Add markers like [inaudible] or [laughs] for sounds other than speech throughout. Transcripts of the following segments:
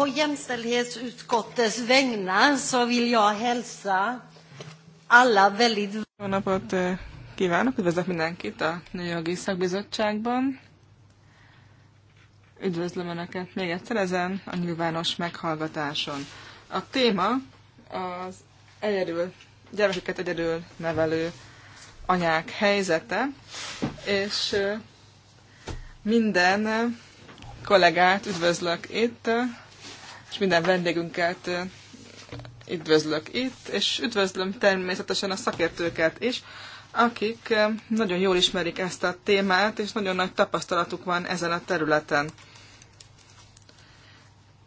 På jämställdhetsutskottets vägnar så vill jag hälsa alla väldigt... Jó eh, kívánok, üdvözlök mindenkit a Nőjogi Szakbizottságban. Üdvözlöm Önöket még egyszer ezen a nyilvános meghallgatáson. A téma az egyedül, gyermekeket egyedül nevelő anyák helyzete, és eh, minden kollégát üdvözlök itt, eh, és minden vendégünket üdvözlök itt, és üdvözlöm természetesen a szakértőket is, akik nagyon jól ismerik ezt a témát, és nagyon nagy tapasztalatuk van ezen a területen.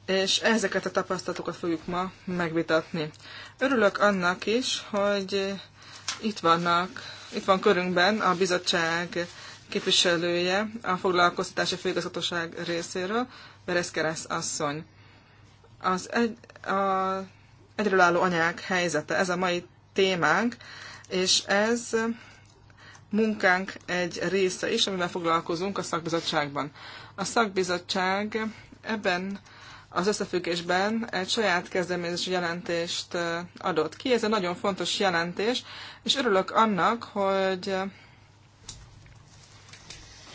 És ezeket a tapasztalatokat fogjuk ma megvitatni. Örülök annak is, hogy itt vannak, itt van körünkben a bizottság képviselője a foglalkoztatási főigazgatóság részéről, Bereszkeresz asszony. Az egy, a, egyről álló anyák helyzete, ez a mai témánk, és ez munkánk egy része is, amivel foglalkozunk a szakbizottságban. A szakbizottság ebben az összefüggésben egy saját kezdeményezési jelentést adott ki. Ez egy nagyon fontos jelentés, és örülök annak, hogy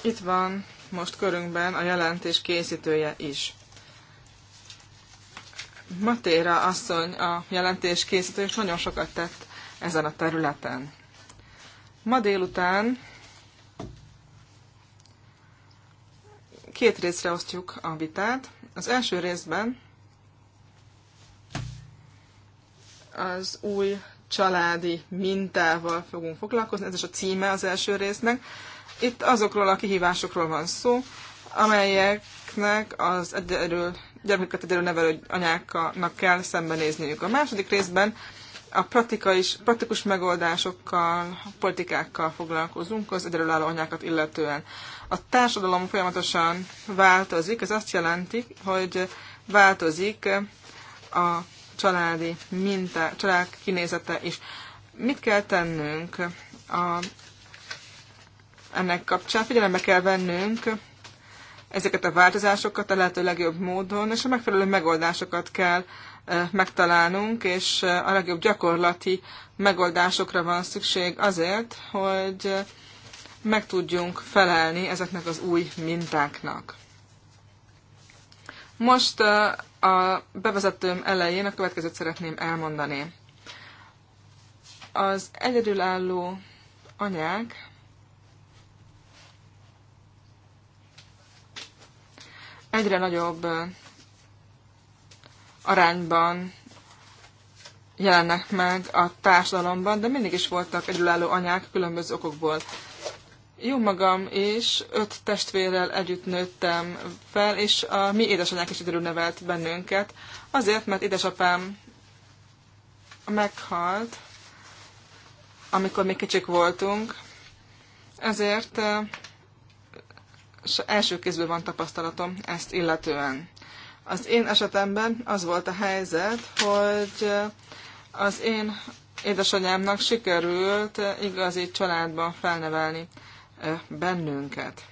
itt van most körünkben a jelentés készítője is. Matéra asszony a jelentés készítő, és nagyon sokat tett ezen a területen. Ma délután két részre osztjuk a vitát. Az első részben az új családi mintával fogunk foglalkozni, ez is a címe az első résznek. Itt azokról a kihívásokról van szó, amelyeknek az egyedül gyermeket egyedül nevelő anyáknak kell szembenézniük. A második részben a praktika is, praktikus megoldásokkal, politikákkal foglalkozunk az egyedülálló anyákat illetően. A társadalom folyamatosan változik, ez azt jelenti, hogy változik a családi minta, család kinézete is. Mit kell tennünk a, ennek kapcsán? Figyelembe kell vennünk ezeket a változásokat a lehető legjobb módon, és a megfelelő megoldásokat kell megtalálnunk, és a legjobb gyakorlati megoldásokra van szükség azért, hogy meg tudjunk felelni ezeknek az új mintáknak. Most a bevezetőm elején a következőt szeretném elmondani. Az egyedülálló anyák egyre nagyobb arányban jelennek meg a társadalomban, de mindig is voltak egyedülálló anyák különböző okokból. Jó magam is, öt testvérrel együtt nőttem fel, és a mi édesanyák is egyedül nevelt bennünket, azért, mert édesapám meghalt, amikor még kicsik voltunk, ezért első kézből van tapasztalatom ezt illetően. Az én esetemben az volt a helyzet, hogy az én édesanyámnak sikerült igazi családban felnevelni bennünket.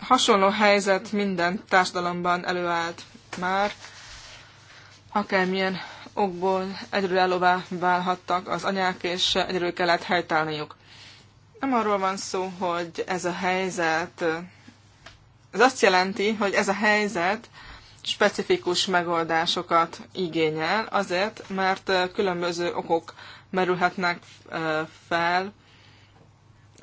Hasonló helyzet minden társadalomban előállt már, akármilyen okból elová válhattak az anyák, és egyről kellett helytállniuk. Nem arról van szó, hogy ez a helyzet, ez azt jelenti, hogy ez a helyzet specifikus megoldásokat igényel, azért, mert különböző okok merülhetnek fel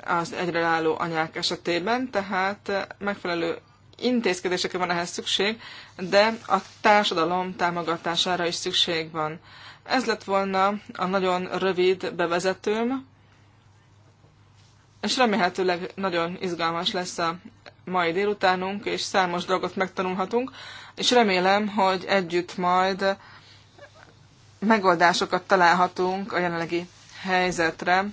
az egyre álló anyák esetében, tehát megfelelő intézkedésekre van ehhez szükség, de a társadalom támogatására is szükség van. Ez lett volna a nagyon rövid bevezetőm, és remélhetőleg nagyon izgalmas lesz a mai délutánunk, és számos dolgot megtanulhatunk, és remélem, hogy együtt majd megoldásokat találhatunk a jelenlegi helyzetre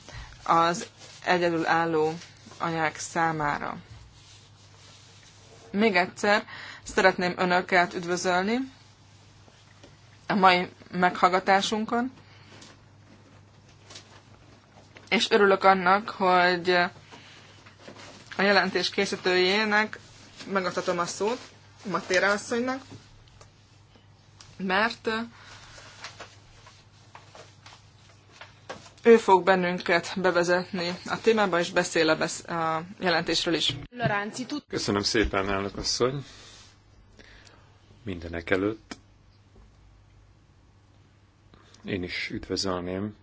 az egyedülálló anyák számára. Még egyszer szeretném Önöket üdvözölni a mai meghallgatásunkon, és örülök annak, hogy a jelentés készítőjének megadhatom a szót Matéra asszonynak, mert ő fog bennünket bevezetni a témába, és beszél a, besz- a jelentésről is. Köszönöm szépen, elnök asszony. Mindenek előtt én is üdvözölném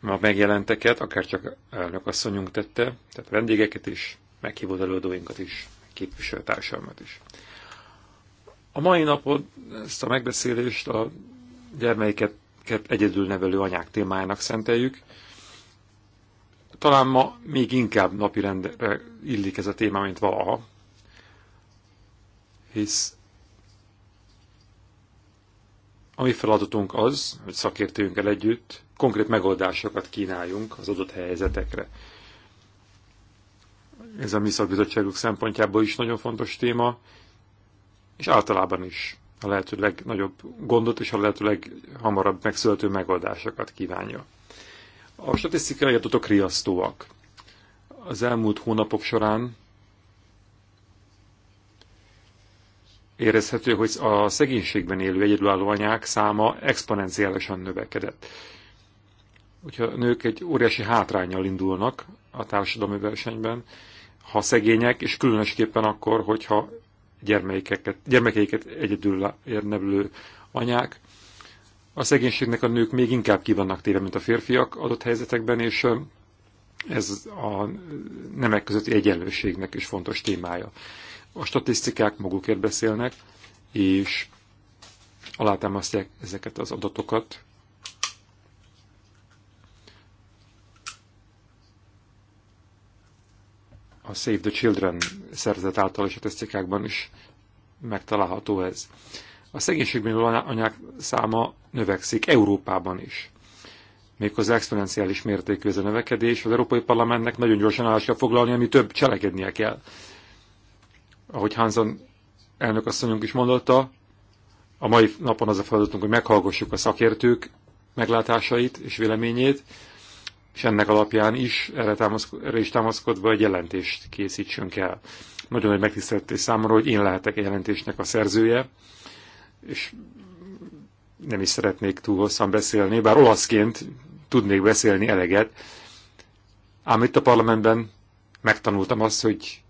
ma megjelenteket, akár csak elnök asszonyunk tette, tehát vendégeket is, meghívott előadóinkat is, képviselőtársamat is. A mai napon ezt a megbeszélést a gyermeiket egyedülnevelő anyák témájának szenteljük. Talán ma még inkább napirendre eh, illik ez a téma, mint valaha, hisz a mi feladatunk az, hogy szakértőnkkel együtt konkrét megoldásokat kínáljunk az adott helyzetekre. Ez a mi szakbizottságunk szempontjából is nagyon fontos téma, és általában is a lehető legnagyobb gondot és a lehető leghamarabb megszülető megoldásokat kívánja. A statisztikai adatok riasztóak. Az elmúlt hónapok során érezhető, hogy a szegénységben élő egyedülálló anyák száma exponenciálisan növekedett. Hogyha a nők egy óriási hátrányjal indulnak a társadalmi versenyben, ha szegények, és különösképpen akkor, hogyha gyermekeiket, gyermekeiket egyedül nevelő anyák. A szegénységnek a nők még inkább kivannak téve, mint a férfiak adott helyzetekben, és ez a nemek közötti egyenlőségnek is fontos témája. A statisztikák magukért beszélnek, és alátámasztják ezeket az adatokat, a Save the Children szerzet által és a statisztikákban is megtalálható ez. A szegénységben élő anyák száma növekszik Európában is. Méghozzá exponenciális mértékű ez a növekedés. Az Európai Parlamentnek nagyon gyorsan állásra foglalni, ami több cselekednie kell. Ahogy Hanson elnök asszonyunk is mondotta, a mai napon az a feladatunk, hogy meghallgassuk a szakértők meglátásait és véleményét, és ennek alapján is erre, támaszkod, erre is támaszkodva egy jelentést készítsünk el. Nagyon nagy megtiszteltetés számomra, hogy én lehetek a jelentésnek a szerzője, és nem is szeretnék túl hosszan beszélni, bár olaszként tudnék beszélni eleget, ám itt a parlamentben megtanultam azt, hogy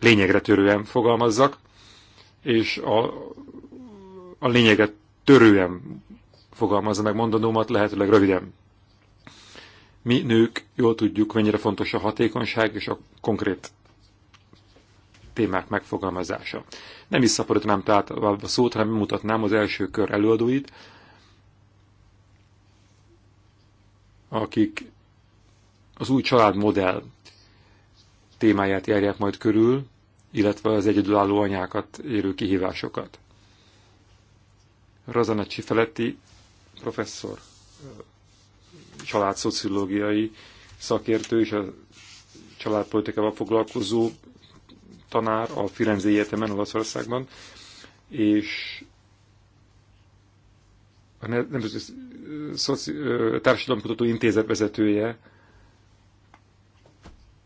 lényegre törően fogalmazzak, és a, a lényeget törően fogalmazza meg mondanómat lehetőleg röviden mi nők jól tudjuk, mennyire fontos a hatékonyság és a konkrét témák megfogalmazása. Nem is szaporítanám tehát a szót, hanem mutatnám az első kör előadóit, akik az új családmodell témáját járják majd körül, illetve az egyedülálló anyákat érő kihívásokat. Razana Csifeletti professzor családszociológiai szakértő és a családpolitikával foglalkozó tanár a Firenze Egyetemen Olaszországban, és a Nemzeti Társadalomkutató Intézet vezetője,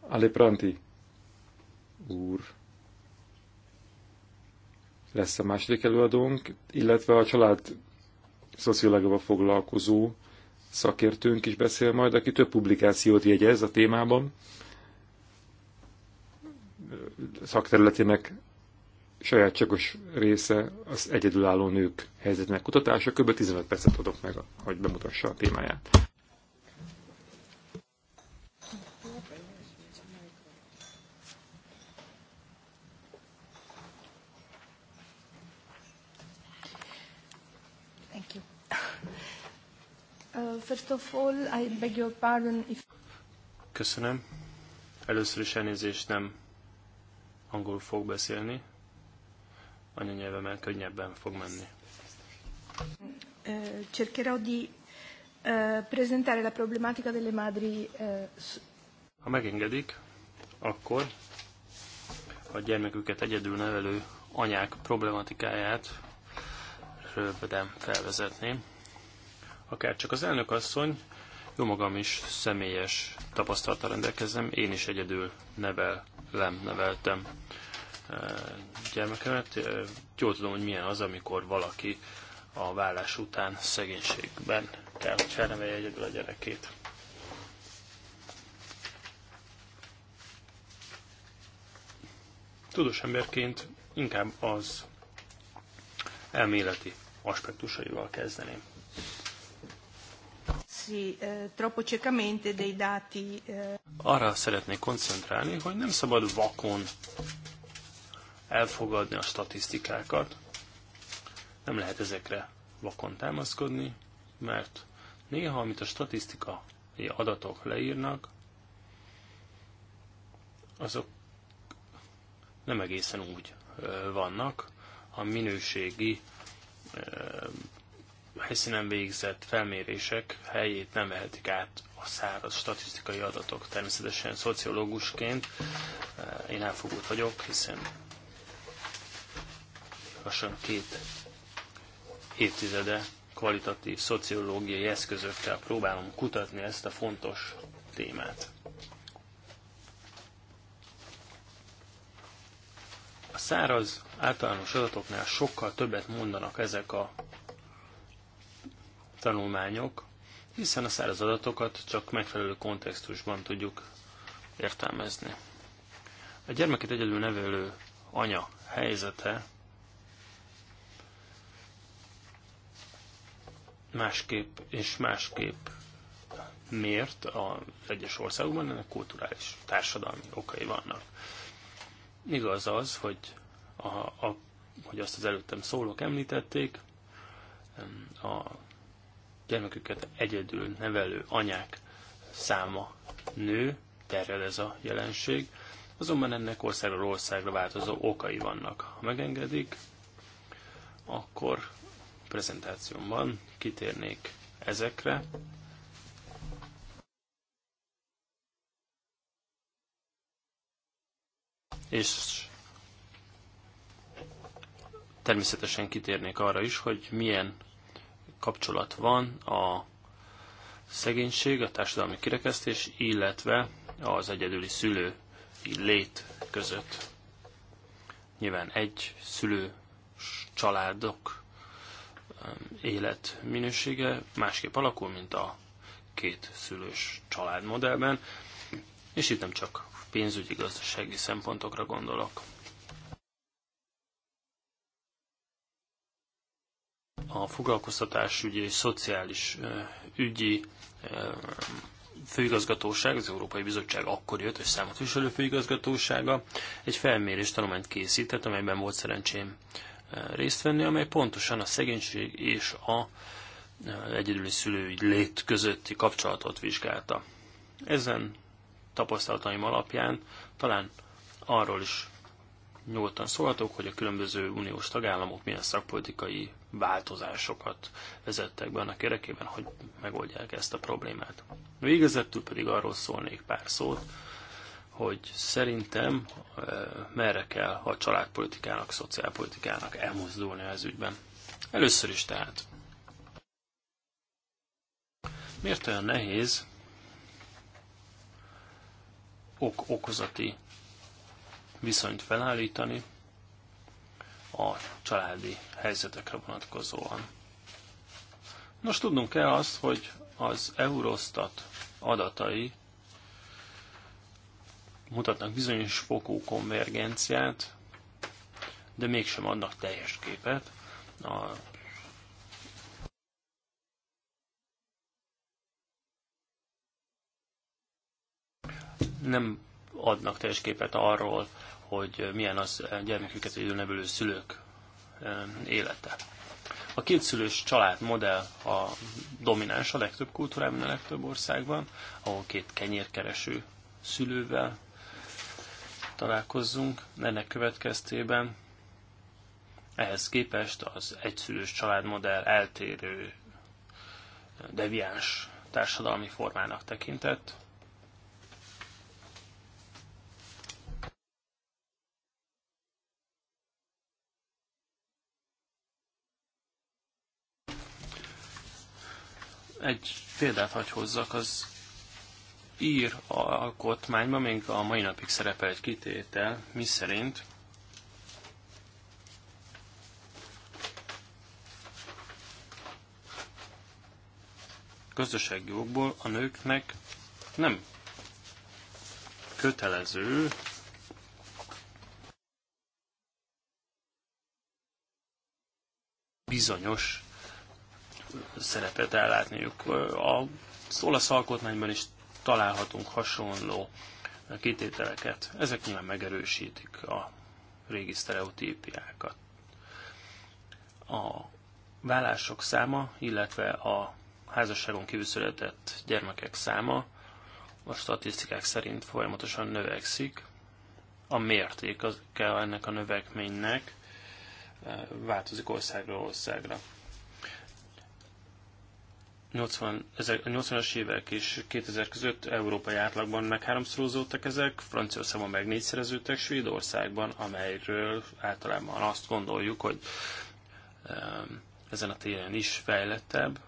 Ale Pranti úr lesz a második előadónk, illetve a család szociológiával foglalkozó szakértőnk is beszél majd, aki több publikációt jegyez a témában, szakterületének sajátságos része az egyedülálló nők helyzetnek kutatása. Kb. 15 percet adok meg, hogy bemutassa a témáját. Uh, first of all, I beg your pardon if... Köszönöm. Először is elnézést nem angolul fog beszélni. Anyanyelvemmel könnyebben fog menni. Uh, cercherò di uh, presentare la problematica delle madri... Ha megengedik, akkor a gyermeküket egyedül nevelő anyák problematikáját röviden felvezetném akár csak az elnök asszony, jó magam is személyes tapasztalattal rendelkezem, én is egyedül nevelem, neveltem eh, gyermekemet. Eh, jól tudom, hogy milyen az, amikor valaki a vállás után szegénységben kell, hogy felnevelje egyedül a gyerekét. Tudós emberként inkább az elméleti aspektusaival kezdeném fidarsi eh, troppo ciecamente dei dati. Eh. Arra szeretnék koncentrálni, hogy nem szabad vakon elfogadni a statisztikákat. Nem lehet ezekre vakon támaszkodni, mert néha, amit a statisztikai adatok leírnak, azok nem egészen úgy eh, vannak. A minőségi helyszínen végzett felmérések helyét nem vehetik át a száraz statisztikai adatok. Természetesen szociológusként eh, én elfogult vagyok, hiszen lassan két évtizede kvalitatív szociológiai eszközökkel próbálom kutatni ezt a fontos témát. A száraz általános adatoknál sokkal többet mondanak ezek a tanulmányok, hiszen a száraz adatokat csak megfelelő kontextusban tudjuk értelmezni. A gyermeket egyedül nevelő anya helyzete másképp és másképp miért az egyes országokban, ennek kulturális, társadalmi okai vannak. Igaz az, hogy, a, a, hogy azt az előttem szólók említették, a gyermeküket egyedül nevelő anyák száma nő, terjed ez a jelenség, azonban ennek országról országra változó okai vannak. Ha megengedik, akkor prezentációmban kitérnék ezekre. És természetesen kitérnék arra is, hogy milyen kapcsolat van a szegénység, a társadalmi kirekesztés, illetve az egyedüli szülő lét között. Nyilván egy szülő családok um, életminősége másképp alakul, mint a két szülős családmodellben, és itt nem csak pénzügyi gazdasági szempontokra gondolok. a foglalkoztatásügyi és szociális ügyi főigazgatóság, az Európai Bizottság akkor jött, és számot viselő főigazgatósága egy felmérés tanulmányt készített, amelyben volt szerencsém részt venni, amely pontosan a szegénység és a egyedüli szülői lét közötti kapcsolatot vizsgálta. Ezen tapasztalataim alapján talán arról is nyugodtan szólhatok, hogy a különböző uniós tagállamok milyen szakpolitikai változásokat vezettek be annak érdekében, hogy megoldják ezt a problémát. Végezetül pedig arról szólnék pár szót, hogy szerintem eh, merre kell a családpolitikának, a szociálpolitikának elmozdulni az ügyben. Először is tehát. Miért olyan nehéz ok-okozati viszonyt felállítani a családi helyzetekre vonatkozóan. Nos, tudnunk kell azt, hogy az Eurostat adatai mutatnak bizonyos fokú konvergenciát, de mégsem adnak teljes képet. A nem adnak teljes képet arról, hogy milyen az gyermeküket egyedül szülők élete. A kétszülős családmodell a domináns a legtöbb kultúrában, a legtöbb országban, ahol két kenyérkereső szülővel találkozzunk. Ennek következtében ehhez képest az egyszülős családmodell eltérő deviáns társadalmi formának tekintett. egy példát hagy hozzak, az ír alkotmányban még a mai napig szerepel egy kitétel, szerint gazdasági jogból a nőknek nem kötelező bizonyos szerepet ellátniuk. A olasz alkotmányban is találhatunk hasonló kitételeket. Ezek nyilván megerősítik a régi sztereotípiákat. A vállások száma, illetve a házasságon kívül született gyermekek száma a statisztikák szerint folyamatosan növekszik. A mérték az kell ennek a növekménynek változik országról országra. 80, 80-as évek és 2000 között európai átlagban megháromszorozódtak ezek, Franciaországban meg négyszereződtek, Svédországban, amelyről általában azt gondoljuk, hogy ezen a téren is fejlettebb,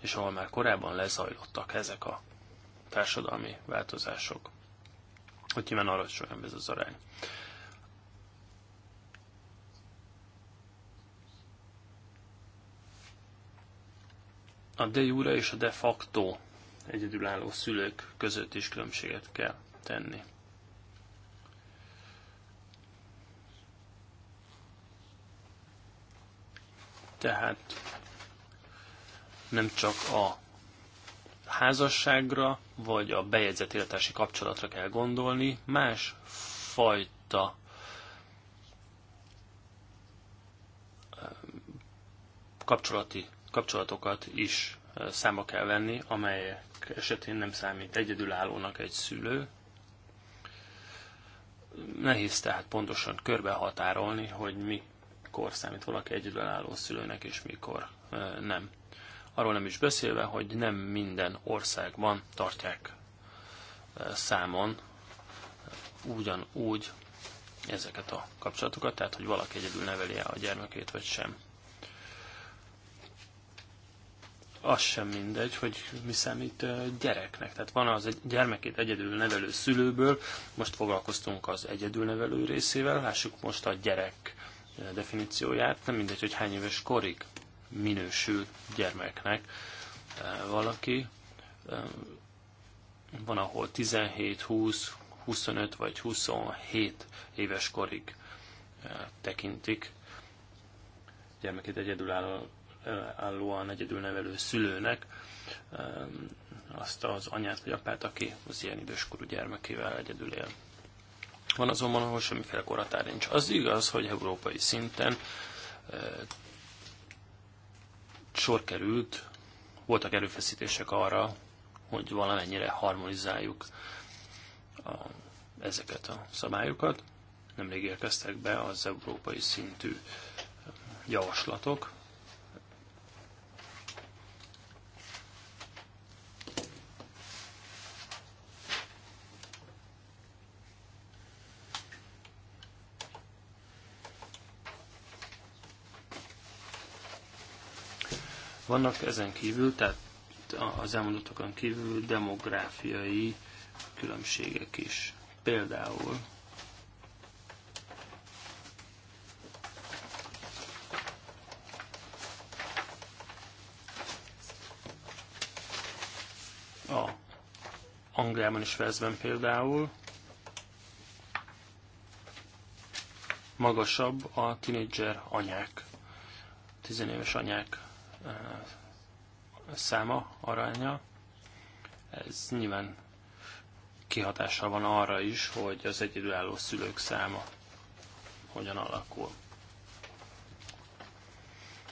és ahol már korábban lezajlottak ezek a társadalmi változások. Hogy nyilván alacsonyabb ez az arány. a de jure és a de facto egyedülálló szülők között is különbséget kell tenni. Tehát nem csak a házasságra, vagy a bejegyzett életási kapcsolatra kell gondolni, más fajta kapcsolati kapcsolatokat is számba kell venni, amelyek esetén nem számít egyedülállónak egy szülő. Nehéz tehát pontosan körbehatárolni, hogy mikor számít valaki egyedülálló szülőnek, és mikor nem. Arról nem is beszélve, hogy nem minden országban tartják számon ugyanúgy ezeket a kapcsolatokat, tehát hogy valaki egyedül neveli a gyermekét, vagy sem. az sem mindegy, hogy mi számít gyereknek. Tehát van az egy gyermekét egyedül nevelő szülőből, most foglalkoztunk az egyedül nevelő részével, lássuk most a gyerek definícióját, nem mindegy, hogy hány éves korig minősül gyermeknek valaki. Van, ahol 17, 20, 25 vagy 27 éves korig tekintik gyermekét egyedülálló önállóan egyedülnevelő szülőnek azt az anyát vagy apát, aki az ilyen időskorú gyermekével egyedül él. Van azonban, ahol semmiféle korhatár nincs. Az igaz, hogy európai szinten eh, sor került, voltak erőfeszítések arra, hogy valamennyire harmonizáljuk a, ezeket a szabályokat. Nemrég érkeztek be az európai szintű eh, javaslatok. Vannak ezen kívül, tehát az elmondottakon kívül demográfiai különbségek is. Például a Angliában és Velszben például magasabb a tinédzser anyák, tizenéves anyák száma, aránya. Ez nyilván kihatása van arra is, hogy az egyedülálló szülők száma hogyan alakul.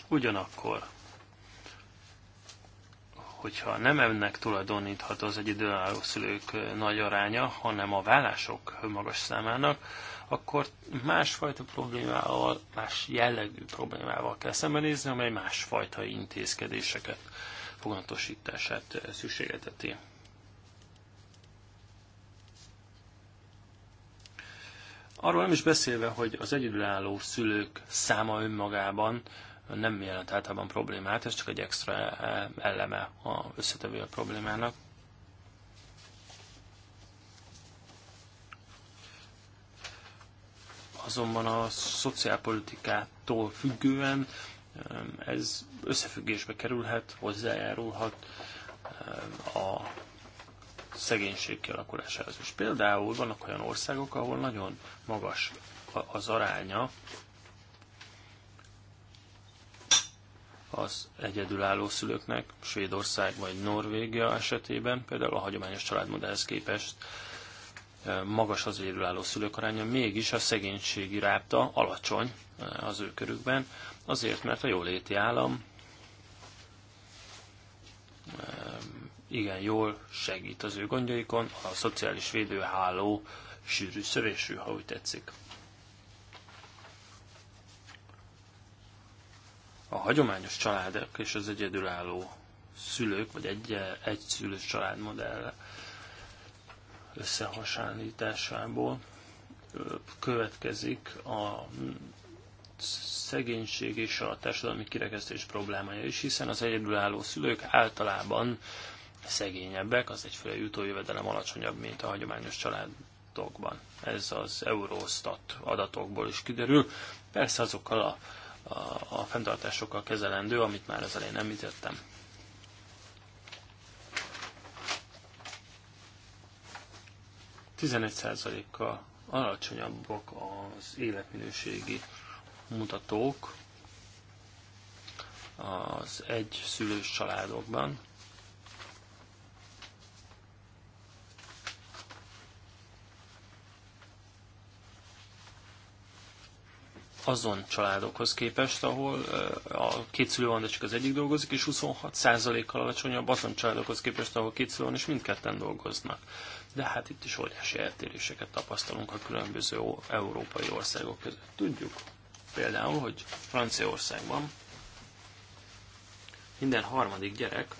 Ugyanakkor, hogyha nem ennek tulajdonítható az egyedülálló szülők nagy aránya, hanem a vállások magas számának, akkor másfajta problémával, más jellegű problémával kell szembenézni, amely másfajta intézkedéseket, fogantosítását szükségeteti. Arról nem is beszélve, hogy az egyedülálló szülők száma önmagában nem jelent általában problémát, ez csak egy extra eh, eh, eleme a összetevő a problémának. azonban a szociálpolitikától függően ez összefüggésbe kerülhet, hozzájárulhat a szegénység kialakulásához. És például vannak olyan országok, ahol nagyon magas az aránya az egyedülálló szülőknek, Svédország vagy Norvégia esetében, például a hagyományos családmodellhez képest magas az egyedülálló szülők aránya, mégis a szegénységi ráta alacsony eh, az ő körükben, azért, mert a jóléti állam eh, igen jól segít az ő gondjaikon, a szociális védőháló sűrű szövésű, ha úgy tetszik. A hagyományos családok és az egyedülálló szülők, vagy egy, eh, egy szülős családmodell összehasonlításából következik a szegénység és a társadalmi kirekesztés problémája is, hiszen az egyedülálló szülők általában szegényebbek, az egyféle jutó jövedelem alacsonyabb, mint a hagyományos családokban. Ez az Eurostat adatokból is kiderül. Persze azokkal a, a, a fenntartásokkal kezelendő, amit már az elején említettem. 11%-kal alacsonyabbak az életminőségi mutatók az egy szülős családokban. azon családokhoz képest, ahol a két szülő van, de csak az egyik dolgozik, és 26%-kal alacsonyabb azon családokhoz képest, ahol két szülő van, és mindketten dolgoznak de hát itt is óriási eltéréseket tapasztalunk a különböző európai országok között. Tudjuk például, hogy Franciaországban minden harmadik gyerek,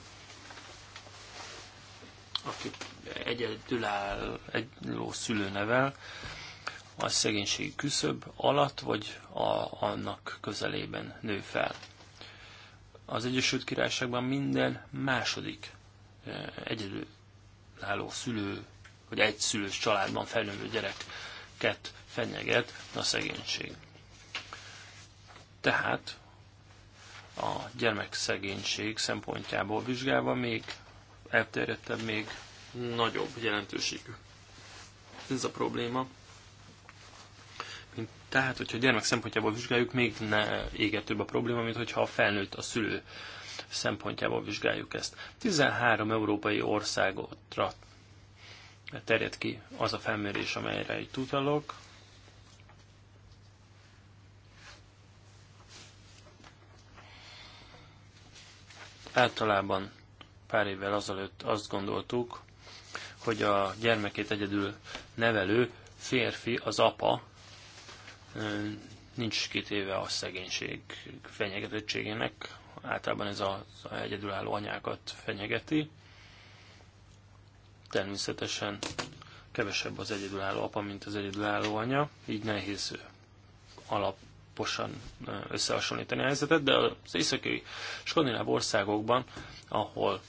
aki egyedülálló szülő szülőnevel, a szegénységi küszöb alatt, vagy a, annak közelében nő fel. Az Egyesült Királyságban minden második eh, egyedülálló szülő hogy egy szülős családban felnövő gyereket fenyeget a szegénység. Tehát a gyermekszegénység szempontjából vizsgálva még elterjedtebb, még nagyobb jelentőségű. Ez a probléma. Tehát, hogyha a gyermek szempontjából vizsgáljuk, még ne égetőbb a probléma, mint hogyha a felnőtt, a szülő szempontjából vizsgáljuk ezt. 13 európai országotra terjed ki az a felmérés, amelyre itt utalok. Általában pár évvel azelőtt azt gondoltuk, hogy a gyermekét egyedül nevelő férfi, az apa, nincs kitéve a szegénység fenyegetettségének. Általában ez az egyedülálló anyákat fenyegeti. Természetesen kevesebb az egyedülálló apa, mint az egyedülálló anya, így nehéz alaposan összehasonlítani a helyzetet, de az északi skandináv országokban, ahol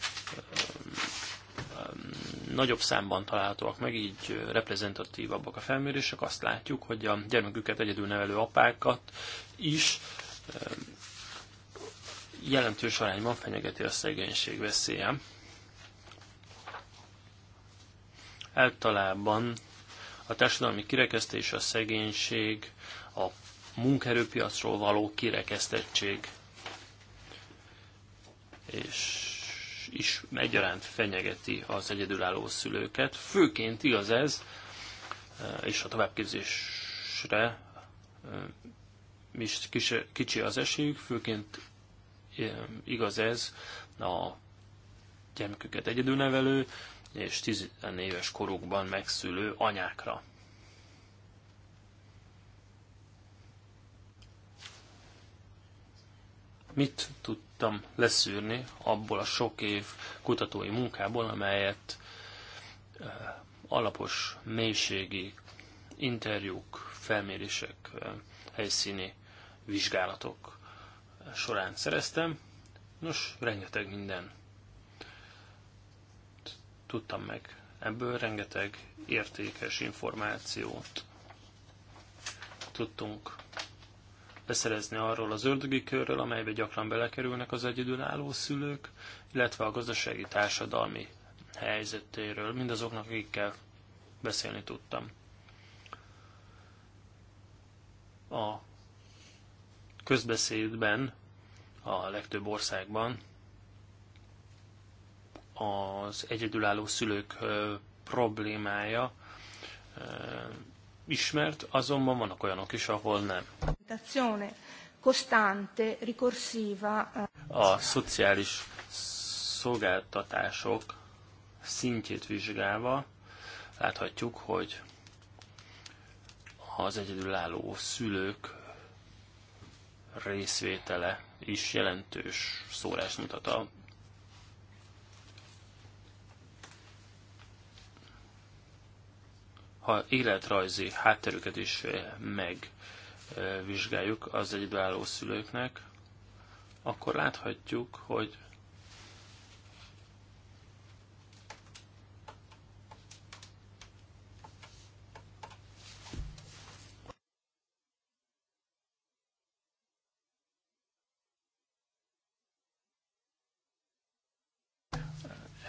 nagyobb számban találhatóak meg, így reprezentatívabbak a felmérések, azt látjuk, hogy a gyermeküket egyedül nevelő apákat is jelentős arányban fenyegeti a szegénység veszélye. Általában a társadalmi kirekesztés, a szegénység, a munkerőpiacról való kirekesztettség és is egyaránt fenyegeti az egyedülálló szülőket. Főként igaz ez, eh, és a továbbképzésre eh, is kicsi az esélyük, főként eh, igaz ez a gyermeküket egyedülnevelő és 14 éves korukban megszülő anyákra. Mit tudtam leszűrni abból a sok év kutatói munkából, amelyet eh, alapos mélységi interjúk, felmérések, eh, helyszíni vizsgálatok során szereztem. Nos, rengeteg minden tudtam meg ebből rengeteg értékes információt tudtunk beszerezni arról az ördögi körről, amelybe gyakran belekerülnek az egyedülálló szülők, illetve a gazdasági társadalmi helyzetéről, mindazoknak, akikkel beszélni tudtam. A közbeszédben, a legtöbb országban az egyedülálló szülők problémája ismert, azonban vannak olyanok is, ahol nem. A szociális szolgáltatások szintjét vizsgálva láthatjuk, hogy az egyedülálló szülők részvétele is jelentős szórás mutat a ha életrajzi hátterüket is eh, megvizsgáljuk az egybeálló szülőknek, akkor láthatjuk, hogy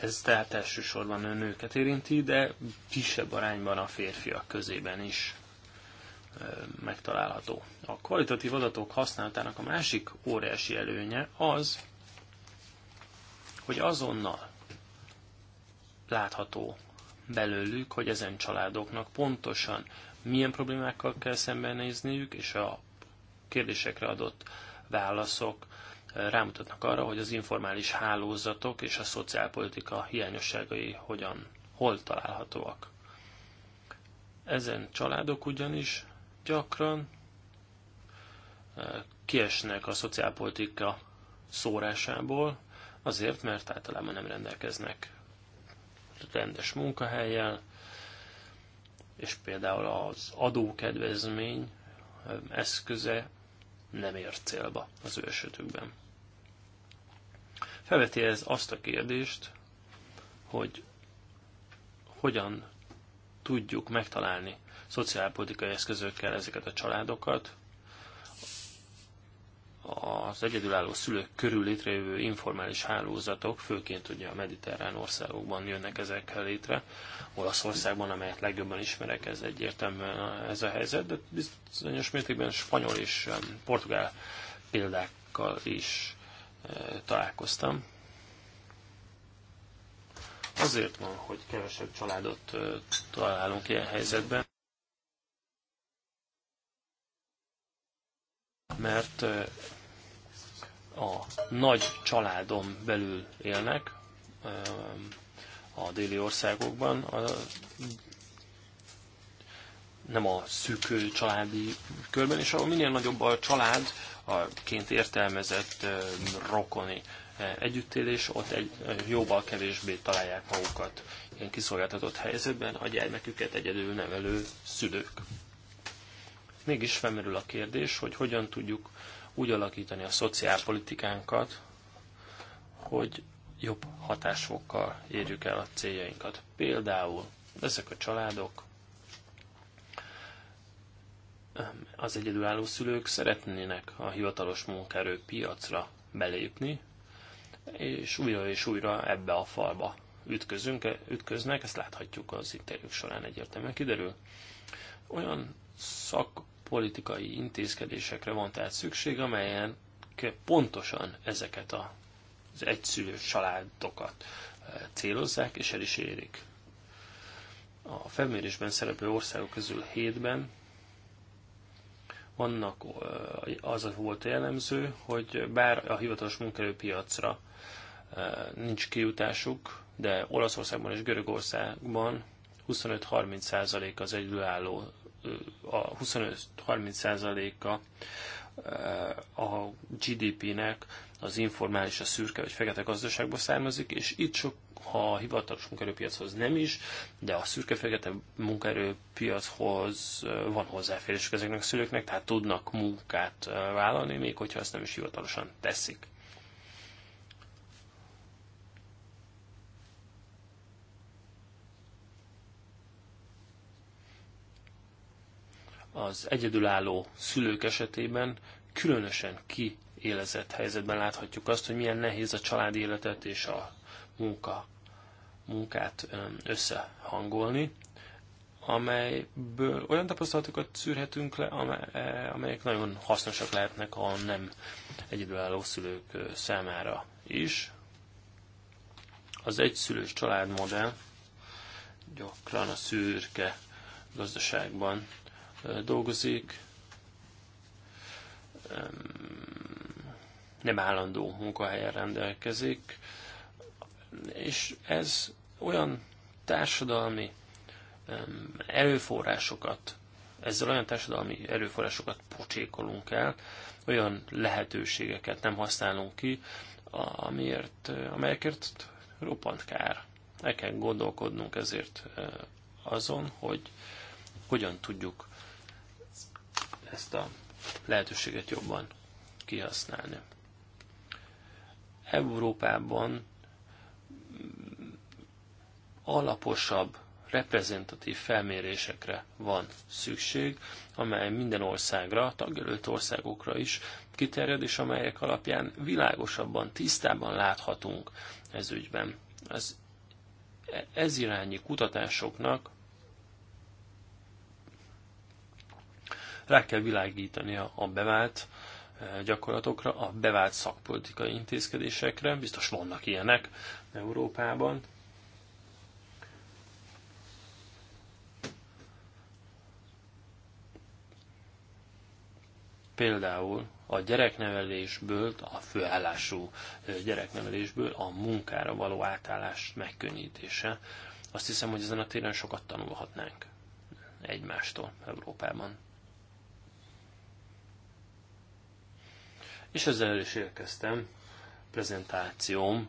ez tehát elsősorban a nőket érinti, de kisebb arányban a férfiak közében is megtalálható. A kvalitatív adatok használatának a másik óriási előnye az, hogy azonnal látható belőlük, hogy ezen családoknak pontosan milyen problémákkal kell szembenézniük, és a kérdésekre adott válaszok rámutatnak arra, hogy az informális hálózatok és a szociálpolitika hiányosságai hogyan, hol találhatóak. Ezen családok ugyanis gyakran eh, kiesnek a szociálpolitika szórásából, azért, mert általában nem rendelkeznek rendes munkahelyjel, és például az adókedvezmény eh, eszköze nem ér célba az ő esetükben. Felveti ez azt a kérdést, hogy hogyan tudjuk megtalálni szociálpolitikai eszközökkel ezeket a családokat, az egyedülálló szülők körül létrejövő informális hálózatok, főként ugye a mediterrán országokban jönnek ezekkel létre, Olaszországban, amelyet legjobban ismerek, ez egyértelműen ez a helyzet, de bizonyos mértékben spanyol és portugál példákkal is e, találkoztam. Azért van, hogy kevesebb családot e, találunk ilyen helyzetben, mert e, a nagy családon belül élnek ehm, a déli országokban, a, nem a szűk családi körben, és ahol minél nagyobb a család, a ként értelmezett ehm, rokoni e, együttélés, ott egy, e, jóval kevésbé találják magukat ilyen kiszolgáltatott helyzetben a gyermeküket egyedül nevelő szülők. Mégis felmerül a kérdés, hogy hogyan tudjuk úgy alakítani a szociálpolitikánkat, hogy jobb hatásfokkal érjük el a céljainkat. Például ezek a családok, az egyedülálló szülők szeretnének a hivatalos munkaerőpiacra belépni, és újra és újra ebbe a falba ütközünk, ütköznek, ezt láthatjuk az interjúk során egyértelműen kiderül. Olyan szak politikai intézkedésekre van tehát szükség, amelyen pontosan ezeket az egyszülős családokat eh, célozzák és el is érik. A felmérésben szereplő országok közül hétben vannak, eh, az volt a jellemző, hogy bár a hivatalos munkaerőpiacra eh, nincs kijutásuk, de Olaszországban és Görögországban 25-30% az egyedülálló a 25-30%-a eh, a GDP-nek az informális, a szürke vagy fekete gazdaságból származik, és itt sok, ha a hivatalos munkaerőpiachoz nem is, de a szürke-fekete munkaerőpiachoz eh, van hozzáférésük ezeknek a szülőknek, tehát tudnak munkát eh, vállalni, még hogyha ezt nem is hivatalosan teszik. az egyedülálló szülők esetében különösen kiélezett helyzetben láthatjuk azt, hogy milyen nehéz a család életet és a munka, munkát összehangolni, amelyből olyan tapasztalatokat szűrhetünk le, e, amelyek nagyon hasznosak lehetnek a nem egyedülálló szülők számára is. Az egyszülős családmodell gyakran a szürke gazdaságban dolgozik, nem állandó munkahelyen rendelkezik, és ez olyan társadalmi erőforrásokat, ezzel olyan társadalmi erőforrásokat pocsékolunk el, olyan lehetőségeket nem használunk ki, amiért, amelyekért roppant kár. El kell gondolkodnunk ezért eh, azon, hogy hogyan tudjuk ezt a lehetőséget jobban kihasználni. Európában alaposabb, reprezentatív felmérésekre van szükség, amely minden országra, tagjelölt országokra is kiterjed, és amelyek alapján világosabban, tisztában láthatunk ez ügyben. Az e- ez irányi kutatásoknak Rá kell világítani a bevált e, gyakorlatokra, a bevált szakpolitikai intézkedésekre, biztos vannak ilyenek Európában. Például a gyereknevelésből, a főállású e, gyereknevelésből a munkára való átállás megkönnyítése. Azt hiszem, hogy ezen a téren sokat tanulhatnánk egymástól Európában. és ezzel is érkeztem prezentációm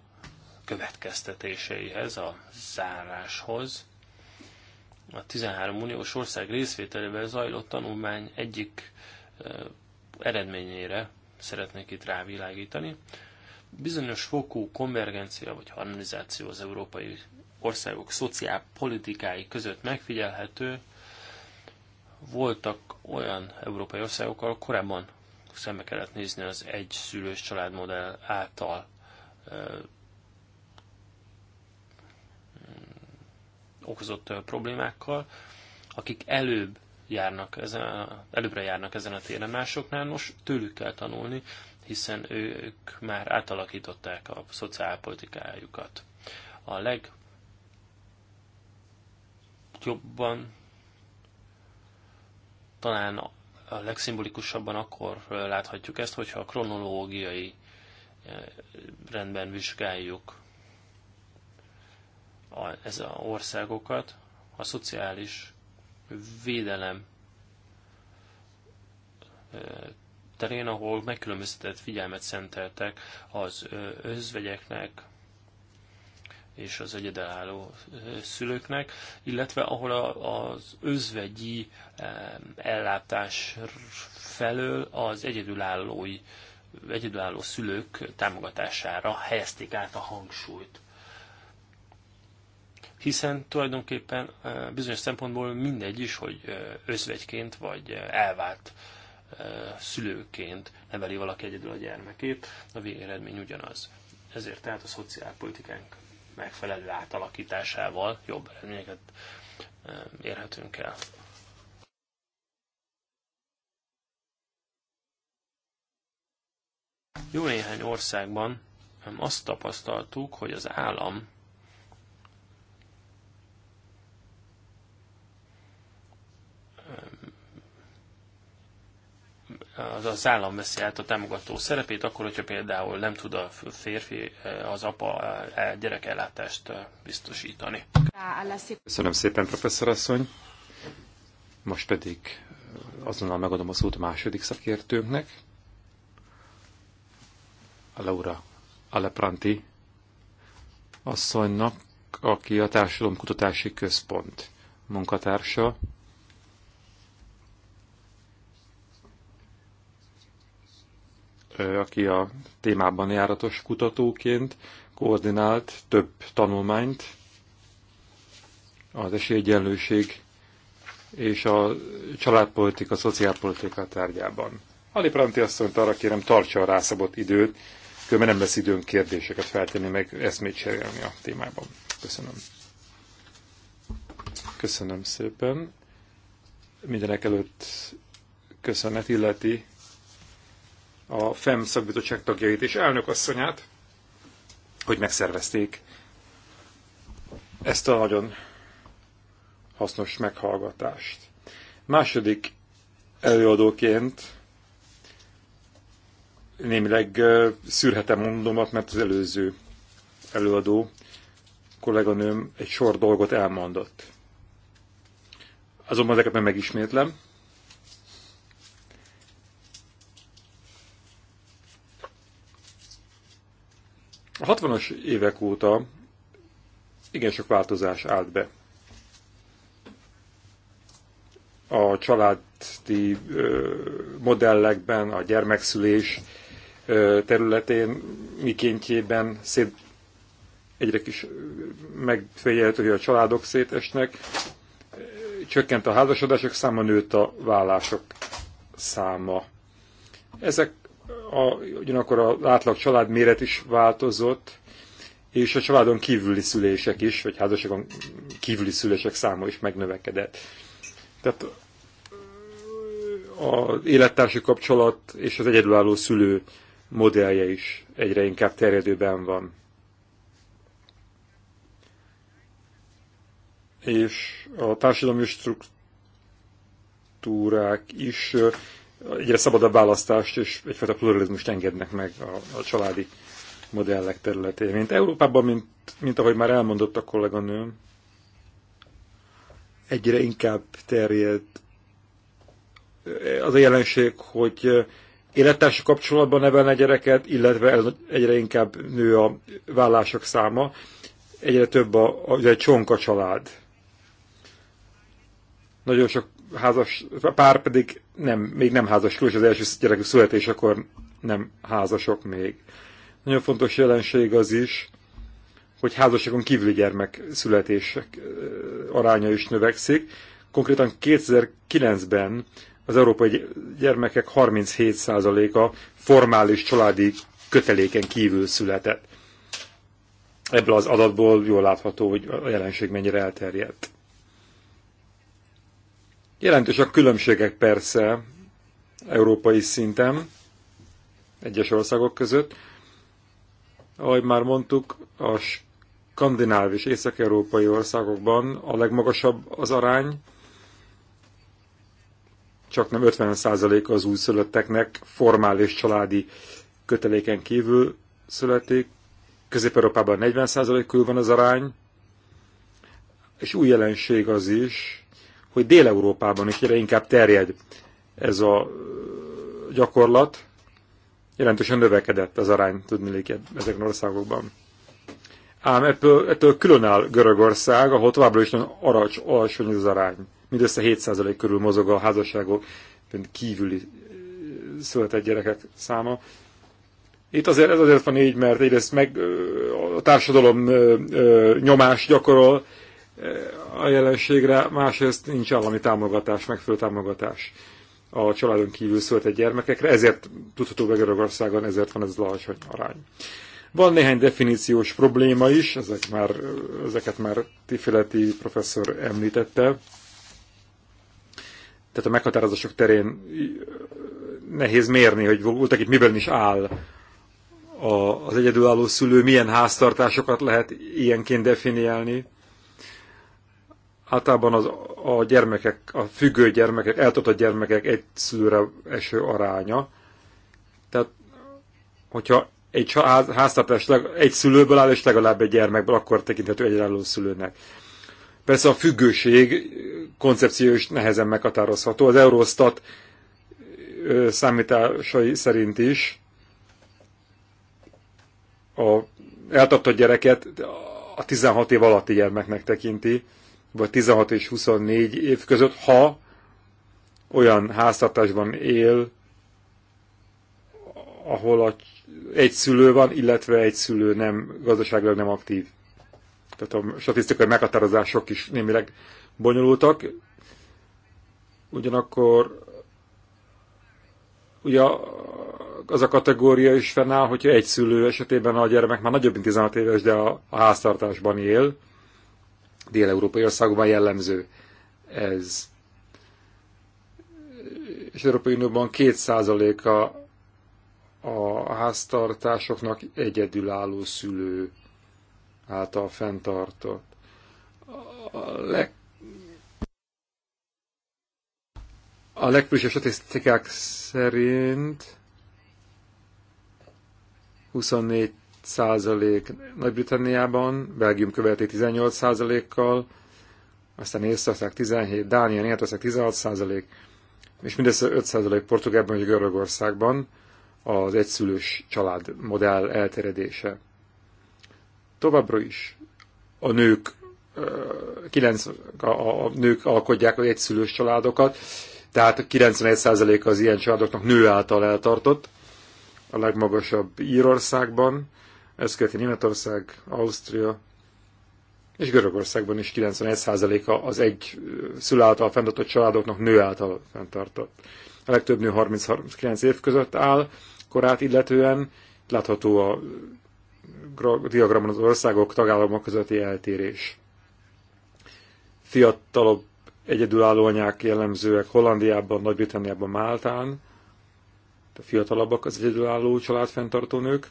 következtetéseihez, a záráshoz. A 13 uniós ország részvételével zajlott tanulmány egyik eredményére szeretnék itt rávilágítani. Bizonyos fokú konvergencia vagy harmonizáció az európai országok szociálpolitikái között megfigyelhető, voltak olyan európai országokkal korábban szembe kellett nézni az egy szülős családmodell által okozott problémákkal, akik előbb járnak ezen, előbbre járnak ezen a téren másoknál, most tőlük kell tanulni, hiszen ők már átalakították a szociálpolitikájukat. A legjobban talán a legszimbolikusabban akkor láthatjuk ezt, hogyha a kronológiai rendben vizsgáljuk a, ez a országokat, a szociális védelem terén, ahol megkülönböztetett figyelmet szenteltek az özvegyeknek, és az egyedülálló szülőknek, illetve ahol az özvegyi ellátás felől az egyedülállói egyedülálló szülők támogatására helyezték át a hangsúlyt. Hiszen tulajdonképpen bizonyos szempontból mindegy is, hogy özvegyként vagy elvált szülőként neveli valaki egyedül a gyermekét, a végeredmény ugyanaz. Ezért tehát a szociálpolitikánk megfelelő átalakításával jobb eredményeket érhetünk el. Jó néhány országban azt tapasztaltuk, hogy az állam az, az állam veszi át a támogató szerepét, akkor, hogyha például nem tud a férfi, eh, az apa eh, gyerekellátást eh, biztosítani. Köszönöm szépen, professzor asszony. Most pedig azonnal megadom a szót a második szakértőnknek, a Laura Alepranti asszonynak, aki a Társadalomkutatási Központ munkatársa, aki a témában járatos kutatóként koordinált több tanulmányt az esélyegyenlőség és a családpolitika, szociálpolitika tárgyában. Ali Pranti asszonyt arra kérem, tartsa a rászabott időt, különben nem lesz időnk kérdéseket feltenni, meg eszmét cserélni a témában. Köszönöm. Köszönöm szépen. Mindenek előtt köszönet illeti a FEM szakbizottság tagjait és elnökasszonyát, hogy megszervezték ezt a nagyon hasznos meghallgatást. Második előadóként némileg szűrhetem mondomat, mert az előző előadó kolléganőm egy sor dolgot elmondott. Azonban ezeket megismétlem. A 60-as évek óta igen sok változás állt be. A családi modellekben, a gyermekszülés területén, mikéntjében szép, egyre kis megfigyelhető, hogy a családok szétesnek, csökkent a házasodások száma, nőtt a vállások száma. Ezek a, ugyanakkor az átlag család méret is változott, és a családon kívüli szülések is, vagy házasságon kívüli szülések száma is megnövekedett. Tehát az élettársi kapcsolat és az egyedülálló szülő modellje is egyre inkább terjedőben van. És a társadalmi struktúrák is egyre szabadabb választást és egyfajta pluralizmust engednek meg a, a családi modellek területén. Mint Európában, mint, mint ahogy már elmondott a kolléganőm, egyre inkább terjed az a jelenség, hogy élettársi kapcsolatban nevelne gyereket, illetve egyre inkább nő a vállások száma, egyre több a, a, a csonka család. Nagyon sok házas pár pedig nem, még nem házasok, és az első gyerekük születésekor nem házasok még. Nagyon fontos jelenség az is, hogy házasságon kívüli gyermek születések aránya is növekszik. Konkrétan 2009-ben az európai gyermekek 37%-a formális családi köteléken kívül született. Ebből az adatból jól látható, hogy a jelenség mennyire elterjedt. Jelentős a különbségek persze európai szinten, egyes országok között. Ahogy már mondtuk, a skandináv és észak-európai országokban a legmagasabb az arány, csak nem 50% az újszülötteknek formális családi köteléken kívül születik, Közép-Európában 40% körül van az arány, és új jelenség az is, hogy Dél-Európában is egyre inkább terjed ez a gyakorlat, jelentősen növekedett az arány, tudnélik ezekben országokban. Ám ettől, ettől különáll Görögország, ahol továbbra is nagyon aracs, alacsony az arány. Mindössze 7% körül mozog a házasságok kívüli született gyerekek száma. Itt azért, ez azért van így, mert egyrészt meg a társadalom nyomás gyakorol, a jelenségre, másrészt nincs állami támogatás, meg támogatás a családon kívül született gyermekekre, ezért tudható meg Görögországon, ezért van ez az alacsony arány. Van néhány definíciós probléma is, ezek már, ezeket már Tifileti professzor említette. Tehát a meghatározások terén nehéz mérni, hogy voltak itt miben is áll a, az egyedülálló szülő, milyen háztartásokat lehet ilyenként definiálni Általában az, a gyermekek, a függő gyermekek, eltartott gyermekek egy szülőre eső aránya. Tehát, hogyha egy háztartás egy szülőből áll, és legalább egy gyermekből, akkor tekinthető egyenlő szülőnek. Persze a függőség koncepció is nehezen meghatározható. Az Eurostat számításai szerint is a eltartott gyereket a 16 év alatti gyermeknek tekinti, vagy 16 és 24 év között, ha olyan háztartásban él, ahol a, egy szülő van, illetve egy szülő nem, gazdaságilag nem aktív. Tehát a statisztikai meghatározások is némileg bonyolultak. Ugyanakkor ugye az a kategória is fennáll, hogyha egy szülő esetében a gyermek már nagyobb, mint 16 éves, de a, a háztartásban él, dél-európai országokban jellemző ez. És Európai Unióban 2%-a a háztartásoknak egyedülálló szülő által fenntartott. A, leg, a legfrissebb statisztikák szerint 24 százalék Nagy-Britanniában, Belgium követi 18 százalékkal, aztán Észország 17, Dánia, Németország 16 százalék, és mindössze 5 százalék Portugálban és Görögországban az egyszülős család modell elterjedése. Továbbra is a nők, kilenc, a, a nők alkotják az egyszülős családokat, tehát 91% az ilyen családoknak nő által eltartott, a legmagasabb Írországban, ezt követi Németország, Ausztria, és Görögországban is 91%-a az egy szülő által fenntartott családoknak nő által fenntartott. A legtöbb nő 30-39 év között áll, korát illetően látható a diagramon az országok, tagállamok közötti eltérés. Fiatalabb egyedülálló anyák jellemzőek Hollandiában, Nagy-Britanniában, Máltán, a fiatalabbak az egyedülálló családfenntartó nők,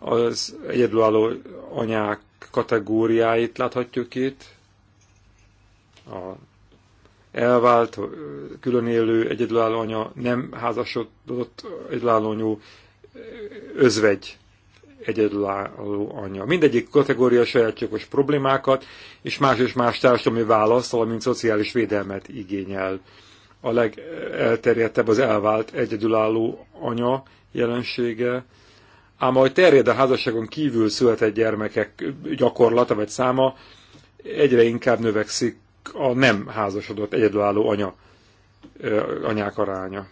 az egyedülálló anyák kategóriáit láthatjuk itt, a elvált, különélő, egyedülálló anya, nem házasodott, egyedülálló anyó, özvegy egyedülálló anya. Mindegyik kategória sajátjogos problémákat, és más és más társadalmi választ, valamint szociális védelmet igényel. A legelterjedtebb az elvált egyedülálló anya jelensége, Ám ahogy terjed a házasságon kívül született gyermekek gyakorlata vagy száma, egyre inkább növekszik a nem házasodott egyedülálló anya, anyák aránya.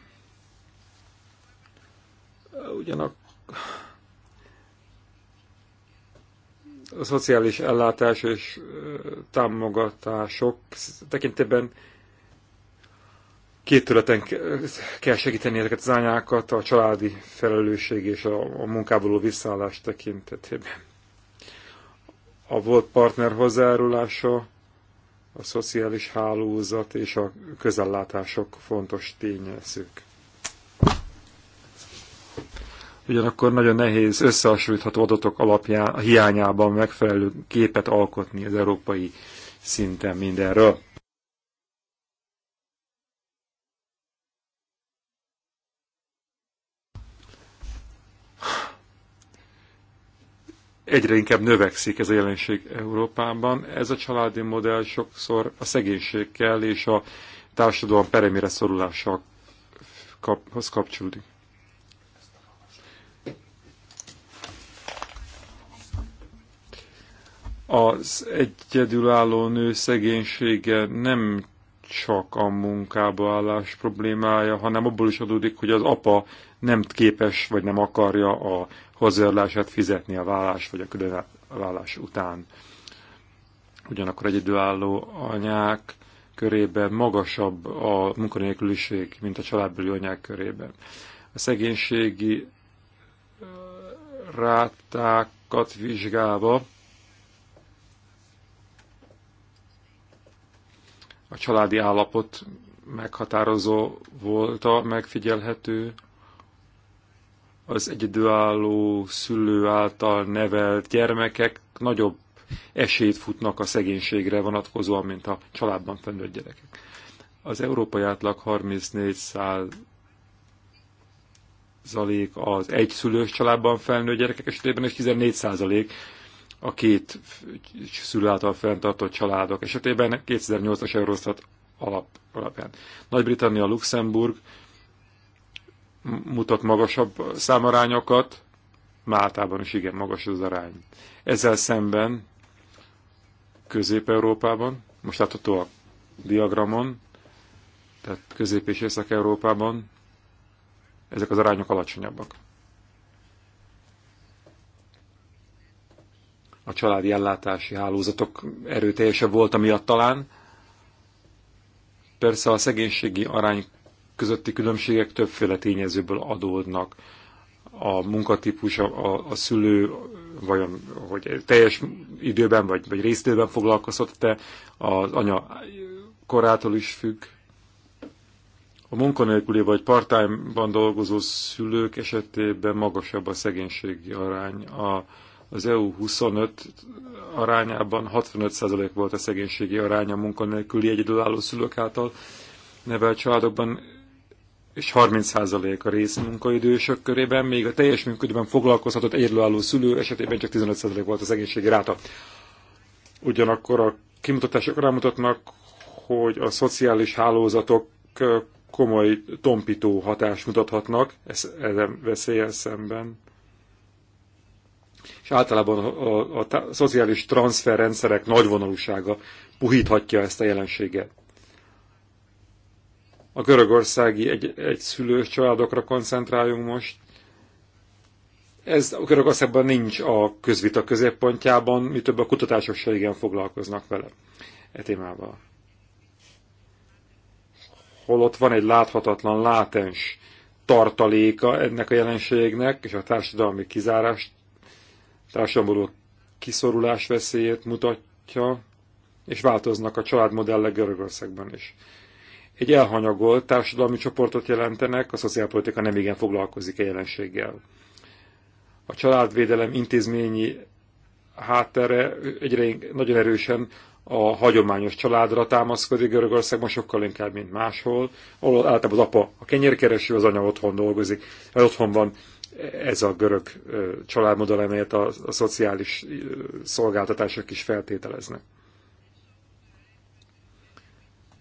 Ugyanak a szociális ellátás és támogatások tekintetben két területen kell segíteni ezeket az anyákat, a családi felelősség és a, a munkából való visszaállás tekintetében. A volt partner hozzájárulása, a szociális hálózat és a közellátások fontos tényezők. Ugyanakkor nagyon nehéz összehasonlítható adatok alapján, hiányában megfelelő képet alkotni az európai szinten mindenről. egyre inkább növekszik ez a jelenség Európában. Ez a családi modell sokszor a szegénységkel és a társadalom peremére szorulással kapcsolódik. Az egyedülálló nő szegénysége nem csak a munkába állás problémája, hanem abból is adódik, hogy az apa nem képes vagy nem akarja a hozzáadását fizetni a vállás vagy a külön vállás után. Ugyanakkor egyedülálló anyák körében magasabb a munkanélküliség, mint a családbeli anyák körében. A szegénységi rátákat vizsgálva a családi állapot meghatározó volt a megfigyelhető az egyedülálló szülő által nevelt gyermekek nagyobb esélyt futnak a szegénységre vonatkozóan, mint a családban fennőtt gyerekek. Az európai átlag 34 százalék az szülős családban felnőtt gyerekek esetében, és 14 százalék a két szülő által fenntartott családok esetében 2008-as Eurostat alap, alapján. Nagy-Britannia, Luxemburg mutat magasabb számarányokat, Máltában is igen magas az arány. Ezzel szemben Közép-Európában, most látható a diagramon, tehát Közép- és Észak-Európában ezek az arányok alacsonyabbak. A családi ellátási hálózatok erőteljesebb volt, amiatt talán. Persze a szegénységi arány közötti különbségek többféle tényezőből adódnak. A munkatípus, a, a, a szülő, vajon, hogy teljes időben vagy, vagy részidőben foglalkozott-e, az anya korától is függ. A munkanélküli vagy part ban dolgozó szülők esetében magasabb a szegénységi arány. A, az EU 25 arányában 65% volt a szegénységi aránya a munkanélküli egyedülálló szülők által nevelt családokban és 30% a részmunkaidősök körében, még a teljes munkaidőben foglalkozhatott egyedülálló szülő esetében csak 15% volt az egészségi ráta. Ugyanakkor a kimutatások rámutatnak, hogy a szociális hálózatok komoly tompító hatást mutathatnak ezen veszélyen szemben. És általában a, a, a szociális transferrendszerek nagyvonalúsága puhíthatja ezt a jelenséget a görögországi egy, szülős családokra koncentráljunk most. Ez a Görögországban nincs a közvita középpontjában, mi több a kutatások se igen foglalkoznak vele e témával. Holott van egy láthatatlan, látens tartaléka ennek a jelenségnek, és a társadalmi kizárás, társadalomból kiszorulás veszélyét mutatja, és változnak a családmodellek Görögországban is egy elhanyagolt társadalmi csoportot jelentenek, a szociálpolitika nem igen foglalkozik a e jelenséggel. A családvédelem intézményi háttere egyre nagyon erősen a hagyományos családra támaszkodik Görögországban sokkal inkább, mint máshol, ahol általában az apa a kenyérkereső, az anya otthon dolgozik, vagy hát otthon van ez a görög családmodell, amelyet a, a szociális szolgáltatások is feltételeznek.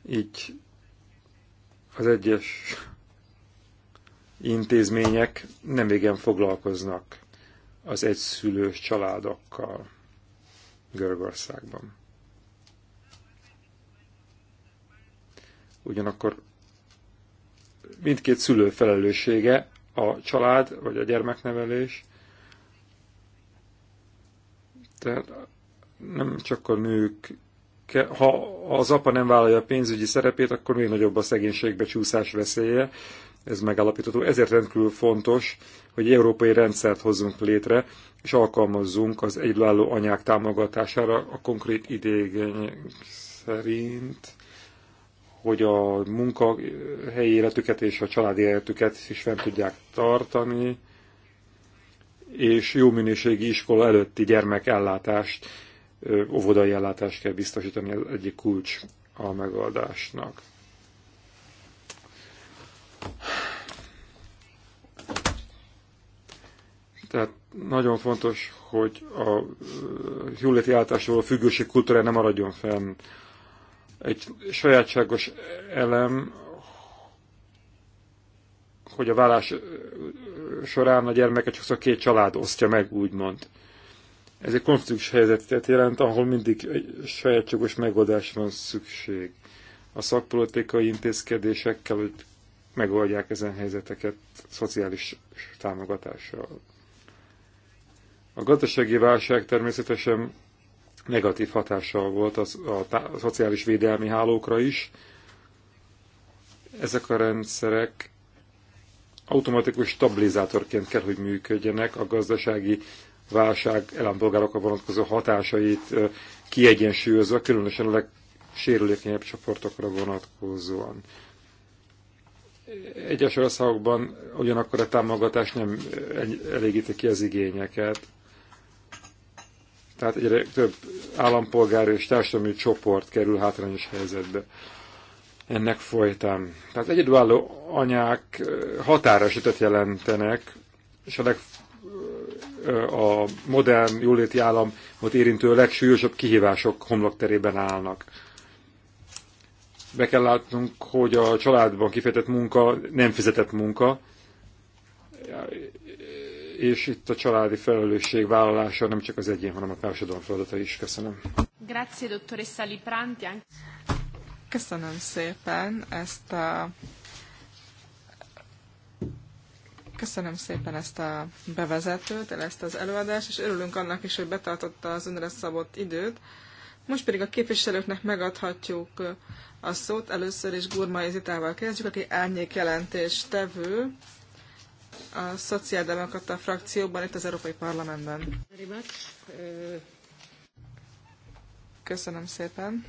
Így az egyes intézmények nem igen foglalkoznak az egyszülős családokkal Görögországban. Ugyanakkor mindkét szülő felelőssége a család vagy a gyermeknevelés, tehát nem csak a nők ha az apa nem vállalja a pénzügyi szerepét, akkor még nagyobb a szegénységbe csúszás veszélye. Ez megállapítható. Ezért rendkívül fontos, hogy európai rendszert hozzunk létre, és alkalmazzunk az egyedülálló anyák támogatására a konkrét idégeny szerint, hogy a munkahelyi életüket és a családi életüket is fent tudják tartani, és jó minőségi iskola előtti gyermekellátást óvodai ellátást kell biztosítani, az egyik kulcs a megoldásnak. Tehát nagyon fontos, hogy a jóléti állításról a függőség kultúrája nem maradjon fenn. Egy sajátságos elem, hogy a vállás során a gyermeket sokszor a két család osztja meg, úgymond. Ez egy konfliktus helyzetet jelent, ahol mindig egy sajátjogos megoldás van szükség. A szakpolitikai intézkedésekkel, hogy megoldják ezen helyzeteket szociális támogatással. A gazdasági válság természetesen negatív hatással volt a, a, a szociális védelmi hálókra is. Ezek a rendszerek automatikus stabilizátorként kell, hogy működjenek a gazdasági válság állampolgárokra vonatkozó hatásait kiegyensúlyozva, különösen a legsérülékenyebb csoportokra vonatkozóan. Egyes országokban ugyanakkor a támogatás nem elégíti ki az igényeket. Tehát egyre több állampolgár és társadalmi csoport kerül hátrányos helyzetbe ennek folytán. Tehát egyedülálló anyák határesetet jelentenek, és a leg, a modern jóléti államot érintő legsúlyosabb kihívások homlokterében állnak. Be kell látnunk, hogy a családban kifejtett munka nem fizetett munka, és itt a családi felelősség vállalása nem csak az egyén, hanem a társadalom feladata is. Köszönöm. Grazie, dottoressa Lipranti. Köszönöm szépen ezt a Köszönöm szépen ezt a bevezetőt, ezt az előadást, és örülünk annak is, hogy betartotta az önre szabott időt. Most pedig a képviselőknek megadhatjuk a szót. Először is Gurmai Zitával kezdjük, aki árnyék jelentés tevő a szociáldemokrata frakcióban itt az Európai Parlamentben. Köszönöm szépen.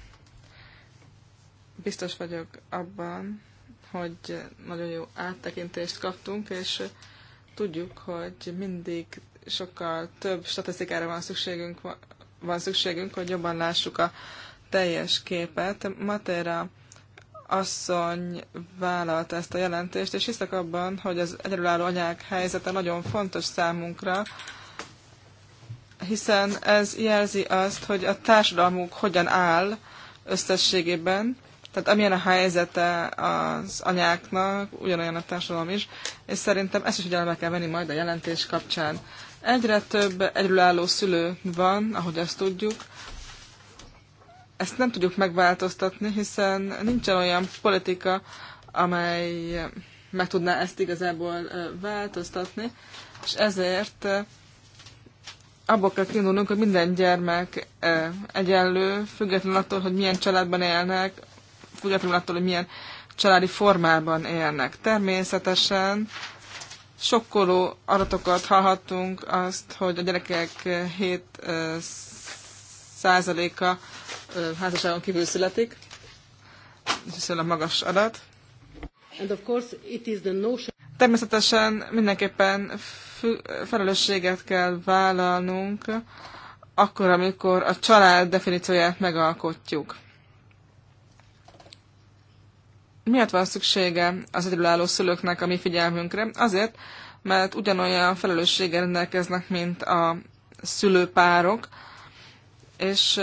Biztos vagyok abban, hogy nagyon jó áttekintést kaptunk, és tudjuk, hogy mindig sokkal több statisztikára van szükségünk, van szükségünk, hogy jobban lássuk a teljes képet. Matéra asszony vállalta ezt a jelentést, és hiszek abban, hogy az egyedülálló anyák helyzete nagyon fontos számunkra, hiszen ez jelzi azt, hogy a társadalmunk hogyan áll összességében, tehát amilyen a helyzete az anyáknak, ugyanolyan a társadalom is, és szerintem ezt is figyelembe kell venni majd a jelentés kapcsán. Egyre több egyedülálló szülő van, ahogy azt tudjuk. Ezt nem tudjuk megváltoztatni, hiszen nincsen olyan politika, amely meg tudná ezt igazából változtatni, és ezért abból kell kiindulnunk, hogy minden gyermek egyenlő, függetlenül attól, hogy milyen családban élnek, függetlenül attól, hogy milyen családi formában élnek. Természetesen sokkoló adatokat hallhattunk azt, hogy a gyerekek 7 százaléka házasságon kívül születik. Ez a magas adat. And of course it is the notion... Természetesen mindenképpen felelősséget kell vállalnunk, akkor, amikor a család definícióját megalkotjuk. Miért van szüksége az egyedülálló szülőknek a mi figyelmünkre? Azért, mert ugyanolyan felelősséggel rendelkeznek, mint a szülőpárok, és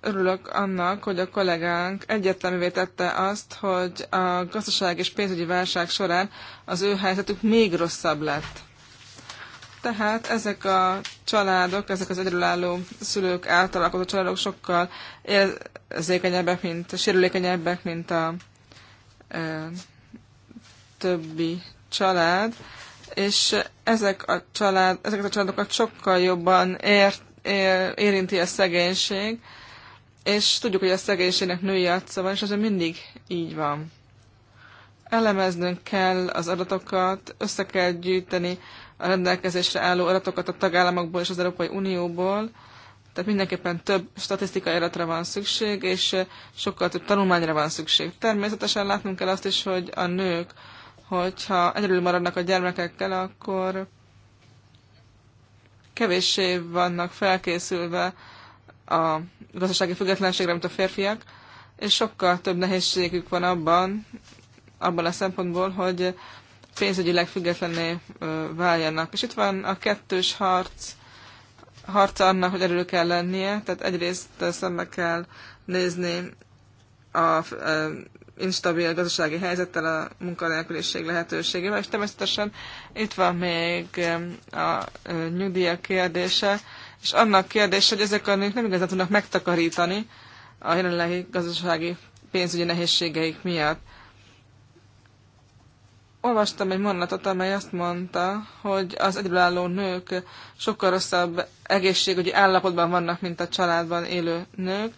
örülök annak, hogy a kollégánk egyértelművé tette azt, hogy a gazdaság és pénzügyi válság során az ő helyzetük még rosszabb lett. Tehát ezek a családok, ezek az egyedülálló szülők által alkotott családok sokkal érzékenyebbek, mint sérülékenyebbek, mint a többi család, és ezek a család, ezeket a családokat sokkal jobban ér, ér, érinti a szegénység, és tudjuk, hogy a szegénységnek női arca van, és ez mindig így van. Elemeznünk kell az adatokat, össze kell gyűjteni a rendelkezésre álló adatokat a tagállamokból és az Európai Unióból, tehát mindenképpen több statisztikai életre van szükség, és eh, sokkal több tanulmányra van szükség. Természetesen látnunk kell azt is, hogy a nők, hogyha egyedül maradnak a gyermekekkel, akkor kevéssé vannak felkészülve a gazdasági függetlenségre, mint a férfiak, és sokkal több nehézségük van abban, abban a szempontból, hogy pénzügyileg függetlenné váljanak. És itt van a kettős harc, harca annak, hogy erről kell lennie, tehát egyrészt szembe kell nézni a instabil gazdasági helyzettel, a munkanélküliség lehetőségével, és természetesen itt van még a nyugdíjak kérdése, és annak kérdése, hogy ezek a nők nem igazán tudnak megtakarítani a jelenlegi gazdasági pénzügyi nehézségeik miatt olvastam egy mondatot, amely azt mondta, hogy az egyedülálló nők sokkal rosszabb egészségügyi állapotban vannak, mint a családban élő nők.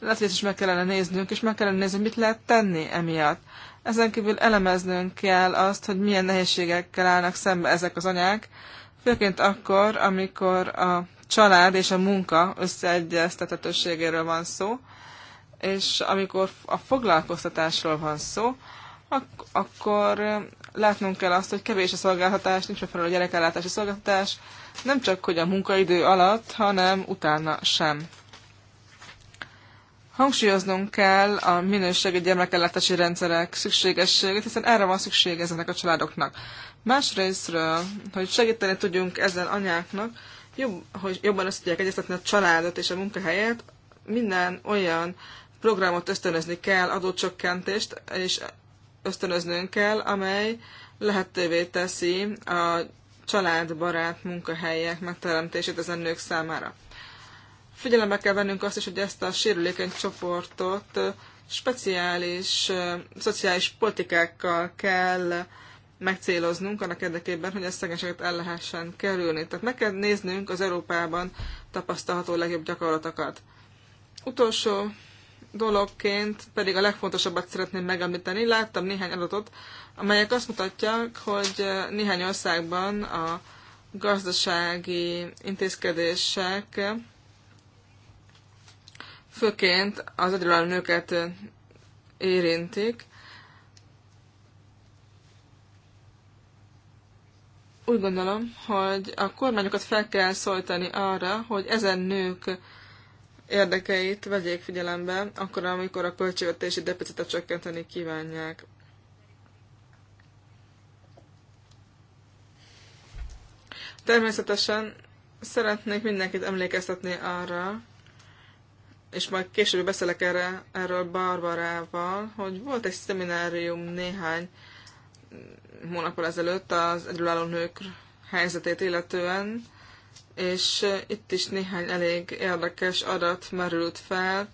Lehet, hogy ezt is meg kellene néznünk, és meg kellene nézni, mit lehet tenni emiatt. Ezen kívül elemeznünk kell azt, hogy milyen nehézségekkel állnak szembe ezek az anyák, főként akkor, amikor a család és a munka összeegyeztetetőségéről van szó, és amikor a foglalkoztatásról van szó, ak- akkor látnunk kell azt, hogy kevés a szolgáltatás, nincs megfelelő gyerekellátási szolgáltatás, nem csak hogy a munkaidő alatt, hanem utána sem. Hangsúlyoznunk kell a minőségi gyermekellátási rendszerek szükségességét, hiszen erre van szükség ezeknek a családoknak. Másrésztről, hogy segíteni tudjunk ezen anyáknak, jobb, hogy jobban össze tudják egyeztetni a családot és a munkahelyet, minden olyan programot ösztönözni kell, adócsökkentést, és ösztönöznünk kell, amely lehetővé teszi a családbarát munkahelyek megteremtését ezen nők számára. Figyelembe kell vennünk azt is, hogy ezt a sérülékeny csoportot speciális szociális politikákkal kell megcéloznunk annak érdekében, hogy ezt szegénységet el lehessen kerülni. Tehát meg kell néznünk az Európában tapasztalható legjobb gyakorlatokat. Utolsó dologként pedig a legfontosabbat szeretném megemlíteni. Láttam néhány adatot, amelyek azt mutatják, hogy eh, néhány országban a gazdasági intézkedések főként az egyedülálló nőket eh, érintik. Úgy gondolom, hogy a kormányokat fel kell szólítani arra, hogy ezen nők érdekeit vegyék figyelembe, akkor, amikor a költségvetési deficitet csökkenteni kívánják. Természetesen szeretnék mindenkit emlékeztetni arra, és majd később beszélek erre, erről Barbarával, hogy volt egy szeminárium néhány hónappal ezelőtt az egyedülálló nők helyzetét illetően, és itt is néhány elég érdekes adat merült fel.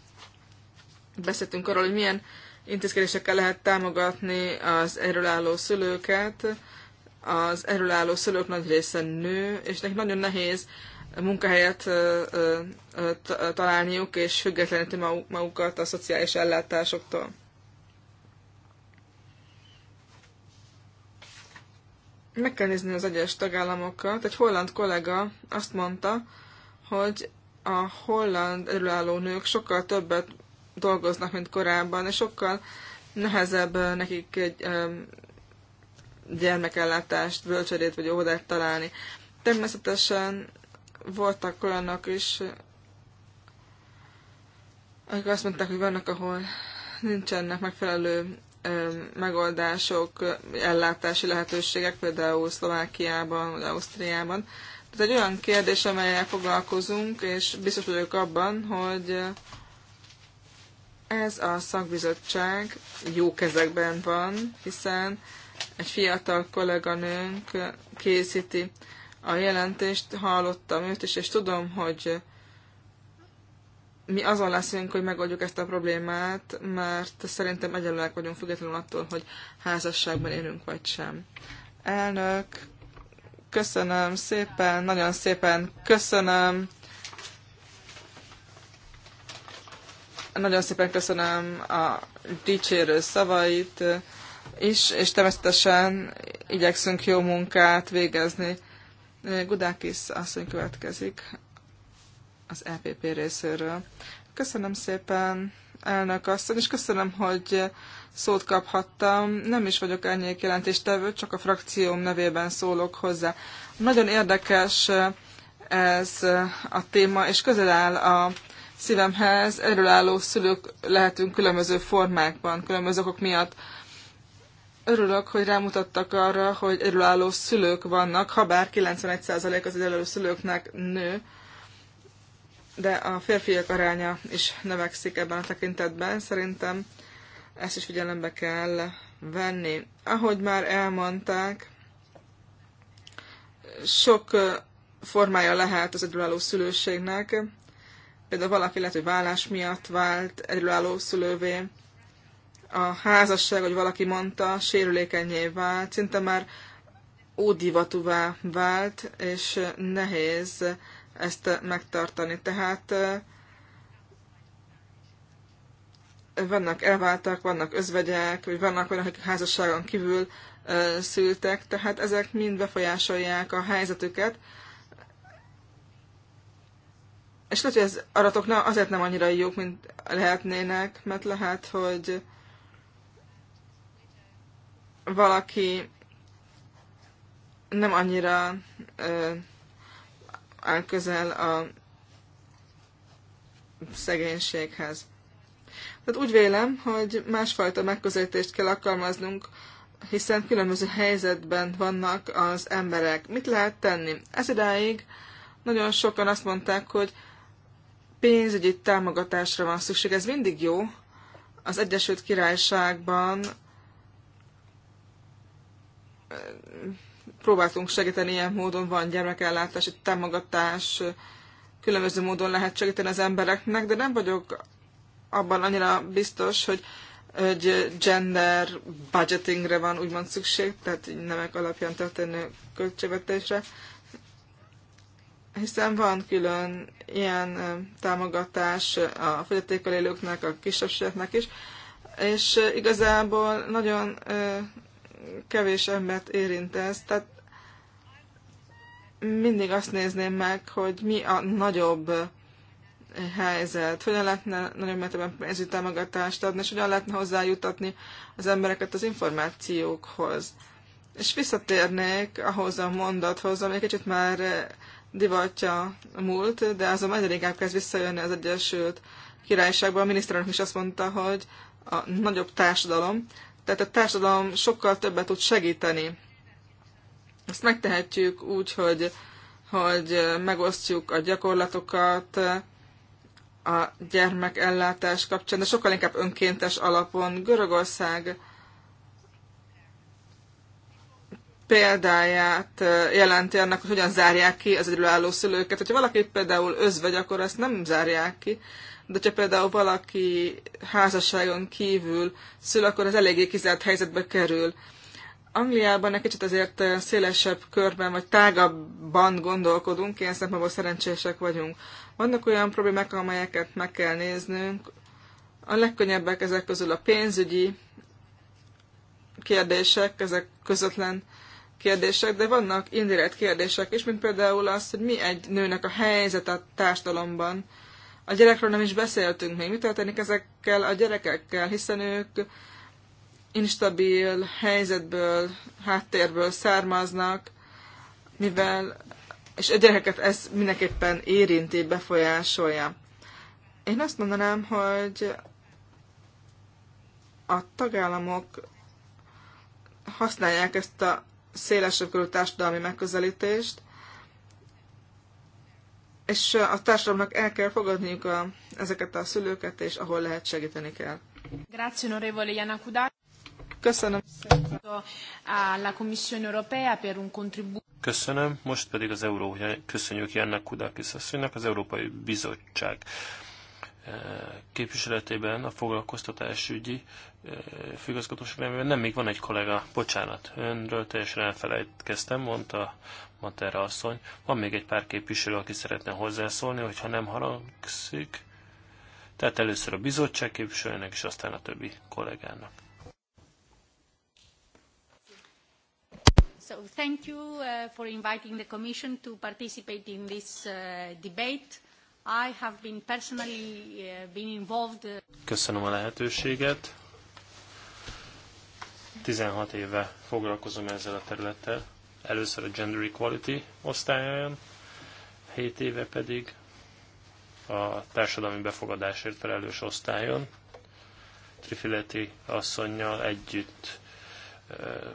Beszéltünk arról, hogy milyen intézkedésekkel lehet támogatni az erőlálló szülőket. Az erőlálló szülők nagy része nő, és nekik nagyon nehéz munkahelyet találniuk, és függetleníteni magukat a szociális ellátásoktól. meg kell nézni az egyes tagállamokat. Egy holland kollega azt mondta, hogy a holland előálló nők sokkal többet dolgoznak, mint korábban, és sokkal nehezebb nekik egy gyermekellátást, bölcsödét vagy óvodát találni. Természetesen voltak olyanok is, akik azt mondták, hogy vannak, ahol nincsenek megfelelő megoldások, ellátási lehetőségek, például Szlovákiában vagy Ausztriában. Tehát egy olyan kérdés, amelyel foglalkozunk, és biztos vagyok abban, hogy ez a szakbizottság jó kezekben van, hiszen egy fiatal kolléganőnk készíti a jelentést, hallottam őt is, és tudom, hogy mi azon leszünk, hogy megoldjuk ezt a problémát, mert szerintem egyenlőek vagyunk függetlenül attól, hogy házasságban élünk vagy sem. Elnök, köszönöm szépen, nagyon szépen köszönöm. Nagyon szépen köszönöm a dicsérő szavait is, és természetesen igyekszünk jó munkát végezni. Gudákis asszony következik az EPP részéről. Köszönöm szépen, elnök asszony, és köszönöm, hogy szót kaphattam. Nem is vagyok ennyi jelentéstevő, csak a frakcióm nevében szólok hozzá. Nagyon érdekes ez a téma, és közel áll a szívemhez. Erről álló szülők lehetünk különböző formákban, különböző okok miatt. Örülök, hogy rámutattak arra, hogy erőálló szülők vannak, ha bár 91% az erőálló szülőknek nő de a férfiak aránya is növekszik ebben a tekintetben. Szerintem ezt is figyelembe kell venni. Ahogy már elmondták, sok formája lehet az egyedülálló szülőségnek. Például valaki lehet, hogy vállás miatt vált egyedülálló szülővé. A házasság, hogy valaki mondta, sérülékenyé vált, szinte már ódivatúvá vált, és nehéz ezt megtartani. Tehát vannak elváltak, vannak özvegyek, vagy vannak olyanok, akik házasságon kívül szültek, tehát ezek mind befolyásolják a helyzetüket. És lehet, hogy az aratok azért nem annyira jók, mint lehetnének, mert lehet, hogy valaki nem annyira áll közel a szegénységhez. Tehát úgy vélem, hogy másfajta megközelítést kell alkalmaznunk, hiszen különböző helyzetben vannak az emberek. Mit lehet tenni? Ez idáig nagyon sokan azt mondták, hogy pénzügyi támogatásra van szükség. Ez mindig jó. Az Egyesült Királyságban próbáltunk segíteni ilyen módon, van egy támogatás, különböző módon lehet segíteni az embereknek, de nem vagyok abban annyira biztos, hogy, hogy gender budgetingre van úgymond szükség, tehát nemek alapján történő költségvetésre, hiszen van külön ilyen támogatás a fogyatékkal élőknek, a kisebbségeknek is, és igazából nagyon kevés embert érint ez, tehát mindig azt nézném meg, hogy mi a nagyobb helyzet, hogyan lehetne nagyon mértékben pénzügyi támogatást adni, és hogyan lehetne hozzájutatni az embereket az információkhoz. És visszatérnék ahhoz a mondathoz, ami egy kicsit már divatja múlt, de az a magyar inkább kezd visszajönni az Egyesült Királyságban. A miniszterelnök is azt mondta, hogy a nagyobb társadalom, tehát a társadalom sokkal többet tud segíteni ezt megtehetjük úgy, hogy, hogy megosztjuk a gyakorlatokat a gyermekellátás kapcsán, de sokkal inkább önkéntes alapon. Görögország példáját jelenti annak, hogy hogyan zárják ki az egyedülálló szülőket. Hogyha valaki például özvegy, akkor ezt nem zárják ki, de hogyha például valaki házasságon kívül szül, akkor az eléggé kizárt helyzetbe kerül. Angliában egy kicsit azért eh, szélesebb körben, vagy tágabban gondolkodunk, ilyen szempontból szerencsések vagyunk. Vannak olyan problémák, amelyeket meg kell néznünk. A legkönnyebbek ezek közül a pénzügyi kérdések, ezek közvetlen kérdések, de vannak indirekt kérdések is, mint például az, hogy mi egy nőnek a helyzet a társadalomban. A gyerekről nem is beszéltünk még, mi történik ezekkel a gyerekekkel, hiszen ők instabil helyzetből, háttérből származnak, mivel, és a gyerekeket ez mindenképpen érinti, befolyásolja. Én azt mondanám, hogy a tagállamok használják ezt a szélesebb körül társadalmi megközelítést, és a társadalomnak el kell fogadniuk a, ezeket a szülőket, és ahol lehet segíteni kell. Köszönöm Köszönöm, most pedig az Euró, köszönjük Jannak Kudakis asszonynak, az Európai Bizottság eh, képviseletében a foglalkoztatásügyi eh, főgazgatóság nevében nem még van egy kollega, bocsánat, önről teljesen elfelejtkeztem, mondta Matera asszony. Van még egy pár képviselő, aki szeretne hozzászólni, hogyha nem haragszik. Tehát először a bizottság képviselőnek, és aztán a többi kollégának. So thank you uh, for inviting the Commission to participate in this uh, debate. I have been personally uh, been involved. Uh, Köszönöm a lehetőséget. 16 éve foglalkozom ezzel a területtel. Először a Gender Equality osztályán, 7 éve pedig a társadalmi befogadásért felelős osztályon. Trifileti asszonynal együtt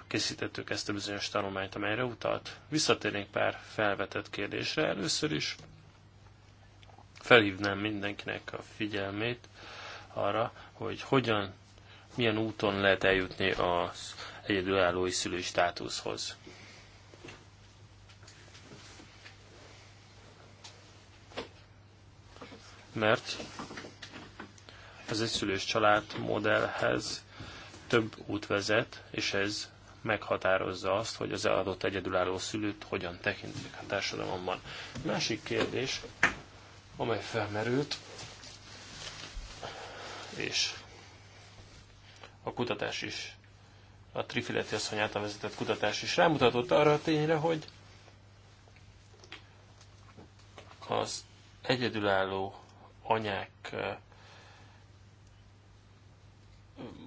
készítettük ezt a bizonyos tanulmányt, amelyre utalt. Visszatérnénk pár felvetett kérdésre. Először is felhívnám mindenkinek a figyelmét arra, hogy hogyan, milyen úton lehet eljutni az egyedülállói szülői státuszhoz. Mert az egyszülős család modellhez több út vezet, és ez meghatározza azt, hogy az eladott egyedülálló szülőt hogyan tekintik a társadalomban. Másik kérdés, amely felmerült, és a kutatás is, a Trifileti asszony által vezetett kutatás is rámutatott arra a tényre, hogy az egyedülálló anyák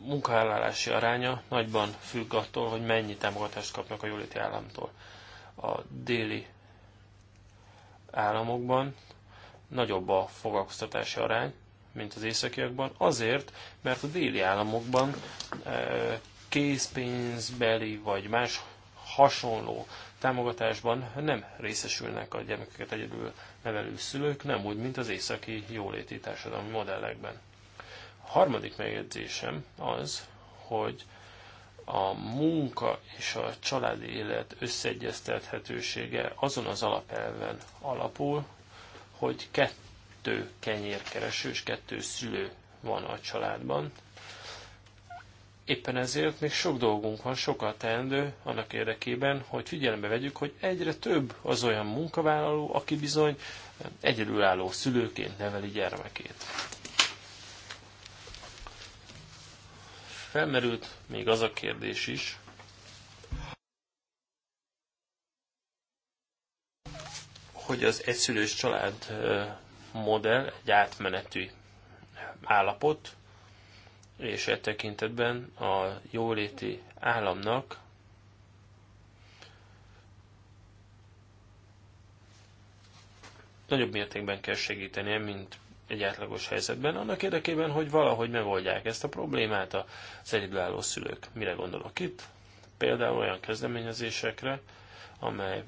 munkaellállási aránya nagyban függ attól, hogy mennyi támogatást kapnak a jóléti államtól. A déli államokban nagyobb a foglalkoztatási arány, mint az északiakban, azért, mert a déli államokban e, készpénzbeli vagy más hasonló támogatásban nem részesülnek a gyermekeket egyedül nevelő szülők, nem úgy, mint az északi jóléti társadalmi modellekben harmadik megjegyzésem az, hogy a munka és a családi élet összeegyeztethetősége azon az alapelven alapul, hogy kettő kenyérkereső és kettő szülő van a családban. Éppen ezért még sok dolgunk van, sokat teendő annak érdekében, hogy figyelembe vegyük, hogy egyre több az olyan munkavállaló, aki bizony egyedülálló szülőként neveli gyermekét. Felmerült még az a kérdés is, hogy az egyszülős család modell egy átmenetű állapot, és e tekintetben a jóléti államnak nagyobb mértékben kell segítenie, mint egy átlagos helyzetben, annak érdekében, hogy valahogy megoldják ezt a problémát az egyedülálló szülők. Mire gondolok itt? Például olyan kezdeményezésekre, amely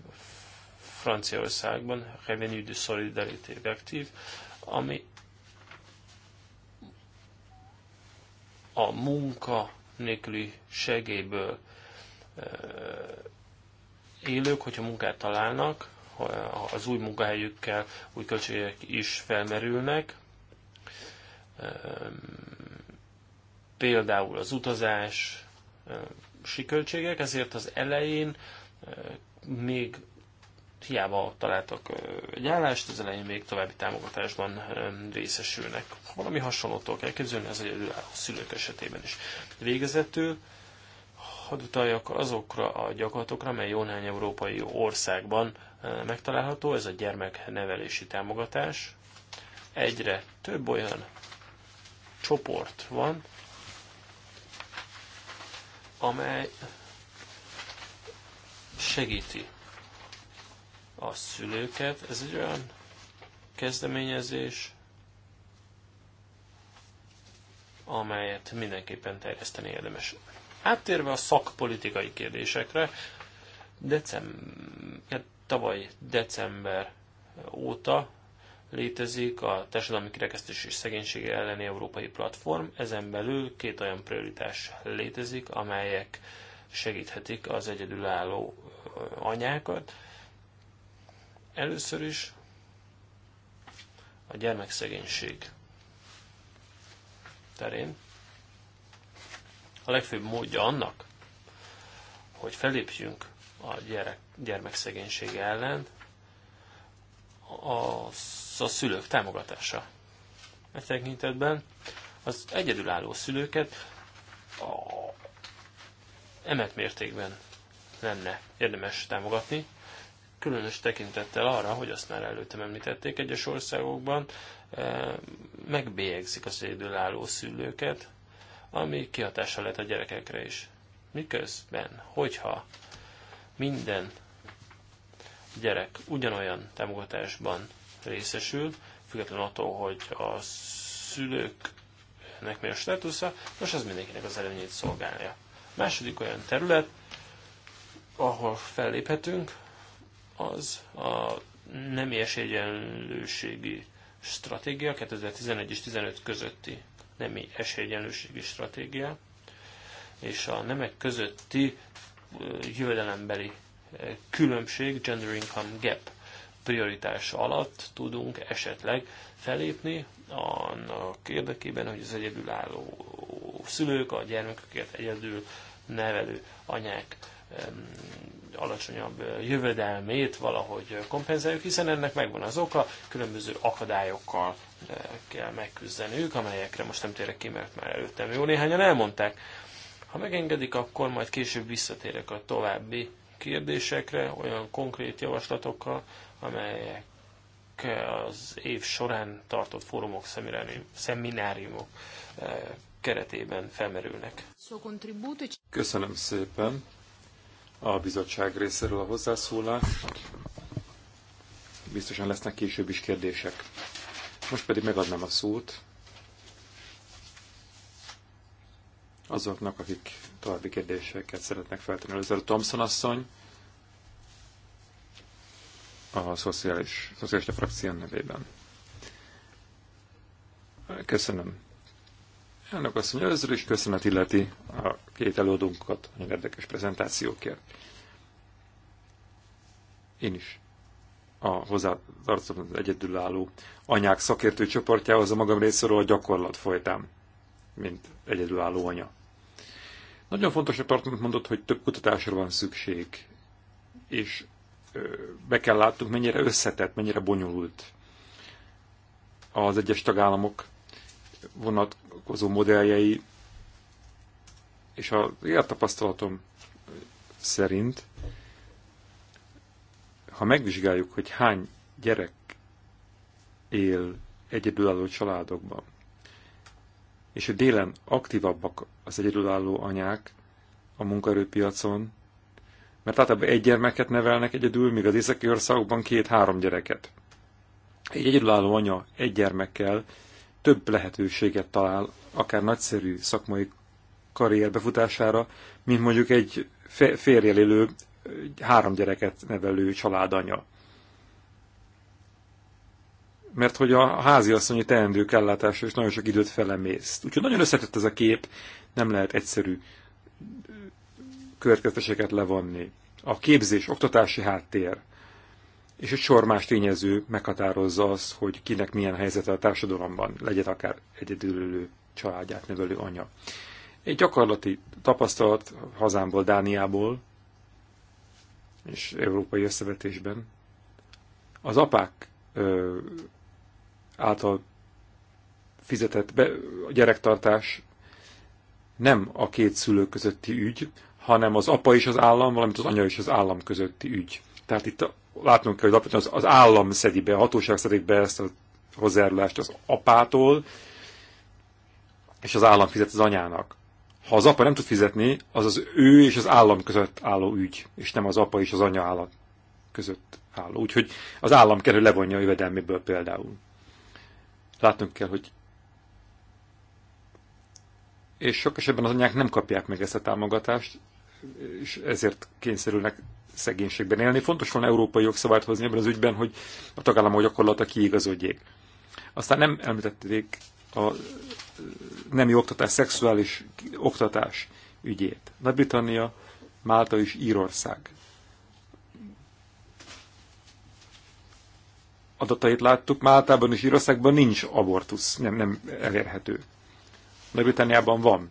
Franciaországban Revenue de Solidarité aktív, ami a munka nélküli segélyből élők, hogyha munkát találnak, az új munkahelyükkel új költségek is felmerülnek. Ehm, például az utazás, ehm, siköltségek, ezért az elején ehm, még hiába találtak egy állást, az elején még további támogatásban részesülnek. Valami hasonlótól kell képzelni ez egyedülálló szülők esetében is. Végezetül hadd utaljak azokra a gyakorlatokra, mely jó néhány európai országban megtalálható, ez a gyermeknevelési támogatás. Egyre több olyan csoport van, amely segíti a szülőket. Ez egy olyan kezdeményezés, amelyet mindenképpen terjeszteni érdemes. Áttérve a szakpolitikai kérdésekre, december tavaly december óta létezik a Társadalmi Kirekesztés és Szegénység elleni Európai Platform. Ezen belül két olyan prioritás létezik, amelyek segíthetik az egyedülálló anyákat. Először is a gyermekszegénység terén. A legfőbb módja annak, hogy felépjünk a gyerek gyermekszegénysége ellen az a szülők támogatása. E tekintetben az egyedülálló szülőket a emet mértékben lenne érdemes támogatni, különös tekintettel arra, hogy azt már előttem említették egyes országokban, e, megbélyegzik az egyedülálló szülőket, ami kihatással lehet a gyerekekre is. Miközben, hogyha minden gyerek ugyanolyan támogatásban részesül, függetlenül attól, hogy a szülőknek mi a státusza, most az mindenkinek az előnyét szolgálja. Második olyan terület, ahol felléphetünk, az a nem esélyegyenlőségi stratégia, 2011 és 15 közötti nemi esélyegyenlőségi stratégia, és a nemek közötti jövedelembeli különbség, gender income gap prioritása alatt tudunk esetleg felépni annak érdekében, hogy az egyedülálló szülők, a gyermeküket egyedül nevelő anyák alacsonyabb jövedelmét valahogy kompenzáljuk, hiszen ennek megvan az oka, különböző akadályokkal eh, kell megküzdenünk, amelyekre most nem térek ki, mert már előttem jó néhányan elmondták. Ha megengedik, akkor majd később visszatérek a további kérdésekre, olyan konkrét javaslatokkal, amelyek az év során tartott fórumok, szemináriumok eh, keretében felmerülnek. Köszönöm szépen a bizottság részéről a hozzászólást. Biztosan lesznek később is kérdések. Most pedig megadnám a szót azoknak, akik további kérdéseket szeretnek feltenni. Először a Thompson asszony, a szociális, szocialista frakció nevében. Köszönöm. Elnök asszony, először is köszönet illeti a két előadónkat, a érdekes prezentációkért. Én is a hozzátartozom az egyedülálló anyák szakértő csoportjához a magam részéről a gyakorlat folytán, mint egyedülálló anya. Nagyon fontos a tartalmat mondott, hogy több kutatásra van szükség, és be kell látnunk, mennyire összetett, mennyire bonyolult az egyes tagállamok vonatkozó modelljei, és a élettapasztalatom szerint, ha megvizsgáljuk, hogy hány gyerek él egyedülálló családokban, és a délen aktívabbak az egyedülálló anyák a munkaerőpiacon, mert általában egy gyermeket nevelnek egyedül, míg az északi országokban két-három gyereket. Egy egyedülálló anya egy gyermekkel több lehetőséget talál, akár nagyszerű szakmai karrierbefutására, mint mondjuk egy férjel élő, három gyereket nevelő családanya. Mert hogy a háziasszonyi teendők ellátása is nagyon sok időt felemész. Úgyhogy nagyon összetett ez a kép, nem lehet egyszerű következtetéseket levonni. A képzés, oktatási háttér és egy sor más tényező meghatározza az, hogy kinek milyen helyzete a társadalomban, legyen akár egyedülülő családját nevelő anya. Egy gyakorlati tapasztalat hazámból, Dániából és európai összevetésben az apák ö, által fizetett be, a gyerektartás nem a két szülő közötti ügy, hanem az apa és az állam, valamint az anya és az állam közötti ügy. Tehát itt látnunk kell, hogy az, az állam szedi be, a hatóság szedi be ezt a hozzájárulást az apától, és az állam fizet az anyának. Ha az apa nem tud fizetni, az az ő és az állam között álló ügy, és nem az apa és az anya állat között álló. Úgyhogy az állam kell, hogy levonja a jövedelméből például. Látnunk kell, hogy és sok esetben az anyák nem kapják meg ezt a támogatást, és ezért kényszerülnek szegénységben élni. Fontos volna európai jogszabályt hozni ebben az ügyben, hogy a tagállamok gyakorlata kiigazodjék. Aztán nem említették a nemi oktatás, szexuális oktatás ügyét. Nagy-Britannia, Málta és Írország adatait láttuk, Máltában és Írországban nincs abortusz, nem, nem elérhető. Nagy-Britanniában van.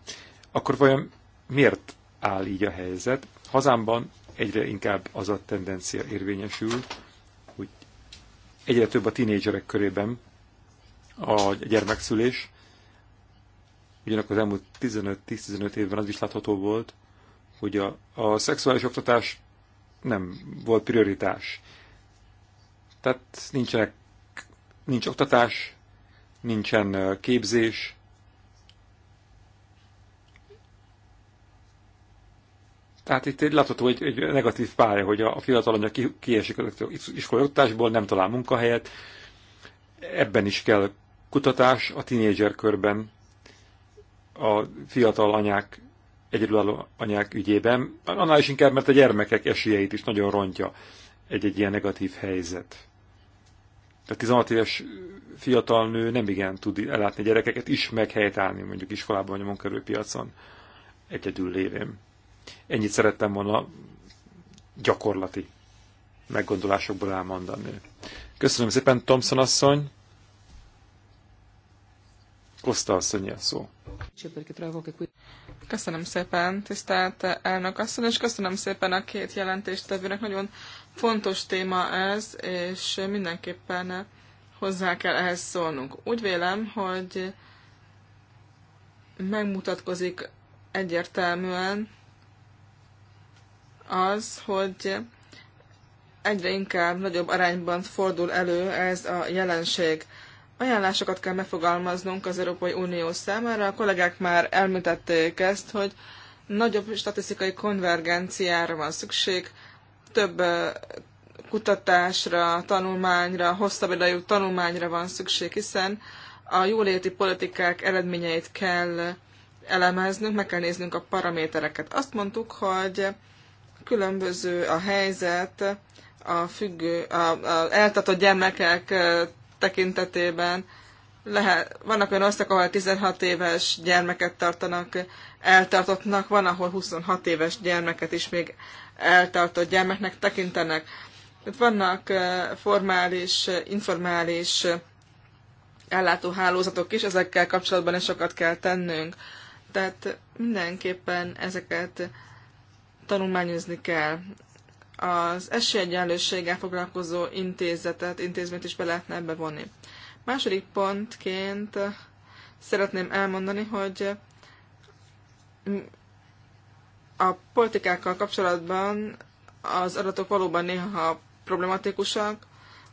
Akkor vajon miért áll így a helyzet? Hazámban egyre inkább az a tendencia érvényesül, hogy egyre több a tinédzserek körében a gyermekszülés, ugyanakkor az elmúlt 15-10-15 évben az is látható volt, hogy a, a szexuális oktatás nem volt prioritás. Tehát nincsenek, nincs oktatás, nincsen képzés, Tehát itt egy látható egy, egy negatív pálya, hogy a fiatal anya ki, kiesik az iskolajoktásból, nem talál munkahelyet. Ebben is kell kutatás a tinédzser körben, a fiatal anyák, egyedülálló anyák ügyében, annál is inkább, mert a gyermekek esélyeit is nagyon rontja egy-egy ilyen negatív helyzet. Tehát 16 éves fiatal nő nem igen tud ellátni gyerekeket, is meg állni mondjuk iskolában vagy a munkerőpiacon egyedül lévén. Ennyit szerettem volna gyakorlati meggondolásokból elmondani. Köszönöm szépen, Thompson asszony. Kosta asszony a szó. Köszönöm szépen, tisztelt elnök asszony, és köszönöm szépen a két jelentéstevőnek. Nagyon fontos téma ez, és mindenképpen hozzá kell ehhez szólnunk. Úgy vélem, hogy megmutatkozik egyértelműen, az, hogy egyre inkább nagyobb arányban fordul elő ez a jelenség. Ajánlásokat kell megfogalmaznunk az Európai Unió számára. A kollégák már elmutatták ezt, hogy nagyobb statisztikai konvergenciára van szükség, több kutatásra, tanulmányra, hosszabb idejű tanulmányra van szükség, hiszen a jóléti politikák eredményeit kell elemeznünk, meg kell néznünk a paramétereket. Azt mondtuk, hogy Különböző a helyzet a függő, a, a eltartott gyermekek tekintetében. Lehet, vannak olyan országok, ahol 16 éves gyermeket tartanak eltartottnak, van, ahol 26 éves gyermeket is még eltartott gyermeknek tekintenek. Tehát vannak formális, informális ellátóhálózatok is, ezekkel kapcsolatban is sokat kell tennünk. Tehát mindenképpen ezeket tanulmányozni kell. Az esélyegyenlőséggel foglalkozó intézetet, intézményt is be lehetne ebbe vonni. Második pontként szeretném elmondani, hogy a politikákkal kapcsolatban az adatok valóban néha problematikusak.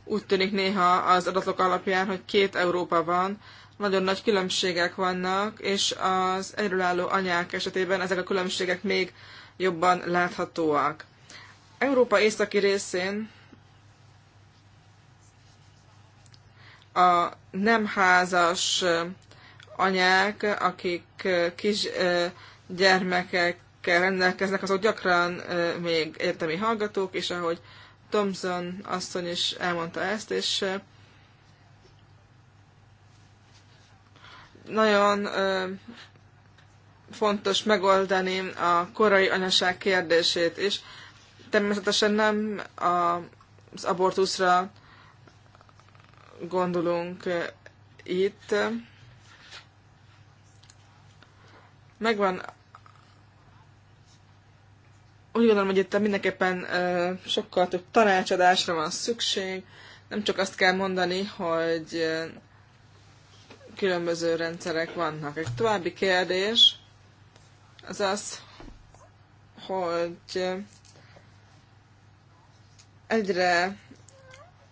Úgy tűnik néha az adatok alapján, hogy két Európa van, nagyon nagy különbségek vannak, és az egyedülálló anyák esetében ezek a különbségek még jobban láthatóak. Európa északi részén a nem házas anyák, akik kis gyermekekkel rendelkeznek, azok gyakran még egyetemi hallgatók, és ahogy Thomson asszony is elmondta ezt, és nagyon fontos megoldani a korai anyaság kérdését is. Természetesen nem a, az abortuszra gondolunk itt. Megvan úgy gondolom, hogy itt mindenképpen sokkal több tanácsadásra van szükség. Nem csak azt kell mondani, hogy különböző rendszerek vannak. Egy további kérdés, az az, hogy egyre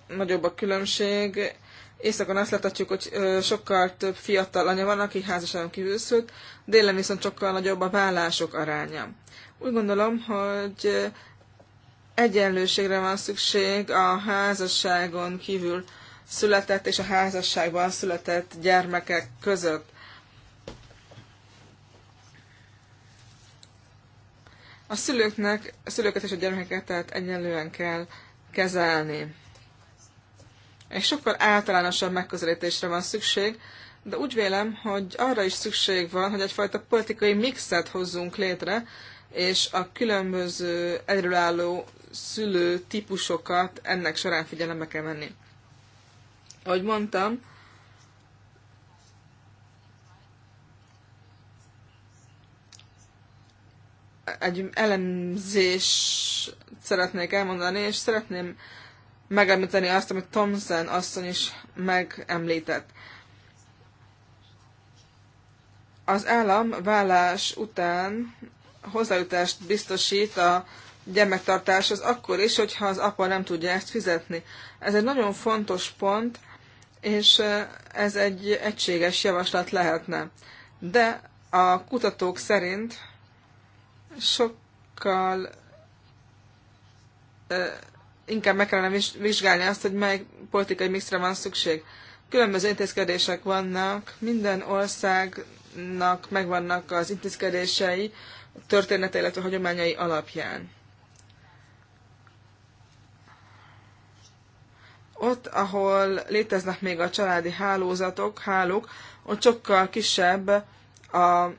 nagyobb a különbség. Északon azt láthatjuk, hogy sokkal több fiatal anya van, aki házasságon kívül szült, délen viszont sokkal nagyobb a vállások aránya. Úgy gondolom, hogy egyenlőségre van szükség a házasságon kívül született és a házasságban született gyermekek között. A szülőknek, a szülőket és a gyermekeket tehát egyenlően kell kezelni. Egy sokkal általánosabb megközelítésre van szükség, de úgy vélem, hogy arra is szükség van, hogy egyfajta politikai mixet hozzunk létre, és a különböző egyről szülő típusokat ennek során figyelembe kell menni. Ahogy mondtam, egy elemzés szeretnék elmondani, és szeretném megemlíteni azt, amit Thomson asszony is megemlített. Az állam vállás után hozzájutást biztosít a gyermektartáshoz akkor is, hogyha az apa nem tudja ezt fizetni. Ez egy nagyon fontos pont, és ez egy egységes javaslat lehetne. De a kutatók szerint sokkal inkább meg kellene vizsgálni azt, hogy mely politikai mixre van szükség. Különböző intézkedések vannak, minden országnak megvannak az intézkedései története, illetve hagyományai alapján. Ott, ahol léteznek még a családi hálózatok, hálók, ott sokkal kisebb a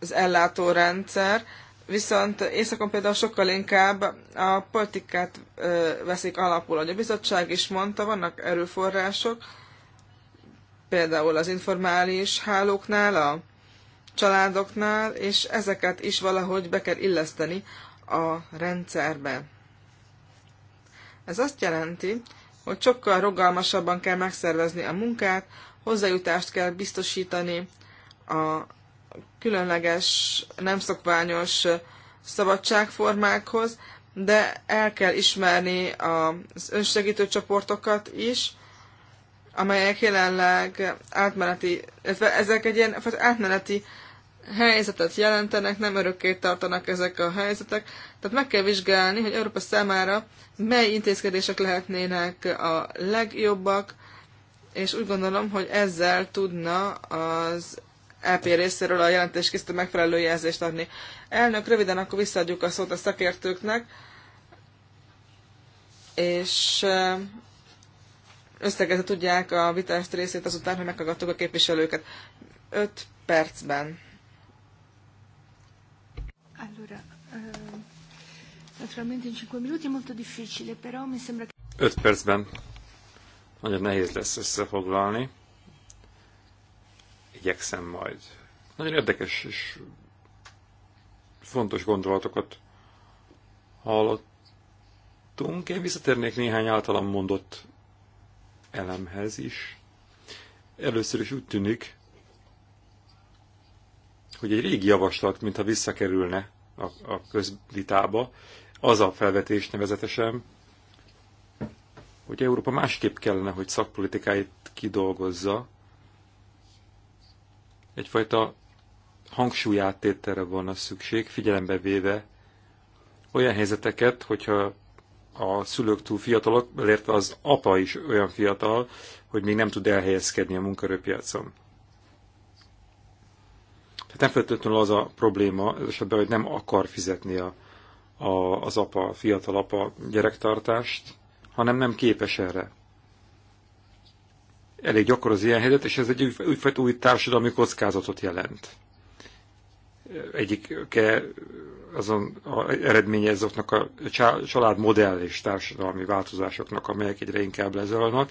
az ellátórendszer, viszont északon például sokkal inkább a politikát veszik alapul. A bizottság is mondta, vannak erőforrások, például az informális hálóknál, a családoknál, és ezeket is valahogy be kell illeszteni a rendszerbe. Ez azt jelenti, hogy sokkal rugalmasabban kell megszervezni a munkát, hozzájutást kell biztosítani a különleges, nem szokványos szabadságformákhoz, de el kell ismerni az önsegítő csoportokat is, amelyek jelenleg átmeneti, illetve ezek egy ilyen átmeneti helyzetet jelentenek, nem örökké tartanak ezek a helyzetek. Tehát meg kell vizsgálni, hogy Európa számára mely intézkedések lehetnének a legjobbak, és úgy gondolom, hogy ezzel tudna az EP részéről a jelentés készítő megfelelő jelzést adni. Elnök, röviden akkor visszaadjuk a szót a szakértőknek, és összegezni tudják a vitást részét azután, hogy meghallgattuk a képviselőket. 5 percben. Allora, ehm, naturalmente in 5 minuti è molto difficile, però mi sembra che... 5 percben. Nagyon nehéz lesz összefoglalni igyekszem majd. Nagyon érdekes és fontos gondolatokat hallottunk. Én visszatérnék néhány általam mondott elemhez is. Először is úgy tűnik, hogy egy régi javaslat, mintha visszakerülne a, a közvitába, az a felvetés nevezetesen, hogy Európa másképp kellene, hogy szakpolitikáit kidolgozza, egyfajta hangsúlyáttételre volna szükség, figyelembe véve olyan helyzeteket, hogyha a szülők túl fiatalok, illetve az apa is olyan fiatal, hogy még nem tud elhelyezkedni a munkaerőpiacon. Tehát nem feltétlenül az a probléma, esetben, hogy nem akar fizetni a, a, az apa, a fiatal apa gyerektartást, hanem nem képes erre. Elég gyakor az ilyen helyzet, és ez egy újfajta új társadalmi kockázatot jelent. Egyike azon a eredménye azoknak a családmodell és társadalmi változásoknak, amelyek egyre inkább lezajlanak.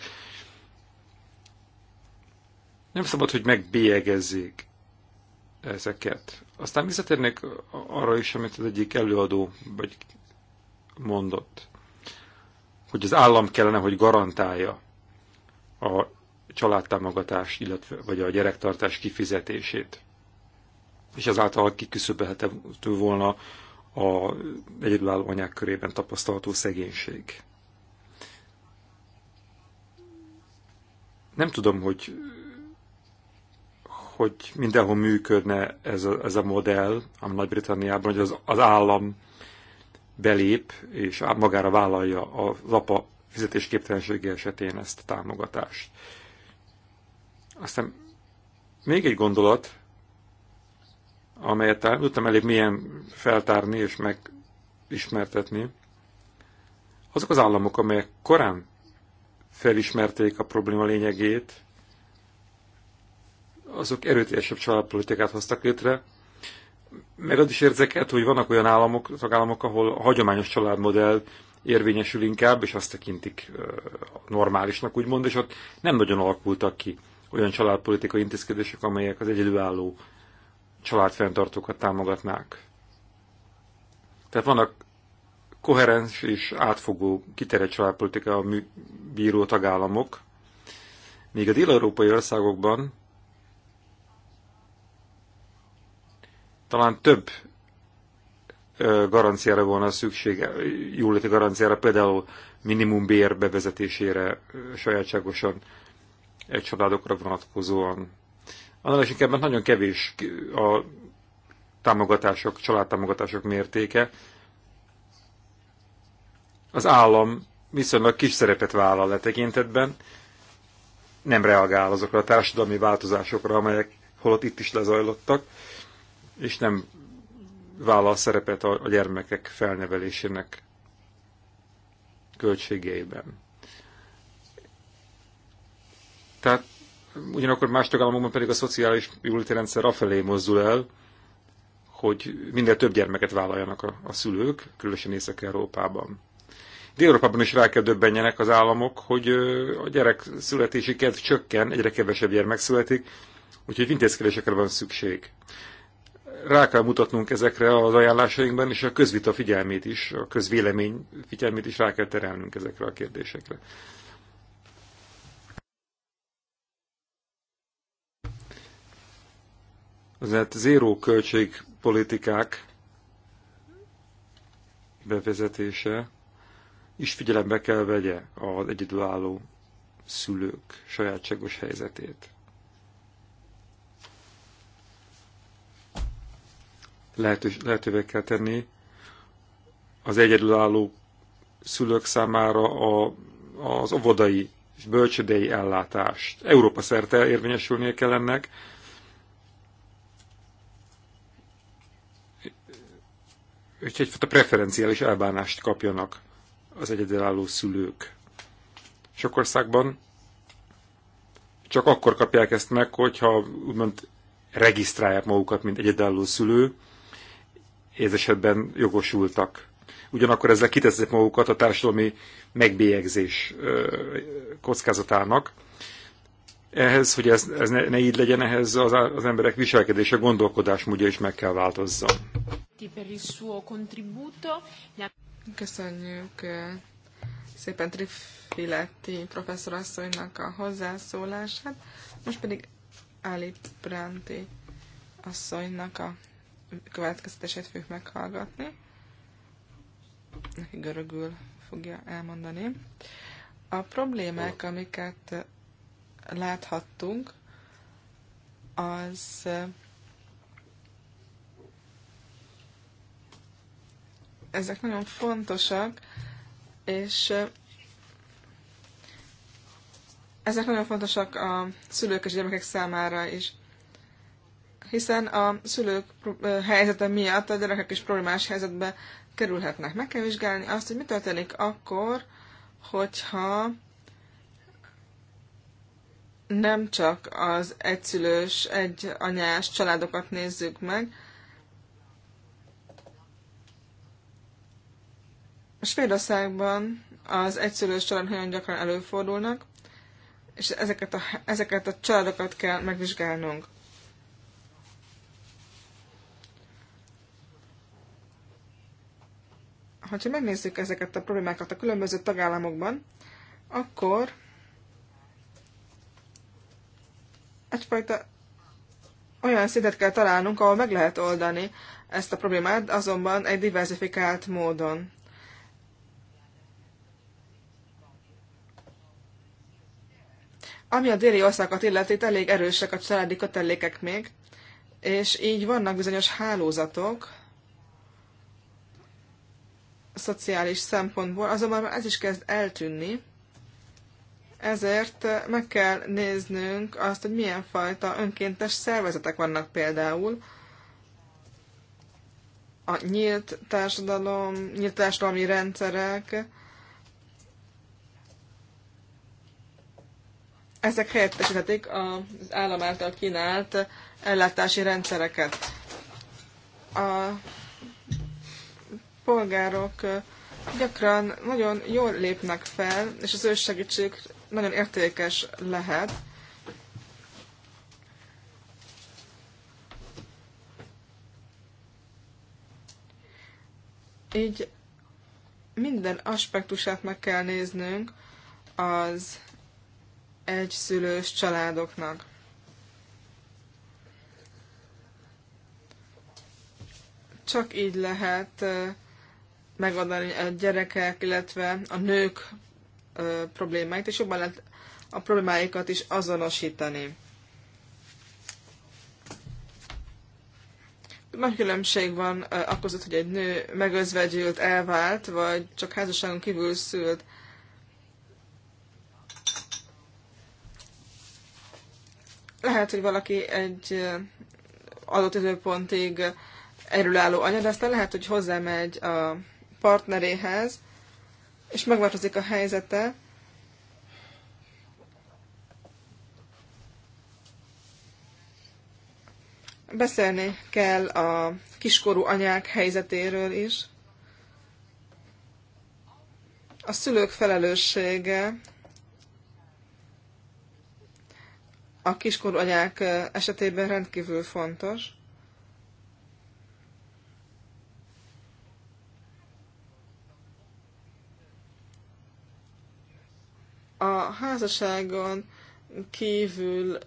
Nem szabad, hogy megbélyegezzék ezeket. Aztán visszatérnék arra is, amit az egyik előadó vagy mondott, hogy az állam kellene, hogy garantálja a családtámogatás, illetve vagy a gyerektartás kifizetését. És ezáltal kiküszöbölhető volna a egyedülálló anyák körében tapasztalható szegénység. Nem tudom, hogy, hogy mindenhol működne ez a, ez a modell, ami Nagy-Britanniában, hogy az, az állam belép és magára vállalja az apa fizetésképtelensége esetén ezt a támogatást. Aztán még egy gondolat, amelyet tudtam elég milyen feltárni és megismertetni, azok az államok, amelyek korán felismerték a probléma lényegét, azok erőteljesebb családpolitikát hoztak létre, meg az is érzeket, hogy vannak olyan államok, tagállamok, ahol a hagyományos családmodell érvényesül inkább, és azt tekintik normálisnak, úgymond, és ott nem nagyon alakultak ki olyan családpolitikai intézkedések, amelyek az egyedülálló családfenntartókat támogatnák. Tehát vannak koherens és átfogó kiterjedt családpolitika a bíró tagállamok, míg a dél-európai országokban talán több garanciára volna szükség, jóléti garanciára, például bér bevezetésére sajátságosan egy családokra vonatkozóan. Annál is inkább, mert nagyon kevés a támogatások, családtámogatások mértéke. Az állam viszonylag kis szerepet vállal e tekintetben, nem reagál azokra a társadalmi változásokra, amelyek holott itt is lezajlottak, és nem vállal szerepet a, gyermekek felnevelésének költségeiben. Tehát ugyanakkor más tagállamokban pedig a szociális jóléti rendszer afelé mozdul el, hogy minden több gyermeket vállaljanak a, a szülők, különösen Észak-Európában. Dél-Európában is rá kell döbbenjenek az államok, hogy a gyerek születési kedv csökken, egyre kevesebb gyermek születik, úgyhogy intézkedésekre van szükség. Rá kell mutatnunk ezekre az ajánlásainkban, és a közvita figyelmét is, a közvélemény figyelmét is rá kell terelnünk ezekre a kérdésekre. Azért zéró költségpolitikák bevezetése is figyelembe kell vegye az egyedülálló szülők sajátságos helyzetét. Lehetős, lehetővé kell tenni az egyedülálló szülők számára a, az óvodai és bölcsödei ellátást. Európa szerte érvényesülnie kell ennek, hogy egyfajta preferenciális elbánást kapjanak az egyedülálló szülők. Sok országban csak akkor kapják ezt meg, hogyha úgymond regisztrálják magukat, mint egyedülálló szülő, ez esetben jogosultak. Ugyanakkor ezzel kiteszik magukat a társadalmi megbélyegzés kockázatának, ehhez, hogy ez, ez ne, ne így legyen, ehhez az, az emberek viselkedése, gondolkodásmódja is meg kell változzon. Köszönjük eh, szépen Trifiletti professzor asszonynak a hozzászólását, most pedig Ali Branti asszonynak a következtetését fogjuk meghallgatni. Neki görögül fogja elmondani. A problémák, amiket láthattunk, az ezek nagyon fontosak, és ezek nagyon fontosak a szülők és gyermekek számára is. Hiszen a szülők helyzete miatt a gyerekek is problémás helyzetbe kerülhetnek. Meg kell vizsgálni azt, hogy mi történik akkor, hogyha nem csak az egyszülős, egy anyás családokat nézzük meg. Svédországban az egyszülős családok nagyon gyakran előfordulnak, és ezeket a, ezeket a családokat kell megvizsgálnunk. Ha megnézzük ezeket a problémákat a különböző tagállamokban, akkor egyfajta olyan szintet kell találnunk, ahol meg lehet oldani ezt a problémát, azonban egy diversifikált módon. Ami a déli országokat illeti, itt elég erősek a családi kötelékek még, és így vannak bizonyos hálózatok, szociális szempontból, azonban ez is kezd eltűnni, ezért meg kell néznünk azt, hogy milyen fajta önkéntes szervezetek vannak például. A nyílt társadalom, nyílt társadalmi rendszerek, ezek helyettesíthetik az állam által kínált ellátási rendszereket. A polgárok gyakran nagyon jól lépnek fel, és az ő segítségük nagyon értékes lehet. Így minden aspektusát meg kell néznünk az egyszülős családoknak. Csak így lehet eh, megadani a gyerekek, illetve a nők problémáit, és jobban lehet a problémáikat is azonosítani. Nagy különbség van akkor között, hogy egy nő megözvegyült, elvált, vagy csak házasságon kívül szült. Lehet, hogy valaki egy adott időpontig erőlálló anya, de aztán lehet, hogy hozzámegy a partneréhez, és megváltozik a helyzete, beszélni kell a kiskorú anyák helyzetéről is. A szülők felelőssége a kiskorú anyák esetében rendkívül fontos. a házasságon kívül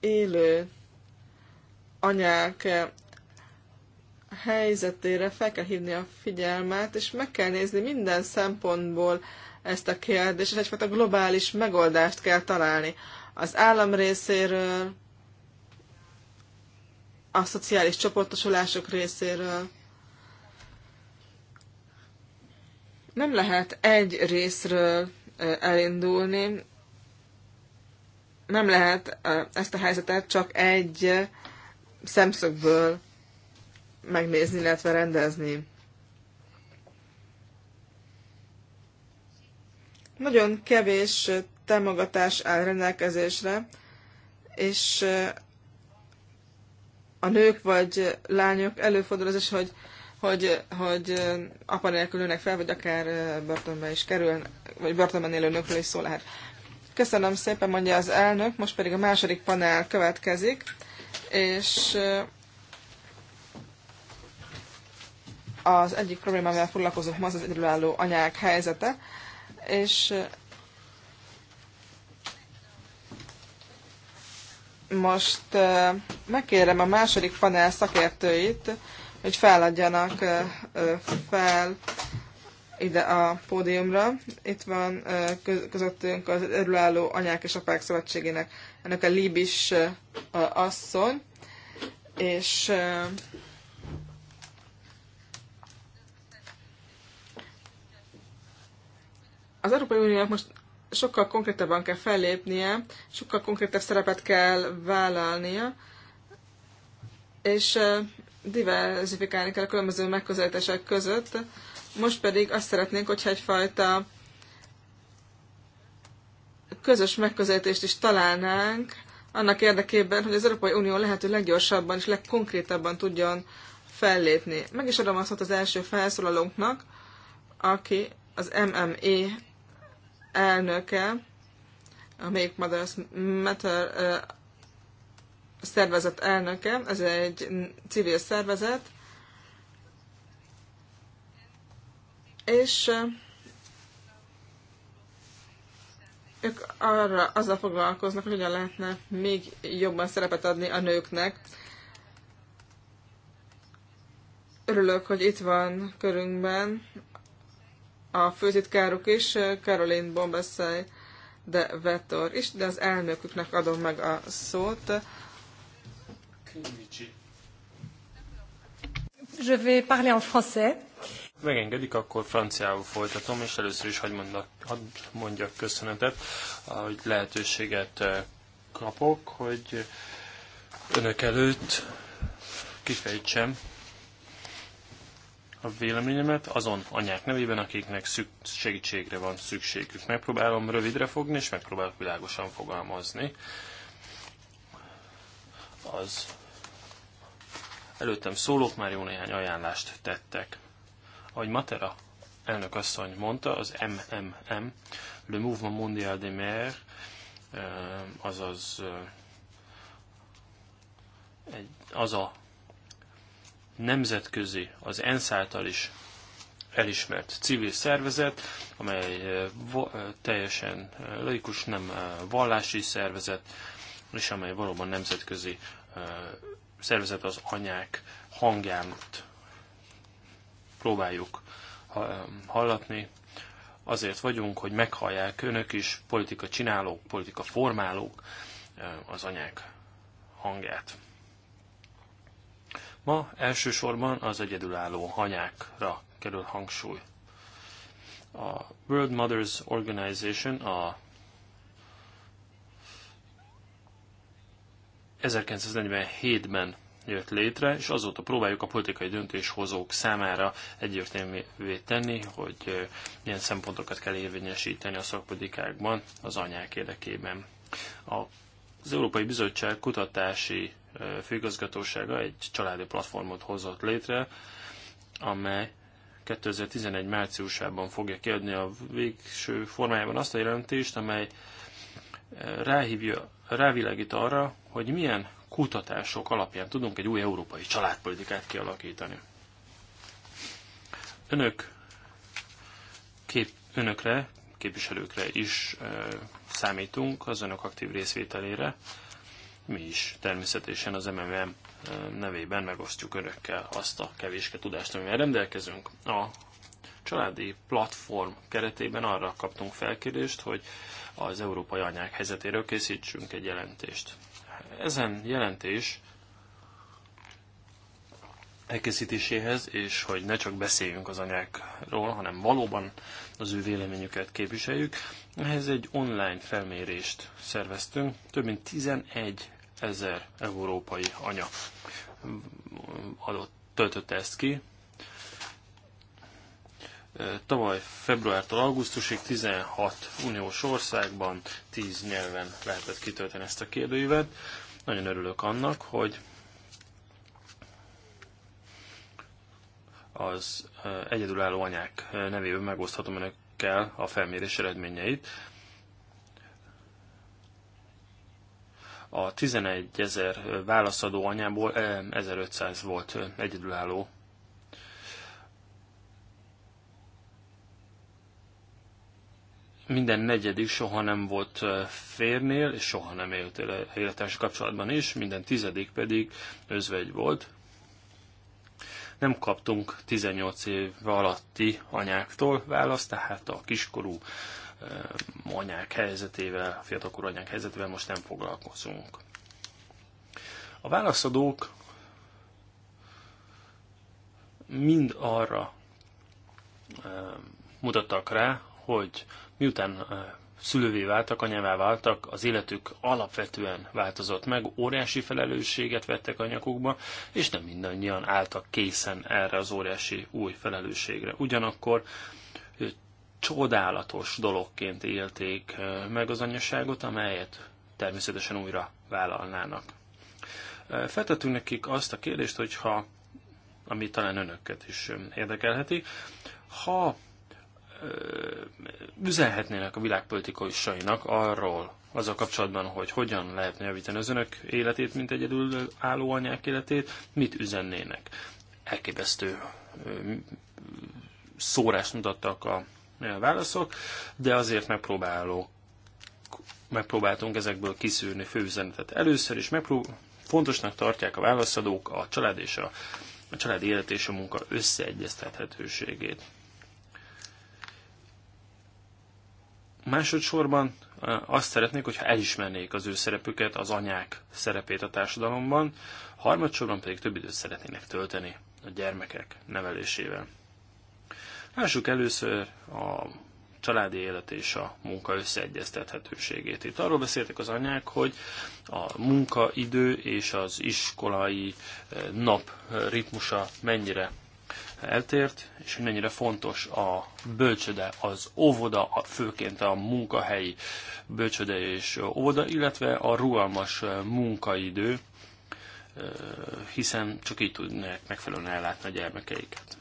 élő anyák helyzetére fel kell hívni a figyelmet, és meg kell nézni minden szempontból ezt a kérdést, és egyfajta globális megoldást kell találni. Az állam részéről, a szociális csoportosulások részéről, Nem lehet egy részről elindulni, nem lehet ezt a helyzetet csak egy szemszögből megnézni, illetve rendezni. Nagyon kevés támogatás áll rendelkezésre, és a nők vagy lányok előfordul az is, hogy hogy, hogy apa nélkül nőnek fel, vagy akár börtönbe is kerül, vagy börtönben élő nőkről is szó lehet. Köszönöm szépen, mondja az elnök, most pedig a második panel következik, és az egyik probléma, amivel foglalkozunk ma az az egyedülálló anyák helyzete, és most megkérem a második panel szakértőit, hogy feladjanak fel ide a pódiumra. Itt van közöttünk az örülálló anyák és apák szövetségének ennek a Libis asszony, és az Európai Uniónak most sokkal konkrétabban kell fellépnie, sokkal konkrétabb szerepet kell vállalnia, és diversifikálni kell a különböző megközelítések között. Most pedig azt szeretnénk, hogyha egyfajta közös megközelítést is találnánk, annak érdekében, hogy az Európai Unió lehető leggyorsabban és legkonkrétabban tudjon fellépni. Meg is adom azt, az első felszólalónknak, aki az MME elnöke, a Make Mothers Matter szervezet elnöke, ez egy civil szervezet, és ők arra, azzal foglalkoznak, hogy hogyan lehetne még jobban szerepet adni a nőknek. Örülök, hogy itt van körünkben a főzitkáruk is, Caroline Bombaszai de vettor, is, de az elnöküknek adom meg a szót, Je vais parler en français. Megengedik, akkor franciául folytatom, és először is hagyd mondjak, hagy mondjak köszönetet, hogy lehetőséget eh, kapok, hogy önök előtt kifejtsem a véleményemet azon anyák nevében, akiknek segítségre van szükségük. Megpróbálom rövidre fogni, és megpróbálok világosan fogalmazni. Az Előttem szólók már jó néhány ajánlást tettek. Ahogy Matera elnök mondta, az MMM, Le Mouvement Mondial des Mers, eh, azaz eh, egy, az a nemzetközi, az ENSZ által is elismert civil szervezet, amely eh, teljesen laikus, nem vallási szervezet, és amely valóban nemzetközi szervezet az anyák hangját próbáljuk hallatni. Azért vagyunk, hogy meghallják önök is, politika csinálók, politika formálók az anyák hangját. Ma elsősorban az egyedülálló anyákra kerül hangsúly. A World Mothers Organization, a 1947-ben jött létre, és azóta próbáljuk a politikai döntéshozók számára egyértelművé tenni, hogy milyen szempontokat kell érvényesíteni a szakpolitikákban az anyák érdekében. Az Európai Bizottság kutatási főigazgatósága egy családi platformot hozott létre, amely 2011 márciusában fogja kiadni a végső formájában azt a jelentést, amely ráhívja, rávilágít arra, hogy milyen kutatások alapján tudunk egy új európai családpolitikát kialakítani. Önök kép, önökre, képviselőkre is ö, számítunk az önök aktív részvételére. Mi is természetesen az MMM nevében megosztjuk önökkel azt a kevéske tudást, amivel rendelkezünk. A családi platform keretében arra kaptunk felkérést, hogy az európai anyák helyzetéről készítsünk egy jelentést. Ezen jelentés elkészítéséhez, és hogy ne csak beszéljünk az anyákról, hanem valóban az ő véleményüket képviseljük. Ehhez egy online felmérést szerveztünk, több mint 11 ezer európai anya adott, töltötte ezt ki, Tavaly februártól augusztusig 16 uniós országban 10 nyelven lehetett kitölteni ezt a kérdőívet. Nagyon örülök annak, hogy az egyedülálló anyák nevében megoszthatom önökkel a felmérés eredményeit. A 11 ezer válaszadó anyából 1500 volt egyedülálló minden negyedik soha nem volt férnél, és soha nem élt élettársi kapcsolatban is, minden tizedik pedig özvegy volt. Nem kaptunk 18 év alatti anyáktól választ, tehát a kiskorú anyák helyzetével, a fiatalkorú anyák helyzetével most nem foglalkozunk. A válaszadók mind arra mutattak rá, hogy Miután szülővé váltak, anyává váltak, az életük alapvetően változott meg, óriási felelősséget vettek a nyakukba, és nem mindannyian álltak készen erre az óriási új felelősségre. Ugyanakkor csodálatos dologként élték meg az anyaságot, amelyet természetesen újra vállalnának. Feltettünk nekik azt a kérdést, hogy ha, ami talán önöket is érdekelheti, ha üzenhetnének a világpolitikusainak arról, azzal kapcsolatban, hogy hogyan lehetne javítani az önök életét, mint egyedül álló anyák életét, mit üzennének. Elképesztő szórást mutattak a válaszok, de azért megpróbáló, megpróbáltunk ezekből kiszűrni főüzenetet először, is, megpróbál, fontosnak tartják a válaszadók a család és a, a család élet és a munka összeegyeztethetőségét. Másodszorban azt szeretnék, hogyha elismernék az ő szerepüket, az anyák szerepét a társadalomban, harmadsorban pedig több időt szeretnének tölteni a gyermekek nevelésével. Lássuk először a családi élet és a munka összeegyeztethetőségét. Itt arról beszéltek az anyák, hogy a munkaidő és az iskolai nap ritmusa mennyire eltért, és hogy mennyire fontos a bölcsöde, az óvoda, főként a munkahelyi bölcsöde és óvoda, illetve a rugalmas munkaidő, hiszen csak így tudnak megfelelően ellátni a gyermekeiket.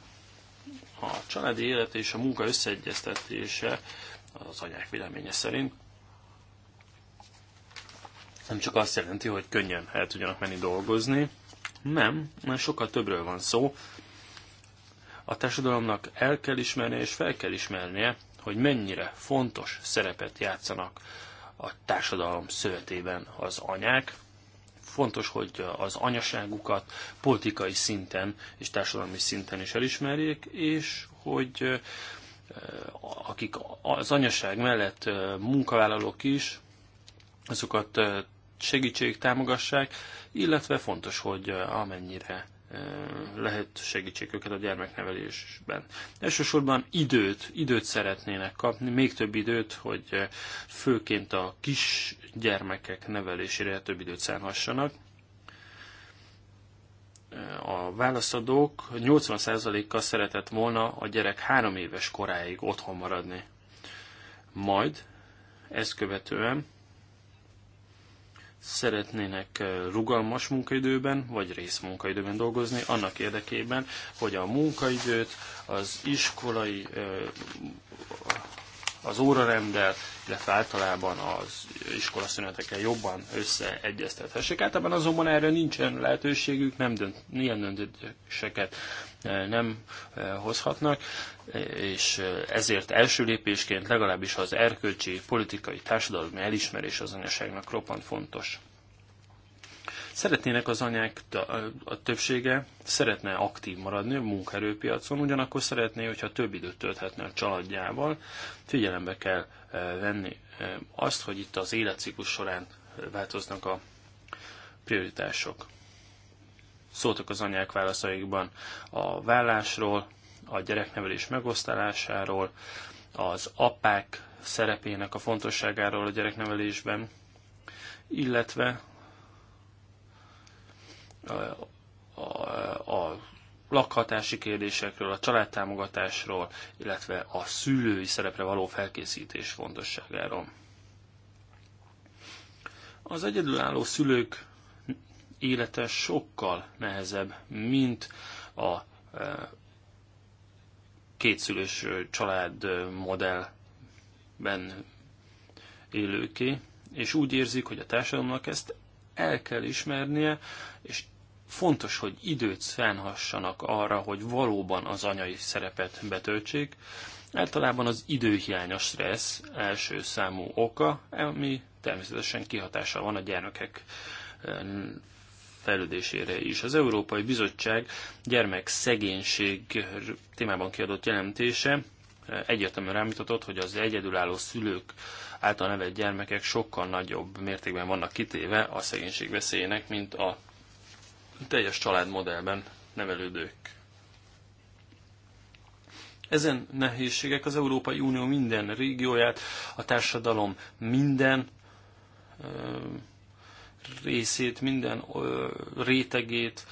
A családi élet és a munka összeegyeztetése az anyák véleménye szerint nem csak azt jelenti, hogy könnyen el tudjanak menni dolgozni, nem, mert sokkal többről van szó, a társadalomnak el kell ismernie és fel kell ismernie, hogy mennyire fontos szerepet játszanak a társadalom szövetében az anyák. Fontos, hogy az anyaságukat politikai szinten és társadalmi szinten is elismerjék, és hogy akik az anyaság mellett munkavállalók is, azokat segítség támogassák, illetve fontos, hogy amennyire lehet segítség őket a gyermeknevelésben. Elsősorban időt, időt szeretnének kapni, még több időt, hogy főként a kis gyermekek nevelésére több időt szánhassanak. A válaszadók 80%-a szeretett volna a gyerek három éves koráig otthon maradni. Majd ezt követően szeretnének eh, rugalmas munkaidőben, vagy részmunkaidőben dolgozni, annak érdekében, hogy a munkaidőt az iskolai eh, az órarendel, illetve általában az iskolaszünetekkel jobban összeegyeztethessék. Általában azonban erre nincsen lehetőségük, nem dönt, ilyen döntéseket eh, nem eh, hozhatnak, és eh, ezért első lépésként legalábbis az erkölcsi, politikai, társadalmi elismerés az anyaságnak roppant fontos. Szeretnének az anyák a többsége, szeretne aktív maradni a munkaerőpiacon, ugyanakkor szeretné, hogyha több időt tölthetne a családjával. Figyelembe kell e, venni e, azt, hogy itt az életciklus során e, változnak a prioritások. Szóltak az anyák válaszaikban a vállásról, a gyereknevelés megosztásáról, az apák szerepének a fontosságáról a gyereknevelésben, illetve a, a lakhatási kérdésekről, a családtámogatásról, illetve a szülői szerepre való felkészítés fontosságáról. Az egyedülálló szülők élete sokkal nehezebb, mint a e, kétszülős család modellben élőké, és úgy érzik, hogy a társadalomnak ezt el kell ismernie, és Fontos, hogy időt szánhassanak arra, hogy valóban az anyai szerepet betöltsék. Általában az időhiány a stressz első számú oka, ami természetesen kihatása van a gyermekek eh, fejlődésére is. Az Európai Bizottság szegénység témában kiadott jelentése eh, egyértelműen rámutatott, hogy az egyedülálló szülők által nevelt gyermekek sokkal nagyobb mértékben vannak kitéve a szegénység veszélyének, mint a teljes családmodellben nevelődők. Ezen nehézségek az Európai Unió minden régióját, a társadalom minden ö, részét, minden ö, rétegét,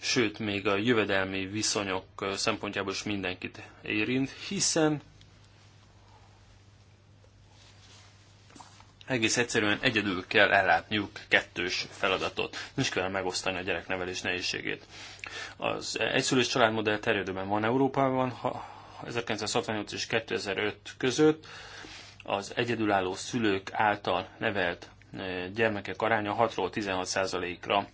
sőt még a jövedelmi viszonyok szempontjából is mindenkit érint, hiszen egész egyszerűen egyedül kell ellátniuk kettős feladatot. Nincs kell megosztani a gyereknevelés nehézségét. Az egyszülős családmodell terjedőben van Európában, ha 1968 és 2005 között az egyedülálló szülők által nevelt eh, gyermekek aránya 6-ról 16%-ra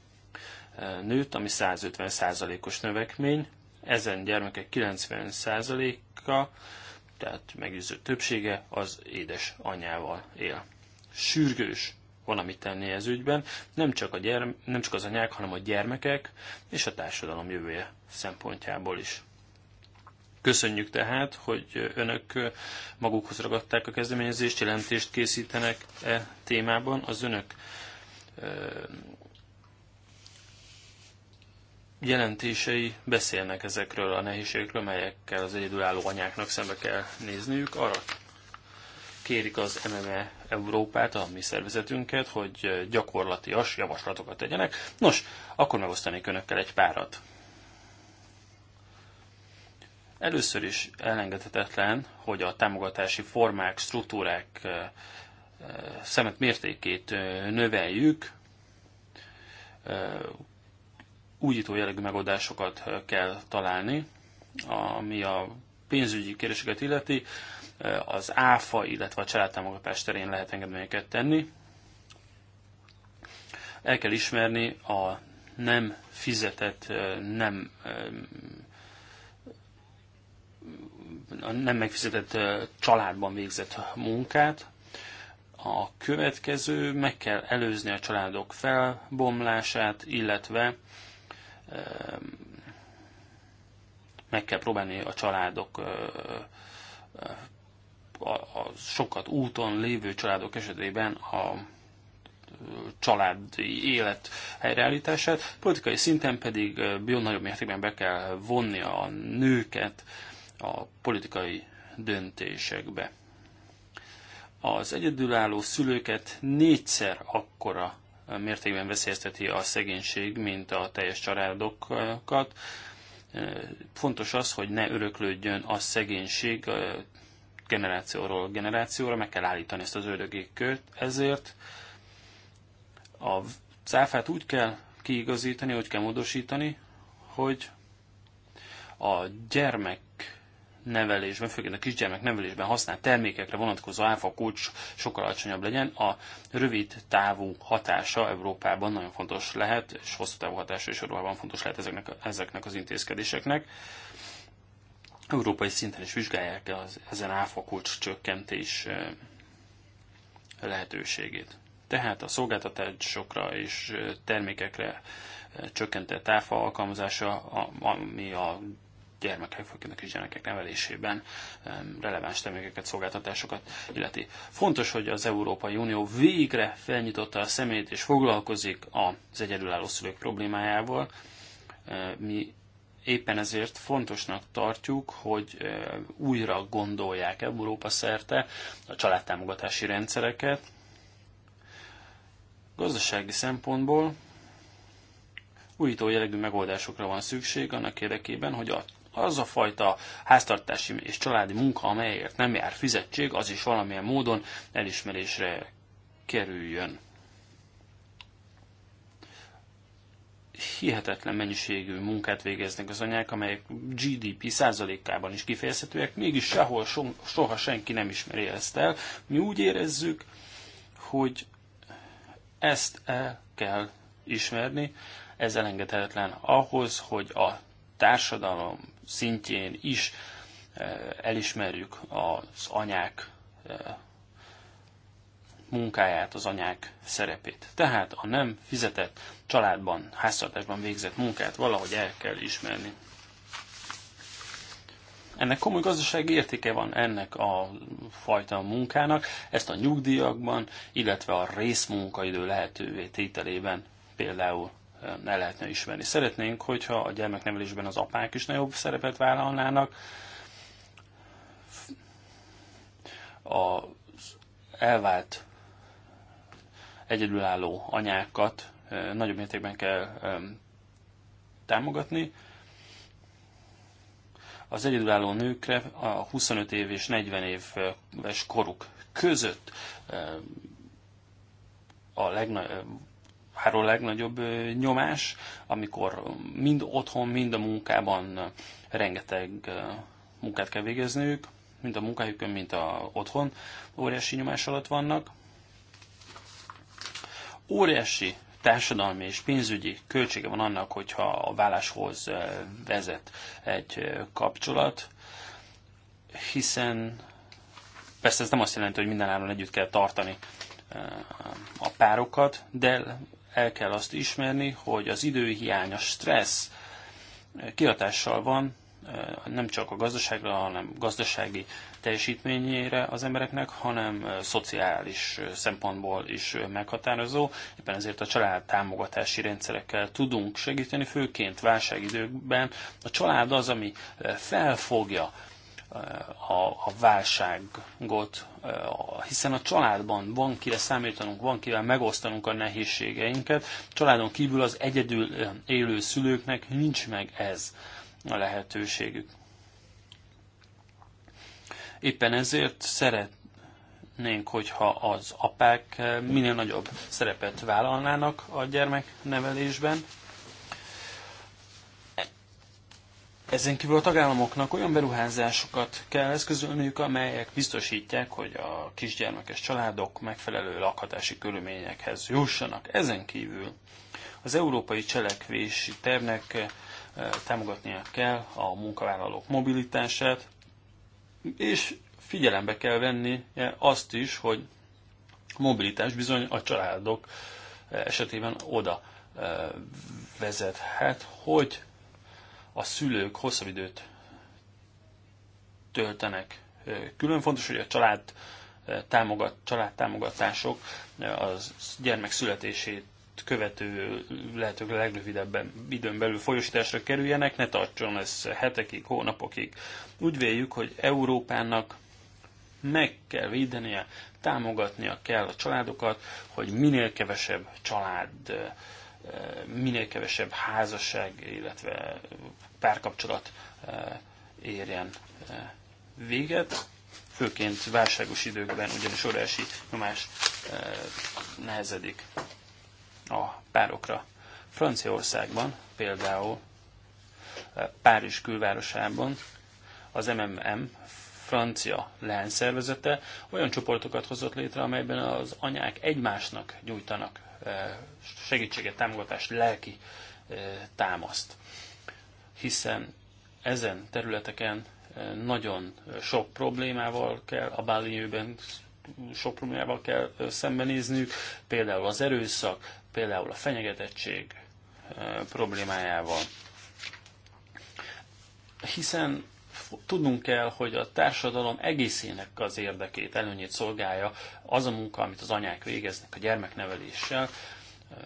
eh, nőtt, ami 150%-os növekmény. Ezen gyermekek 90%-a, tehát megűző többsége az édes anyával él sürgős valamit tenni ez ügyben, nem csak, a gyerm- nem csak az anyák, hanem a gyermekek és a társadalom jövője szempontjából is. Köszönjük tehát, hogy önök magukhoz ragadták a kezdeményezést, jelentést készítenek e témában. Az önök jelentései beszélnek ezekről a nehézségekről, melyekkel az egyedülálló anyáknak szembe kell nézniük. Arra kérik az MME Európát, a mi szervezetünket, hogy gyakorlatias javaslatokat tegyenek. Nos, akkor megosztanék önökkel egy párat. Először is elengedhetetlen, hogy a támogatási formák, struktúrák szemet mértékét növeljük, újító jellegű megoldásokat kell találni, ami a pénzügyi kérdéseket illeti. Eh, az áfa, illetve a családtámogatás terén lehet engedményeket tenni. El kell ismerni a nem fizetett, eh, nem a nem megfizetett eh, családban végzett munkát. A következő, meg kell előzni a családok felbomlását, illetve meg kell próbálni a családok a, a sokat úton lévő családok esetében a családi élet helyreállítását, politikai szinten pedig nagyobb mértékben be kell vonni a nőket a politikai döntésekbe. Az egyedülálló szülőket négyszer akkora mértékben veszélyezteti a szegénység, mint a teljes családokat. Fontos az, hogy ne öröklődjön a szegénység generációról generációra, meg kell állítani ezt az ördögi kört, ezért a cáfát úgy kell kiigazítani, úgy kell módosítani, hogy a gyermek nevelésben, főleg a kisgyermek nevelésben használt termékekre vonatkozó áfa kulcs sokkal alacsonyabb legyen. A rövid távú hatása Európában nagyon fontos lehet, és hosszú távú hatása is Európában fontos lehet ezeknek, ezeknek az intézkedéseknek európai szinten is vizsgálják az, ezen áfakulcs csökkentés lehetőségét. Tehát a szolgáltatásokra és termékekre csökkentett áfa alkalmazása, ami a gyermekek, főként kisgyermekek nevelésében releváns termékeket, szolgáltatásokat illeti. Fontos, hogy az Európai Unió végre felnyitotta a szemét és foglalkozik az egyedülálló szülők problémájával. Mi éppen ezért fontosnak tartjuk, hogy újra gondolják Európa szerte a családtámogatási rendszereket. Gazdasági szempontból újító jellegű megoldásokra van szükség annak érdekében, hogy a az a fajta háztartási és családi munka, amelyért nem jár fizetség, az is valamilyen módon elismerésre kerüljön. hihetetlen mennyiségű munkát végeznek az anyák, amelyek GDP százalékában is kifejezhetőek, mégis sehol so, soha senki nem ismeri ezt el. Mi úgy érezzük, hogy ezt el kell ismerni, ez elengedhetetlen ahhoz, hogy a társadalom szintjén is eh, elismerjük az anyák eh, munkáját, az anyák szerepét. Tehát a nem fizetett családban, háztartásban végzett munkát valahogy el kell ismerni. Ennek komoly gazdasági értéke van ennek a fajta munkának, ezt a nyugdíjakban, illetve a részmunkaidő lehetővé tételében például ne lehetne ismerni. Szeretnénk, hogyha a gyermeknevelésben az apák is nagyobb szerepet vállalnának, a elvált egyedülálló anyákat nagyobb mértékben kell támogatni. Az egyedülálló nőkre a 25 év és 40 éves koruk között a legnagyobb, három legnagyobb nyomás, amikor mind otthon, mind a munkában rengeteg munkát kell végezniük, mind a munkájukon, mint a otthon óriási nyomás alatt vannak. Óriási társadalmi és pénzügyi költsége van annak, hogyha a válláshoz vezet egy kapcsolat, hiszen persze ez nem azt jelenti, hogy mindenáron együtt kell tartani a párokat, de el kell azt ismerni, hogy az időhiány, a stressz kihatással van Eh, nem csak a gazdaságra, hanem gazdasági teljesítményére az embereknek, hanem eh, szociális eh, szempontból is meghatározó. Éppen ezért a család támogatási rendszerekkel tudunk segíteni, főként válságidőkben. A család az, ami felfogja a, a válságot, hiszen a családban van kire számítanunk, van kivel megosztanunk a nehézségeinket. Családon kívül az egyedül élő szülőknek nincs meg ez a lehetőségük. Éppen ezért szeretnénk, hogyha az apák minél nagyobb szerepet vállalnának a gyermeknevelésben. Ezen kívül a tagállamoknak olyan beruházásokat kell eszközölniük, amelyek biztosítják, hogy a kisgyermekes családok megfelelő lakhatási körülményekhez jussanak. Ezen kívül az európai cselekvési tervnek támogatnia kell a munkavállalók mobilitását, és figyelembe kell venni e, azt is, hogy mobilitás bizony a családok e, esetében oda e, vezethet, hogy a szülők hosszabb időt töltenek. Külön fontos, hogy a család, támogat, család támogatások az gyermek születését követő lehetőleg legrövidebben időn belül folyosításra kerüljenek, ne tartson ez hetekig, hónapokig. Úgy véljük, hogy Európának meg kell védenie, támogatnia kell a családokat, hogy minél kevesebb család, eh, eh, minél kevesebb házasság, illetve párkapcsolat eh, érjen véget, főként válságos időkben, ugyanis óriási nyomás nehezedik a párokra. Franciaországban például eh, Párizs külvárosában az MMM francia leányszervezete olyan csoportokat hozott létre, amelyben az anyák egymásnak gyújtanak eh, segítséget, támogatást, lelki eh, támaszt. Hiszen ezen területeken nagyon sok problémával kell, a bálinyőben sok problémával kell szembenézniük, például az erőszak, például a fenyegetettség eh, problémájával. Hiszen tudnunk kell, hogy a társadalom egészének az érdekét, előnyét szolgálja az a munka, amit az anyák végeznek a gyermekneveléssel, eh,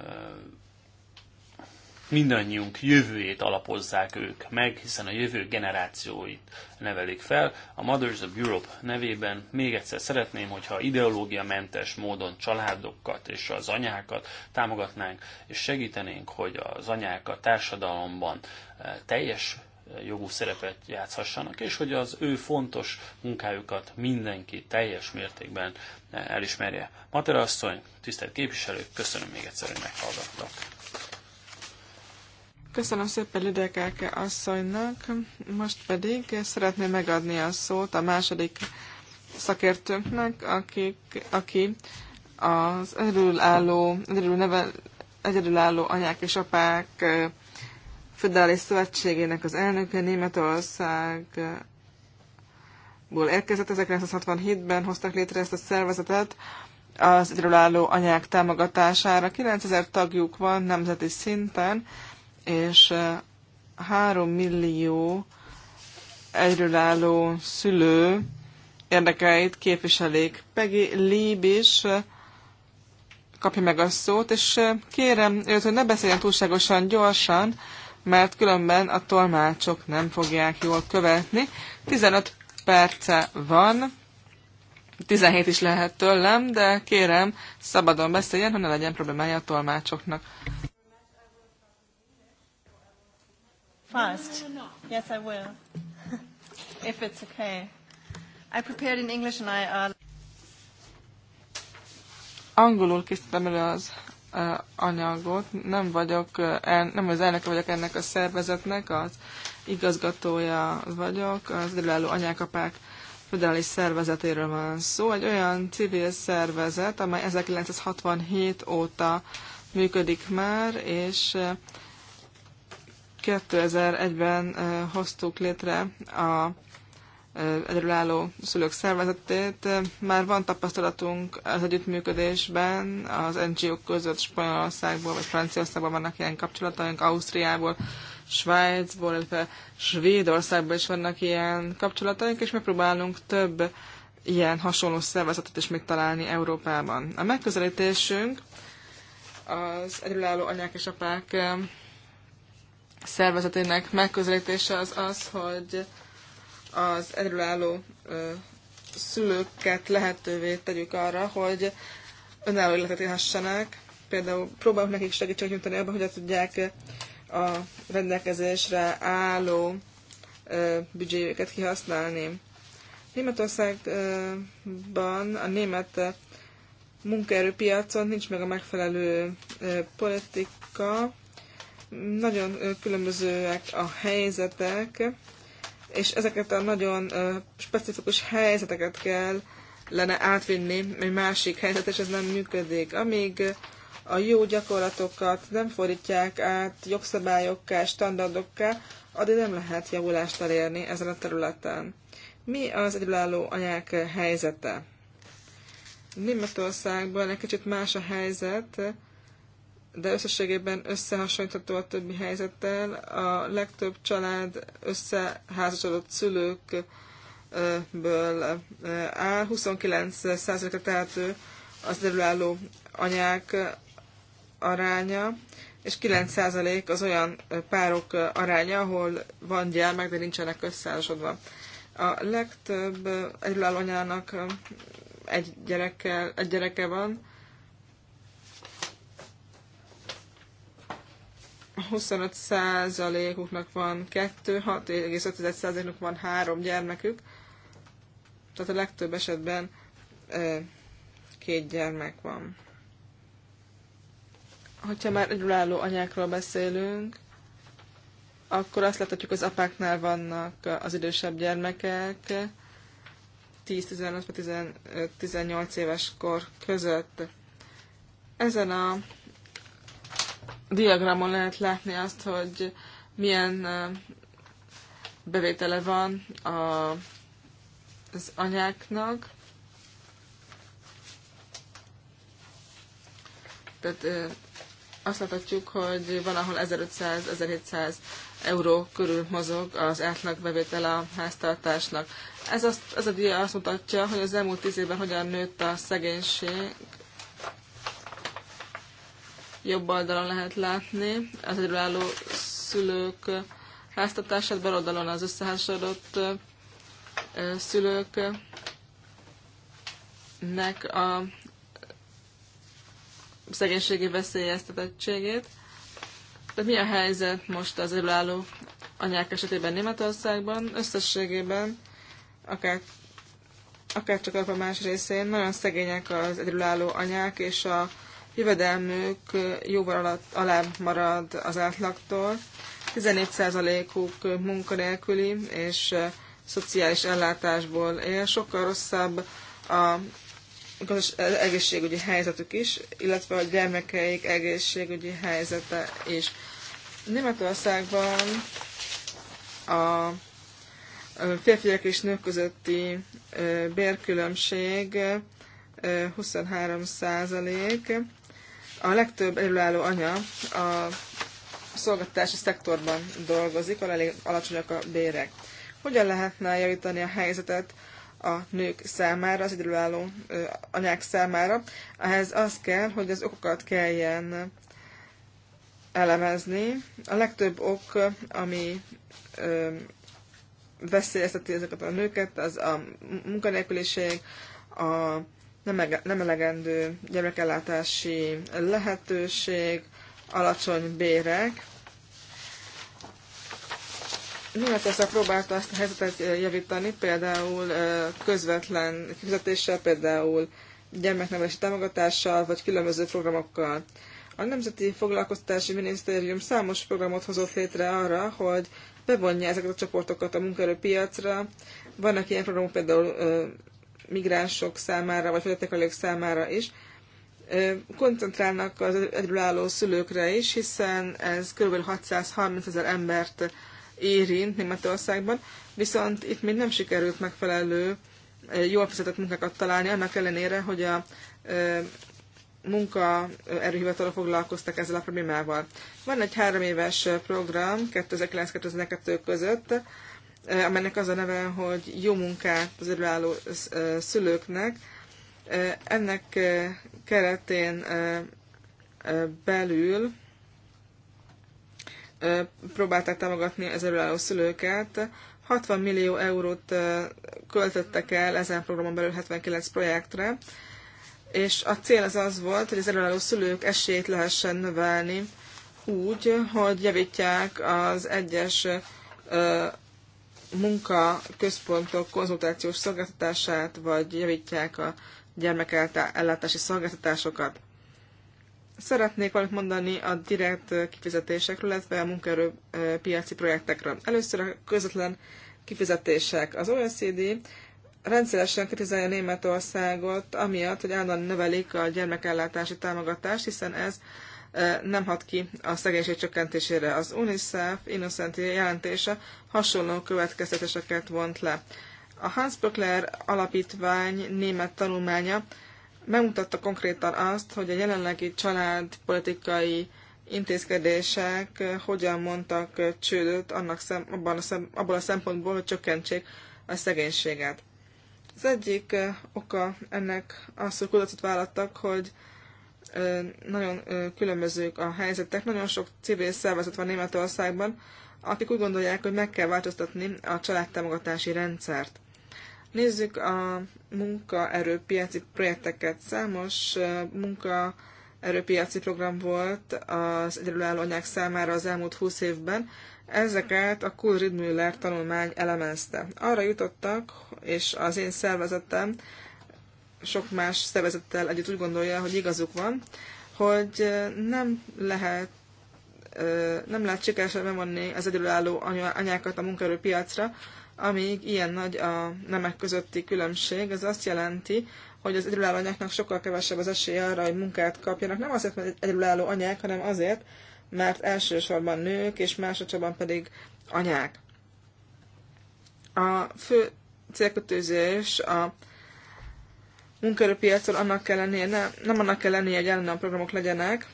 mindannyiunk jövőjét alapozzák ők meg, hiszen a jövő generációit nevelik fel. A Mothers of Europe nevében még egyszer szeretném, hogyha ideológiamentes módon családokat és az anyákat támogatnánk, és segítenénk, hogy az anyák a társadalomban eh, teljes eh, jogú szerepet játszhassanak, és hogy az ő fontos munkájukat mindenki teljes mértékben eh, elismerje. Matera asszony, tisztelt képviselők, köszönöm még egyszer, hogy meghallgattak. Köszönöm szépen Lidekelke asszonynak. Most pedig szeretném megadni a szót a második szakértőnknek, akik, aki az egyedülálló, egyedül nevel, egyedülálló anyák és apák Föderális Szövetségének az elnöke Németországból érkezett. 1967-ben hoztak létre ezt a szervezetet az egyedülálló anyák támogatására. 9000 tagjuk van nemzeti szinten, és 3 millió egyről álló szülő érdekeit képviselik. Peggy Lieb is kapja meg a szót, és kérem őt, hogy ne beszéljen túlságosan gyorsan, mert különben a tolmácsok nem fogják jól követni. 15 perce van, 17 is lehet tőlem, de kérem, szabadon beszéljen, hogy ne legyen problémája a tolmácsoknak. Fast. No, no, no, no. Yes, I will. [laughs] if it's okay. I prepared in English and I... Uh... Angolul készítettem elő az uh, anyagot. Nem vagyok, uh, en, nem az elnöke vagyok ennek a szervezetnek, az igazgatója vagyok, az egyedülálló anyákapák föderális szervezetéről van szó. Egy olyan civil szervezet, amely 1967 óta működik már, és uh, 2001-ben hoztuk létre a egyedülálló szülők szervezetét. Már van tapasztalatunk az együttműködésben, az NGO-k között Spanyolországból vagy Franciaországból vannak ilyen kapcsolataink, Ausztriából, Svájcból, illetve Svédországból is vannak ilyen kapcsolataink, és megpróbálunk több ilyen hasonló szervezetet is még találni Európában. A megközelítésünk az egyedülálló anyák és apák szervezetének megközelítése az az, hogy az egyedülálló szülőket lehetővé tegyük arra, hogy önálló életet élhessenek. Például próbálunk nekik segítséget nyújtani abban, hogy tudják a rendelkezésre álló büdzséjüket kihasználni. Németországban a német munkaerőpiacon nincs meg a megfelelő politika, nagyon különbözőek a helyzetek, és ezeket a nagyon specifikus helyzeteket kell lenne átvinni egy másik helyzet, és ez nem működik. Amíg a jó gyakorlatokat nem fordítják át jogszabályokká, standardokká, addig nem lehet javulást elérni ezen a területen. Mi az egyedülálló anyák helyzete? Németországban egy kicsit más a helyzet, de összességében összehasonlítható a többi helyzettel. A legtöbb család összeházasodott szülőkből eh, áll, 29%-a tehető az derülálló anyák aránya, és 9% az olyan párok aránya, ahol van gyermek, de nincsenek összeházasodva. A legtöbb egyedülálló anyának egy gyerekkel, egy gyereke van, 25%-uknak van 2, 6,5%-nak van 3 gyermekük, tehát a legtöbb esetben ö, két gyermek van. Hogyha már egyedülálló anyákról beszélünk, akkor azt láthatjuk, az apáknál vannak az idősebb gyermekek, 10-15-18 éves kor között. Ezen a diagramon lehet látni azt, hogy milyen bevétele van a, az anyáknak. Tehát azt láthatjuk, hogy van, ahol 1500-1700 euró körül mozog az átlag bevétele a háztartásnak. Ez, azt, ez a dia azt mutatja, hogy az elmúlt tíz évben hogyan nőtt a szegénység jobb oldalon lehet látni, az egyedülálló szülők háztatását, bal oldalon az összeházasodott szülőknek a szegénységi veszélyeztetettségét. Tehát mi a helyzet most az egyedülálló anyák esetében Németországban? Összességében, akár, akár csak a más részén, nagyon szegények az egyedülálló anyák, és a jövedelmük jóval alatt, alá marad az átlagtól, 14%-uk munkanélküli és szociális ellátásból él, sokkal rosszabb a egészségügyi helyzetük is, illetve a gyermekeik egészségügyi helyzete is. Németországban a férfiak és nők közötti bérkülönbség 23 százalék, a legtöbb előálló anya a szolgáltatási szektorban dolgozik, ahol elég alacsonyak a bérek. Hogyan lehetne javítani a helyzetet a nők számára, az egyedülálló anyák számára? Ehhez az kell, hogy az okokat kelljen elemezni. A legtöbb ok, ami ö, veszélyezteti ezeket a nőket, az a munkanélküliség, a nem, ege, nem elegendő gyermekellátási lehetőség, alacsony bérek. Németország próbálta ezt a helyzetet javítani, például közvetlen fizetéssel, például gyermeknevelési támogatással, vagy különböző programokkal. A Nemzeti Foglalkoztatási Minisztérium számos programot hozott létre arra, hogy bevonja ezeket a csoportokat a munkaerőpiacra. Vannak ilyen programok például migránsok számára, vagy fogyatékelők számára is. Koncentrálnak az egyedülálló szülőkre is, hiszen ez kb. 630 ezer embert érint Németországban, viszont itt még nem sikerült megfelelő jól fizetett munkákat találni, annak ellenére, hogy a munkaerőhivatalok foglalkoztak ezzel a problémával. Van egy három éves program 2009-2012 között, Eh, amelynek az a neve, hogy jó munkát az előálló eh, szülőknek. Eh, ennek keretén belül próbálták támogatni az előálló szülőket. 60 millió eurót költöttek el ezen programon belül 79 projektre, és a cél az az volt, hogy az előálló szülők esélyt lehessen növelni úgy, hogy javítják az egyes munkaközpontok konzultációs szolgáltatását, vagy javítják a gyermekellátási szolgáltatásokat. Szeretnék valamit mondani a direkt kifizetésekről, illetve a munkaerőpiaci projektekről. Először a közvetlen kifizetések. Az OECD rendszeresen kritizálja Németországot, amiatt, hogy állandóan növelik a gyermekellátási támogatást, hiszen ez nem hat ki a szegénység csökkentésére. Az UNICEF Innocenti jelentése hasonló következtetéseket vont le. A Hans Böckler alapítvány német tanulmánya megmutatta konkrétan azt, hogy a jelenlegi családpolitikai intézkedések hogyan mondtak csődöt annak szem, abban a szem, abból a szempontból, hogy csökkentsék a szegénységet. Az egyik oka ennek az, hogy kudarcot vállaltak, hogy nagyon különbözők a helyzetek. Nagyon sok civil szervezet van Németországban, akik úgy gondolják, hogy meg kell változtatni a családtámogatási rendszert. Nézzük a munkaerőpiaci projekteket. Számos munkaerőpiaci program volt az egyedülálló anyák számára az elmúlt 20 évben. Ezeket a Kuhl Riedmüller tanulmány elemezte. Arra jutottak, és az én szervezetem sok más szervezettel együtt úgy gondolja, hogy igazuk van, hogy nem lehet nem lehet sikeresen bevonni az egyedülálló anyákat a munkaerőpiacra, amíg ilyen nagy a nemek közötti különbség. Ez azt jelenti, hogy az egyedülálló anyáknak sokkal kevesebb az esélye arra, hogy munkát kapjanak. Nem azért, mert egyedülálló anyák, hanem azért, mert elsősorban nők, és másodszorban pedig anyák. A fő célkötőzés a munkaerőpiacon annak kell lennie, nem, nem annak kell lennie, hogy állandóan programok legyenek,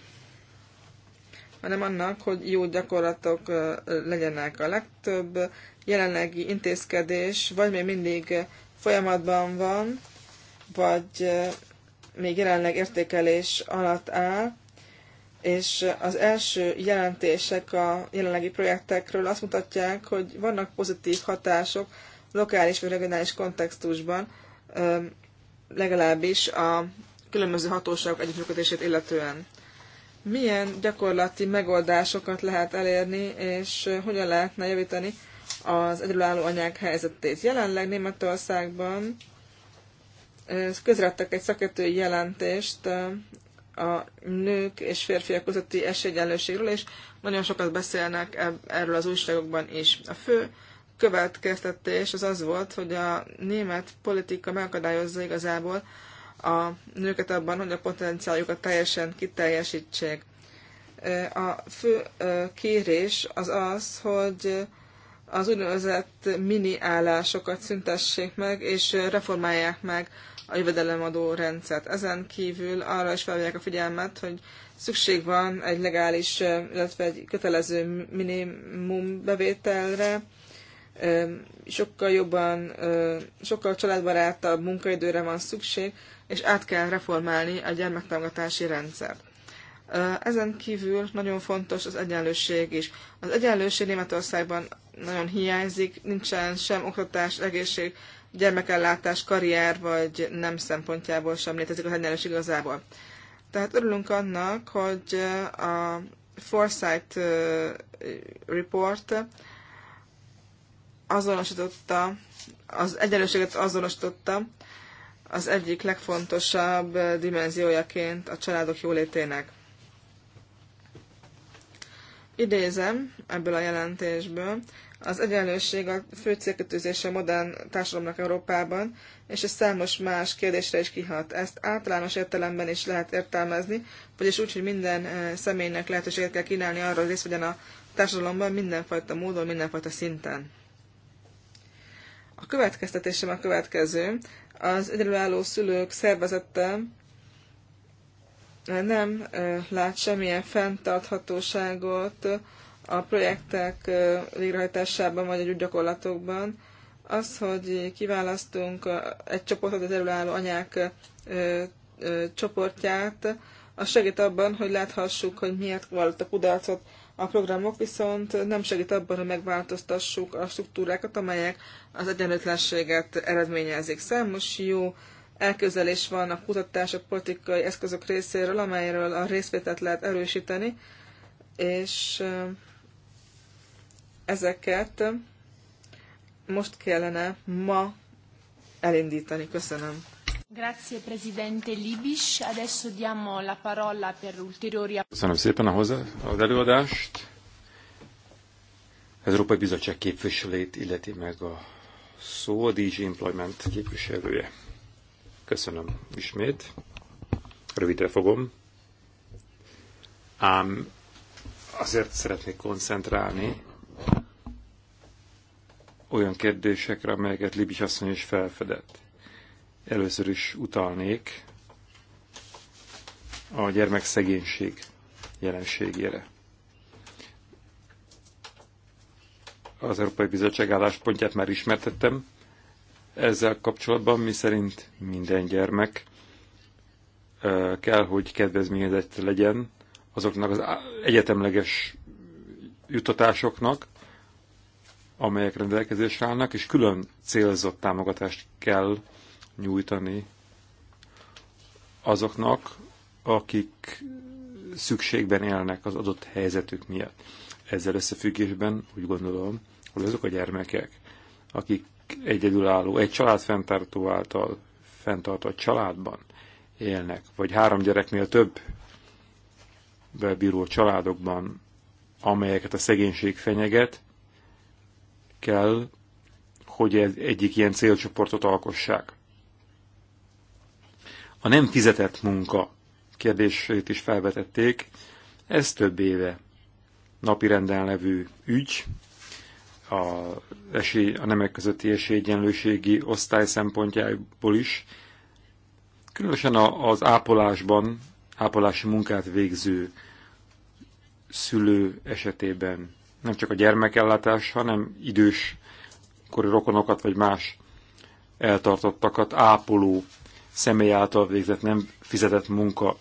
hanem annak, hogy jó gyakorlatok legyenek. A legtöbb jelenlegi intézkedés vagy még mindig folyamatban van, vagy még jelenleg értékelés alatt áll, és az első jelentések a jelenlegi projektekről azt mutatják, hogy vannak pozitív hatások lokális vagy regionális kontextusban legalábbis a különböző hatóságok együttműködését illetően. Milyen gyakorlati megoldásokat lehet elérni, és hogyan lehetne javítani az egyedülálló anyák helyzetét? Jelenleg Németországban közrettek egy szakértői jelentést a nők és férfiak közötti esélyegyenlőségről, és nagyon sokat beszélnek erről az újságokban is. A fő következtetés az az volt, hogy a német politika megakadályozza igazából a nőket abban, hogy a potenciáljukat teljesen kiteljesítsék. A fő kérés az az, hogy az úgynevezett mini állásokat szüntessék meg, és reformálják meg a jövedelemadó rendszert. Ezen kívül arra is felvegyek a figyelmet, hogy szükség van egy legális, illetve egy kötelező minimum bevételre, sokkal jobban, sokkal családbarátabb munkaidőre van szükség, és át kell reformálni a gyermektámogatási rendszert. Ezen kívül nagyon fontos az egyenlőség is. Az egyenlőség Németországban nagyon hiányzik, nincsen sem oktatás, egészség, gyermekellátás, karrier vagy nem szempontjából sem létezik az egyenlőség igazából. Tehát örülünk annak, hogy a Foresight Report azonosította, az egyenlőséget azonosította az egyik legfontosabb dimenziójaként a családok jólétének. Idézem ebből a jelentésből, az egyenlőség a fő célkötőzése modern társadalomnak Európában, és ez számos más kérdésre is kihat. Ezt általános értelemben is lehet értelmezni, vagyis úgy, hogy minden eh, személynek lehetőséget kell kínálni arra, hogy részt vegyen a társadalomban mindenfajta módon, mindenfajta szinten. A következtetésem a következő. Az egyedülálló szülők szervezete eh, nem eh, lát semmilyen fenntarthatóságot a projektek eh, végrehajtásában vagy a gyakorlatokban. Az, hogy kiválasztunk egy csoportot az egyedülálló anyák csoportját, az segít abban, hogy láthassuk, hogy miért vallott a kudarcot a programok viszont nem segít abban, hogy megváltoztassuk a struktúrákat, amelyek az egyenlőtlenséget eredményezik. Számos jó elközelés van a kutatások politikai eszközök részéről, amelyről a részvételt lehet erősíteni, és eh, ezeket most kellene ma elindítani. Köszönöm. Köszönöm szépen a hozzá, az előadást. Az Európai Bizottság képviselőjét illeti meg a szó, a DG Employment képviselője. Köszönöm ismét. Rövidre fogom. Ám azért szeretnék koncentrálni olyan kérdésekre, amelyeket Libis asszony is felfedett. Először is utalnék a gyermekszegénység jelenségére. Az Európai Bizottság álláspontját már ismertettem ezzel kapcsolatban, mi szerint minden gyermek kell, hogy kedvezményezett legyen azoknak az egyetemleges jutatásoknak, amelyek rendelkezésre állnak, és külön célzott támogatást kell nyújtani azoknak, akik szükségben élnek az adott helyzetük miatt. Ezzel összefüggésben úgy gondolom, hogy azok a gyermekek, akik egyedülálló, egy család fenntartó által fenntartott családban élnek, vagy három gyereknél több bebíró családokban, amelyeket a szegénység fenyeget, kell, hogy egyik ilyen célcsoportot alkossák. A nem fizetett munka kérdését is felvetették. Ez több éve napi renden levő ügy, a, esély, a nemek közötti esélyegyenlőségi osztály szempontjából is, különösen az ápolásban, ápolási munkát végző szülő esetében nem csak a gyermekellátás, hanem idős kori rokonokat vagy más eltartottakat ápoló személy által végzett nem fizetett munka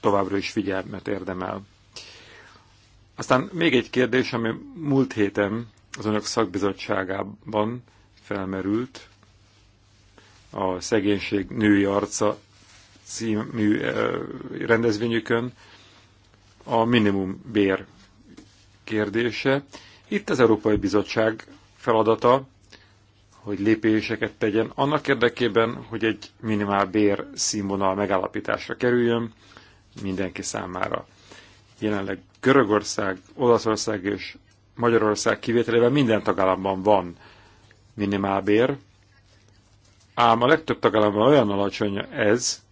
továbbra is figyelmet érdemel. Aztán még egy kérdés, ami múlt héten az önök szakbizottságában felmerült, a Szegénység női arca című rendezvényükön, a minimum bér kérdése. Itt az Európai Bizottság feladata, hogy lépéseket tegyen annak érdekében, hogy egy minimál bér színvonal megállapításra kerüljön mindenki számára. Jelenleg Görögország, Olaszország és Magyarország kivételével minden tagállamban van minimálbér, ám a legtöbb tagállamban olyan alacsony ez,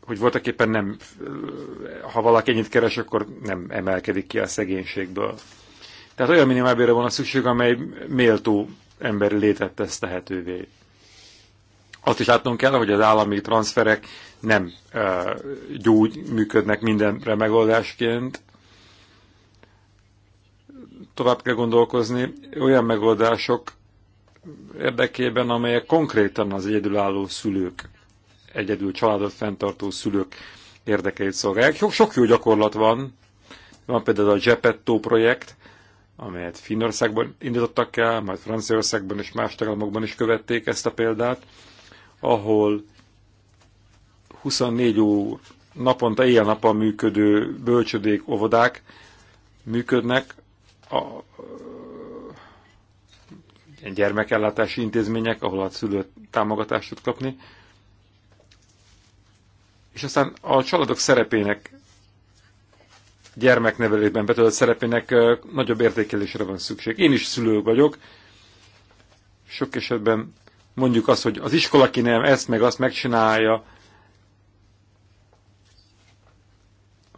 hogy voltak éppen nem, ha valaki ennyit keres, akkor nem emelkedik ki a szegénységből. Tehát olyan minimálbérre van a szükség, amely méltó emberi létet tesz tehetővé. Azt is látnunk kell, hogy az állami transferek nem e, gyógy működnek mindenre megoldásként. Tovább kell gondolkozni olyan megoldások érdekében, amelyek konkrétan az egyedülálló szülők, egyedül családot fenntartó szülők érdekeit szolgálják. Sok, sok jó gyakorlat van. Van például a Gepetto projekt, amelyet Finnországban indítottak el, majd Franciaországban és más tagállamokban is követték ezt a példát, ahol 24 óra naponta, éjjel-nappal működő bölcsödék, óvodák működnek, a, gyermekellátási intézmények, ahol a szülő támogatást tud kapni. És aztán a családok szerepének gyermeknevelésben betöltött szerepének nagyobb értékelésre van szükség. Én is szülő vagyok, sok esetben mondjuk azt, hogy az iskola ki nem ezt meg azt megcsinálja,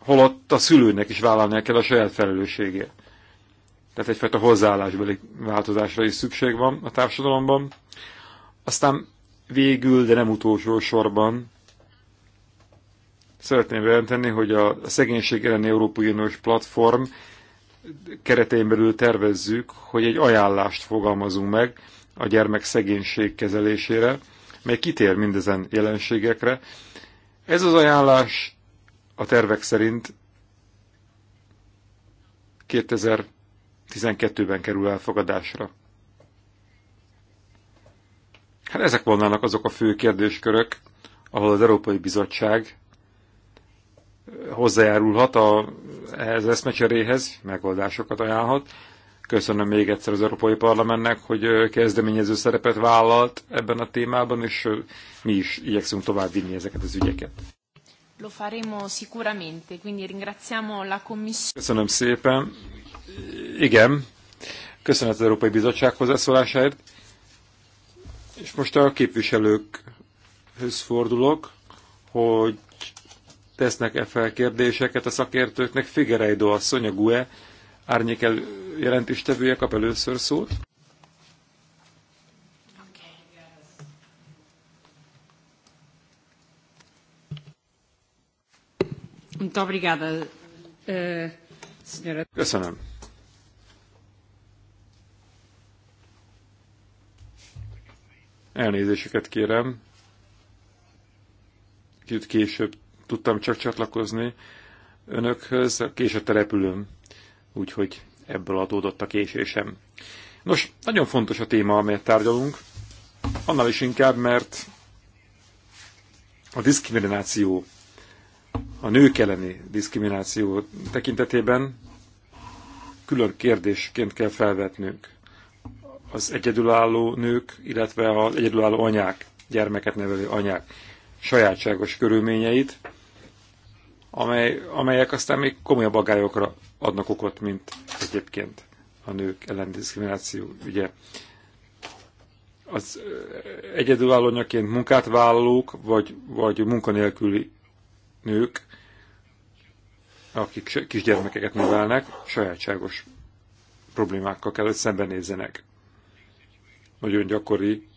holott a szülőnek is vállalnia kell a saját felelősségét. Tehát egyfajta hozzáállásbeli változásra is szükség van a társadalomban. Aztán végül, de nem utolsó sorban, Szeretném bejelenteni, hogy a szegénység elleni Európai Uniós platform keretein belül tervezzük, hogy egy ajánlást fogalmazunk meg a gyermek szegénység kezelésére, mely kitér mindezen jelenségekre. Ez az ajánlás a tervek szerint 2012-ben kerül elfogadásra. Hát ezek volnának azok a fő kérdéskörök, ahol az Európai Bizottság hozzájárulhat a, ehhez eszmecseréhez, megoldásokat ajánlhat. Köszönöm még egyszer az Európai Parlamentnek, hogy kezdeményező szerepet vállalt ebben a témában, és mi is igyekszünk tovább vinni ezeket az ügyeket. Lo faremo sicuramente, quindi ringraziamo la commissione. Köszönöm szépen. Igen, köszönet az Európai Bizottság hozzászólásáért. És most a képviselőkhöz fordulok, hogy tesznek-e fel kérdéseket a szakértőknek. Figereidó asszony, a GUE árnyékel jelentéstevője kap először szót. Eh, Köszönöm. Elnézéseket kérem. Kicsit később tudtam csak csatlakozni önökhöz, később a repülőm, úgyhogy ebből adódott a késésem. Nos, nagyon fontos a téma, amelyet tárgyalunk, annál is inkább, mert a diszkrimináció, a nők elleni diszkrimináció tekintetében külön kérdésként kell felvetnünk az egyedülálló nők, illetve az egyedülálló anyák, gyermeket nevelő anyák sajátságos körülményeit, amely, amelyek aztán még komolyabb aggályokra adnak okot, mint egyébként a nők ellen diszkrimináció ügye. Az eh, egyedülálló nyaként munkát vállalók, vagy, vagy munkanélküli nők, akik kisgyermekeket nevelnek, sajátságos problémákkal kell, hogy szembenézzenek. Nagyon gyakori,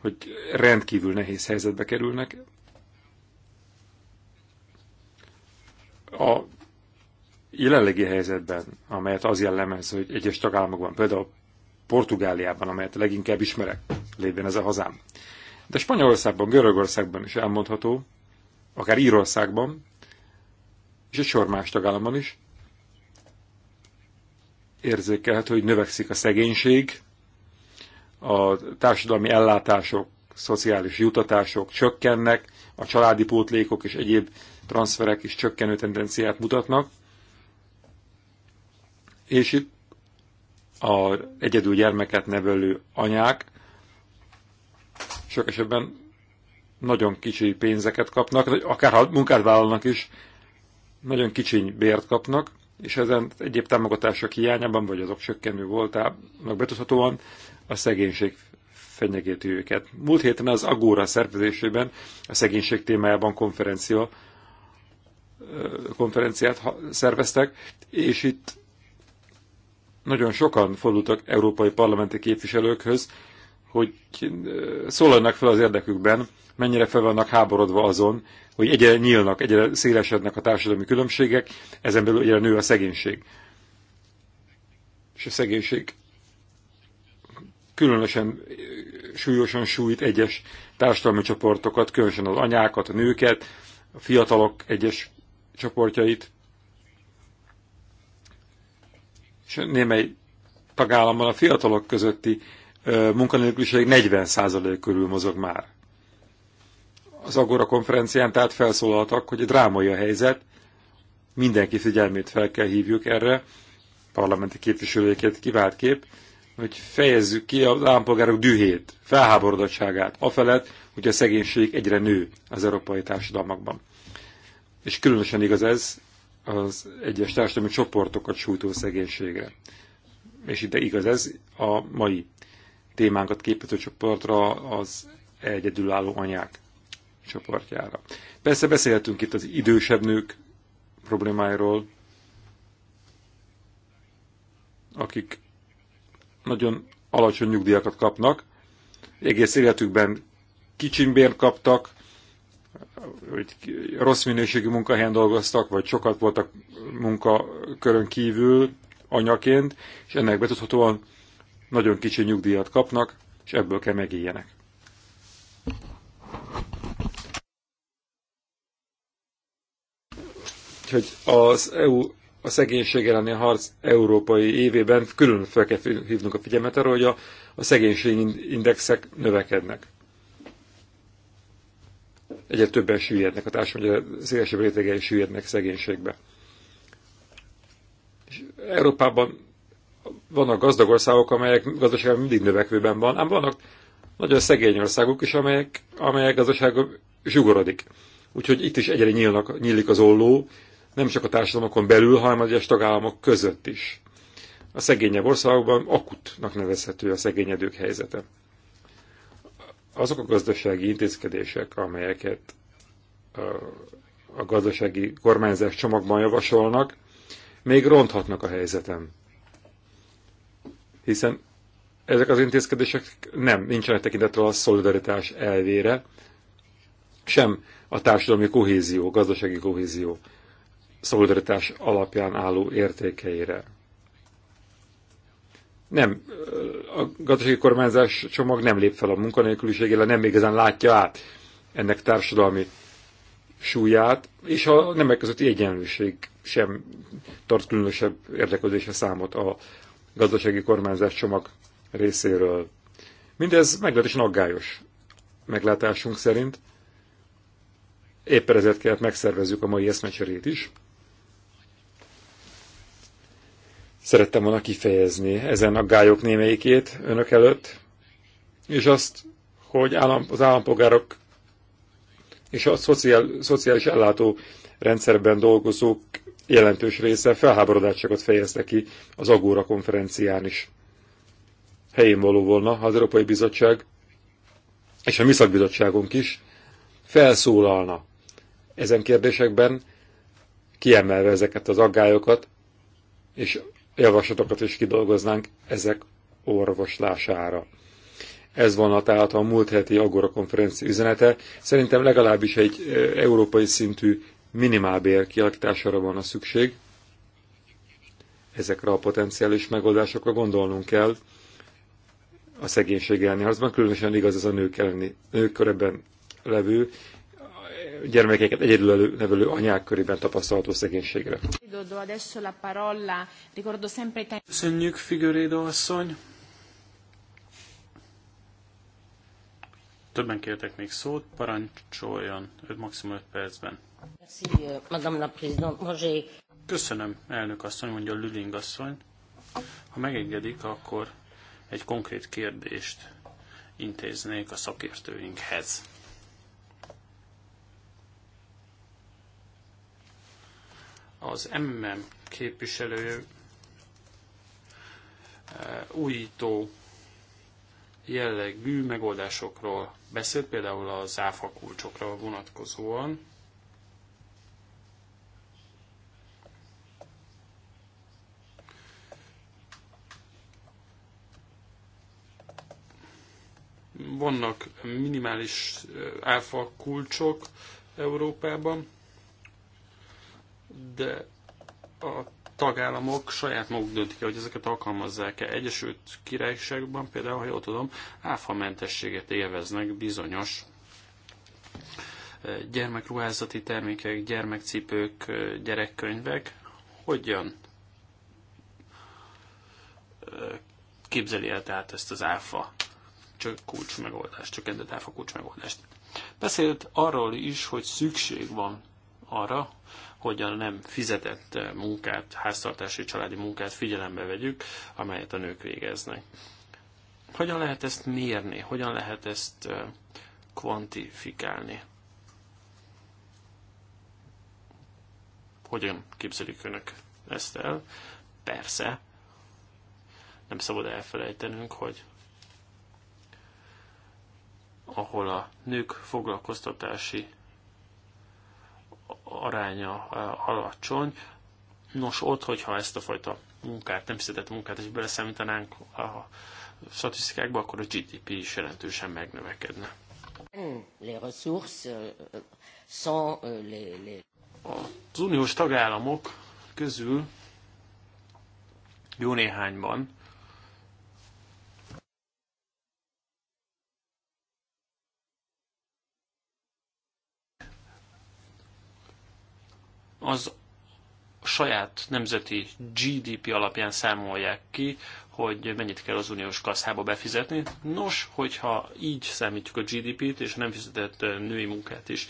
hogy rendkívül nehéz helyzetbe kerülnek a jelenlegi helyzetben, amelyet az jellemez, hogy egyes tagállamokban, például Portugáliában, amelyet leginkább ismerek, lévén ez a hazám. De Spanyolországban, Görögországban is elmondható, akár Írországban, és egy sor más tagállamban is érzékelhető, hogy növekszik a szegénység, a társadalmi ellátások szociális jutatások csökkennek, a családi pótlékok és egyéb transferek is csökkenő tendenciát mutatnak, és itt a egyedül gyermeket nevelő anyák sok esetben nagyon kicsi pénzeket kapnak, akár ha munkát vállalnak is, nagyon kicsi bért kapnak, és ezen egyéb támogatások hiányában, vagy azok csökkenő voltának betudhatóan a szegénység fenyegeti őket. Múlt héten az Agóra szervezésében a szegénység témájában konferencia, konferenciát szerveztek, és itt nagyon sokan fordultak európai parlamenti képviselőkhöz, hogy szólalnak fel az érdekükben, mennyire fel vannak háborodva azon, hogy egyre nyílnak, egyre szélesednek a társadalmi különbségek, ezen belül egyre nő a szegénység. És a szegénység különösen súlyosan sújt egyes társadalmi csoportokat, különösen az anyákat, a nőket, a fiatalok egyes csoportjait. És némely tagállamban a fiatalok közötti munkanélküliség 40% körül mozog már. Az Agora konferencián tehát felszólaltak, hogy drámai a helyzet, mindenki figyelmét fel kell hívjuk erre, parlamenti képviselőket kivált kép, hogy fejezzük ki az állampolgárok dühét, felháborodottságát, afelett, hogy a szegénység egyre nő az európai társadalmakban. És különösen igaz ez az egyes társadalmi csoportokat sújtó szegénységre. És ide igaz ez a mai témánkat képező csoportra, az egyedülálló anyák csoportjára. Persze beszélhetünk itt az idősebb nők problémáiról, akik nagyon alacsony nyugdíjakat kapnak, egész életükben kicsimbért kaptak, hogy rossz minőségű munkahelyen dolgoztak, vagy sokat voltak munkakörön kívül anyaként, és ennek betudhatóan nagyon kicsi nyugdíjat kapnak, és ebből kell megéljenek. Úgyhogy az EU a szegénység elleni harc európai évében külön fel kell hívnunk a figyelmet arra, hogy a, a szegénységindexek növekednek. Egyre többen süllyednek, a társadalom szélesebb rétegei süllyednek szegénységbe. És Európában vannak gazdag országok, amelyek gazdaságban mindig növekvőben van, ám vannak nagyon szegény országok is, amelyek, amelyek gazdasága zsugorodik. Úgyhogy itt is egyre nyílnak, nyílik az olló, nem csak a társadalmakon belül, hanem egyes tagállamok között is. A szegényebb országokban akutnak nevezhető a szegényedők helyzete. Azok a gazdasági intézkedések, amelyeket a gazdasági kormányzás csomagban javasolnak, még ronthatnak a helyzetem. Hiszen ezek az intézkedések nem, nincsenek tekintettel a szolidaritás elvére, sem a társadalmi kohézió, gazdasági kohézió szolidaritás alapján álló értékeire. Nem, a gazdasági kormányzás csomag nem lép fel a munkanélküliségére, nem igazán látja át ennek társadalmi súlyát, és a nemek közötti egyenlőség sem tart különösebb érdeklődése számot a gazdasági kormányzás csomag részéről. Mindez meglehetősen aggályos meglátásunk szerint. Éppen ezért kellett megszervezzük a mai eszmecserét is, szerettem volna kifejezni ezen a gályok némelyikét önök előtt, és azt, hogy állam, az állampolgárok és a szociál, szociális ellátó rendszerben dolgozók jelentős része felháborodásokat fejezte ki az Agóra konferencián is. Helyén való volna, az Európai Bizottság és a mi szakbizottságunk is felszólalna ezen kérdésekben, kiemelve ezeket az aggályokat, és javaslatokat is kidolgoznánk ezek orvoslására. Ez volna tehát a múlt heti Agora konferencia üzenete. Szerintem legalábbis egy európai szintű minimálbér kialakítására van a szükség. Ezekre a potenciális megoldásokra gondolnunk kell a szegénység elleni harcban, különösen igaz ez a nők, elleni, nők körében levő gyermekeket egyedül nevelő anyák körében tapasztalható szegénységre. Köszönjük, Figueredo asszony! Többen kértek még szót, parancsoljon, 5 maximum 5 percben. Köszönöm, elnök asszony, mondja Lüling asszony. Ha megengedik, akkor egy konkrét kérdést intéznék a szakértőinkhez. az MMM képviselő eh, újító jellegű megoldásokról beszélt, például az áfa kulcsokra vonatkozóan. Vannak minimális eh, áfa kulcsok Európában, de a tagállamok saját maguk döntik el, hogy ezeket alkalmazzák-e. Egyesült Királyságban például, ha jól tudom, áfamentességet élveznek bizonyos eh, gyermekruházati termékek, gyermekcipők, eh, gyerekkönyvek. Hogyan eh, képzeli el tehát ezt az áfa csak kulcs megoldást, endet áfa kulcs megoldást. Beszélt arról is, hogy szükség van arra, hogy a nem fizetett munkát, háztartási családi munkát figyelembe vegyük, amelyet a nők végeznek. Hogyan lehet ezt mérni? Hogyan lehet ezt kvantifikálni? Hogyan képzelik önök ezt el? Persze, nem szabad elfelejtenünk, hogy ahol a nők foglalkoztatási aránya eh, alacsony. Nos, ott, hogyha ezt a fajta munkát, nem szedett munkát is beleszámítanánk a statisztikákba, akkor a GDP is jelentősen megnövekedne. Hmm, euh, euh, Az uniós tagállamok közül jó néhányban az saját nemzeti GDP alapján számolják ki, hogy mennyit kell az uniós kaszába befizetni. Nos, hogyha így számítjuk a GDP-t, és nem fizetett női munkát is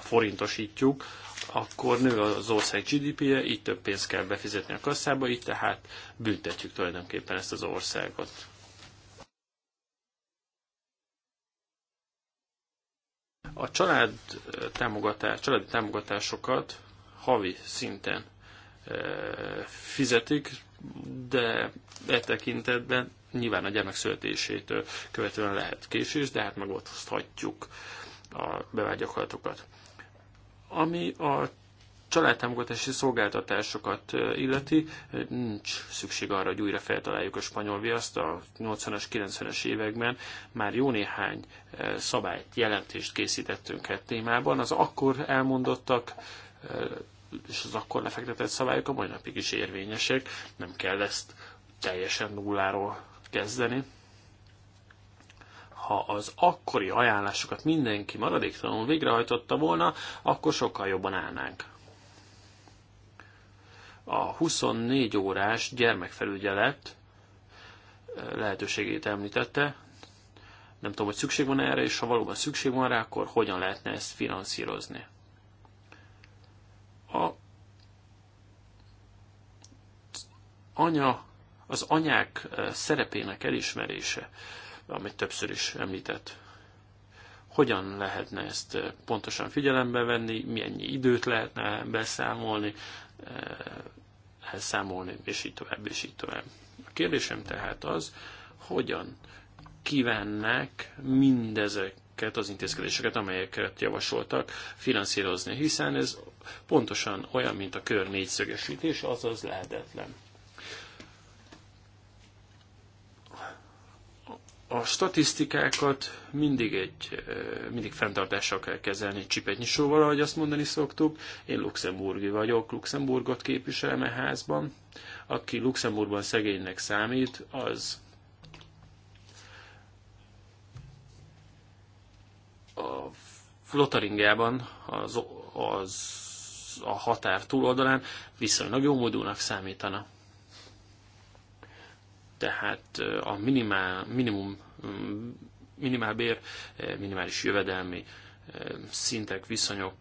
forintosítjuk, akkor nő az ország GDP-je, így több pénzt kell befizetni a kasszába, így tehát büntetjük tulajdonképpen ezt az országot. A család támogatás, családi támogatásokat havi szinten fizetik, de e tekintetben nyilván a gyermek születésétől követően lehet késés, de hát megoszthatjuk a bevált Ami a családtámogatási szolgáltatásokat illeti, nincs szükség arra, hogy újra feltaláljuk a spanyol viaszt. A 80-as, 90-es években már jó néhány szabályt, jelentést készítettünk e témában. Az akkor elmondottak és az akkor lefektetett szabályok a mai napig is érvényesek, nem kell ezt teljesen nulláról kezdeni. Ha az akkori ajánlásokat mindenki maradéktalanul végrehajtotta volna, akkor sokkal jobban állnánk. A 24 órás gyermekfelügyelet eh, lehetőségét említette, nem tudom, hogy szükség van erre, és ha valóban szükség van rá, akkor hogyan lehetne ezt finanszírozni. A anya, az anyák eh, szerepének elismerése, amit többször is említett, hogyan lehetne ezt eh, pontosan figyelembe venni, mennyi időt lehetne beszámolni, elszámolni, eh, és így tovább, és így tovább. A kérdésem tehát az, hogyan kívánnak mindezeket az intézkedéseket, amelyeket javasoltak, finanszírozni, hiszen ez pontosan olyan, mint a kör négyszögesítés, azaz lehetetlen. A statisztikákat mindig, egy, mindig fenntartással kell kezelni, egy csipetnyi sóval, ahogy azt mondani szoktuk. Én luxemburgi vagyok, Luxemburgot képviselme házban. Aki Luxemburgban szegénynek számít, az a Lotaringában az, az a határ túloldalán viszonylag jó módúnak számítana. Tehát a minimál, minimum, mm, minimálbér, minimális jövedelmi szintek, viszonyok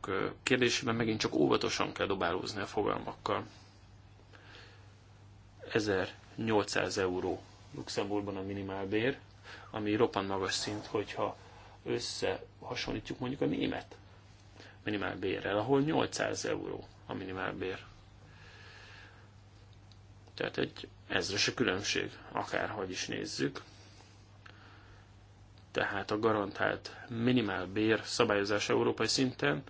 kérdésében megint csak óvatosan kell dobálózni a fogalmakkal. 1800 euró Luxemburgban a minimálbér, ami roppant magas szint, hogyha összehasonlítjuk mondjuk a német minimálbérrel, ahol 800 euró a minimálbér. Tehát egy ezres a különbség, akárhogy is nézzük. Tehát a garantált minimálbér szabályozás európai szinten,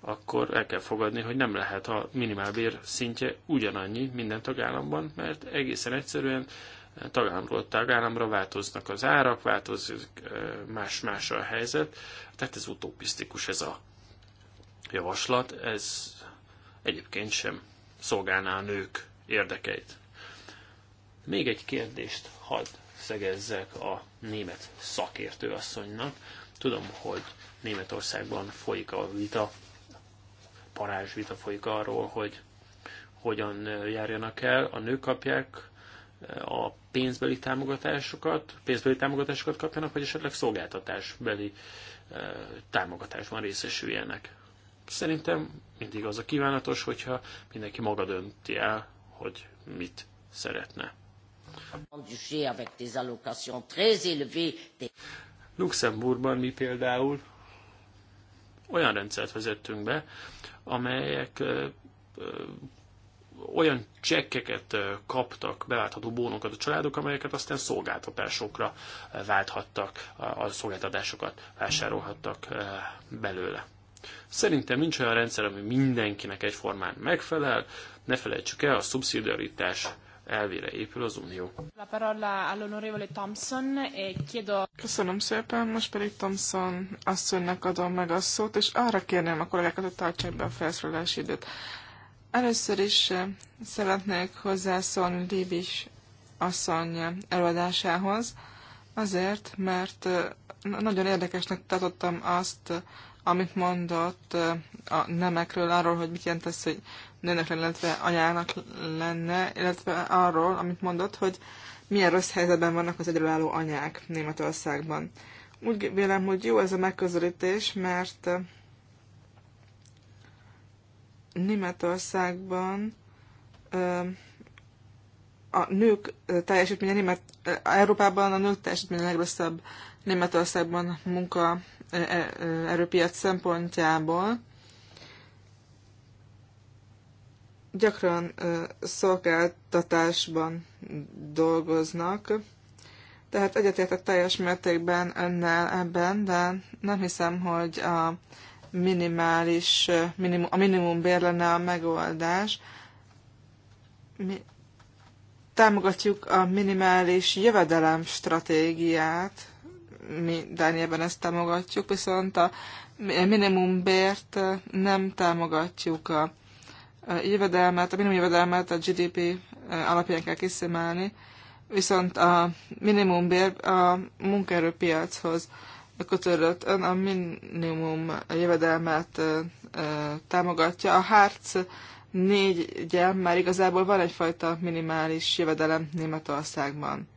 akkor el kell fogadni, hogy nem lehet a minimálbér szintje ugyanannyi minden tagállamban, mert egészen egyszerűen tagállamról tagállamra változnak az árak, változik más-más a helyzet, tehát ez utopisztikus ez a javaslat, ez egyébként sem szolgálná a nők érdekeit. Még egy kérdést hadd szegezzek a német szakértőasszonynak. Tudom, hogy Németországban folyik a vita, parázs vita folyik arról, hogy hogyan járjanak el. A nők kapják eh, a pénzbeli támogatásokat, pénzbeli támogatásokat kapjanak, vagy esetleg szolgáltatásbeli eh, támogatásban részesüljenek. Szerintem mindig az a kívánatos, hogyha mindenki maga dönti el, hogy mit szeretne. Luxemburgban mi például olyan rendszert vezettünk be, amelyek olyan csekkeket kaptak, beváltható bónokat a családok, amelyeket aztán szolgáltatásokra válthattak, a szolgáltatásokat vásárolhattak belőle. Szerintem nincs olyan rendszer, ami mindenkinek egyformán megfelel, ne felejtsük el, a szubszidiaritás elvére épül az Unió. La parola Thompson, e chiedo... Köszönöm szépen, most pedig Thompson asszonynak adom meg a szót, és arra kérném a kollégákat, hogy tartsák be a felszólalási időt. Először is eh, szeretnék hozzászólni Libis asszony előadásához, azért, mert eh, nagyon érdekesnek tartottam azt, amit mondott a nemekről, arról, hogy mit jelent ez, hogy nőnek lenne, illetve anyának lenne, illetve arról, amit mondott, hogy milyen rossz helyzetben vannak az egyedülálló anyák Németországban. Úgy vélem, hogy jó ez a megközelítés, mert Németországban a nők teljesítménye, német, Európában a nők teljesítménye a legrosszabb Németországban munka erőpiac szempontjából gyakran szolgáltatásban dolgoznak, tehát egyetértek teljes mértékben önnel ebben, de nem hiszem, hogy a minimális, minimum, a minimum bér lenne a megoldás. Mi támogatjuk a minimális jövedelem stratégiát, mi Dánielben ezt támogatjuk, viszont a minimumbért nem támogatjuk a jövedelmet, a minimum jövedelmet a GDP alapján kell kiszemelni, viszont a minimumbér a munkaerőpiachoz kötődött ön a minimum jövedelmet támogatja. A Harc négy ugye már igazából van egyfajta minimális jövedelem Németországban.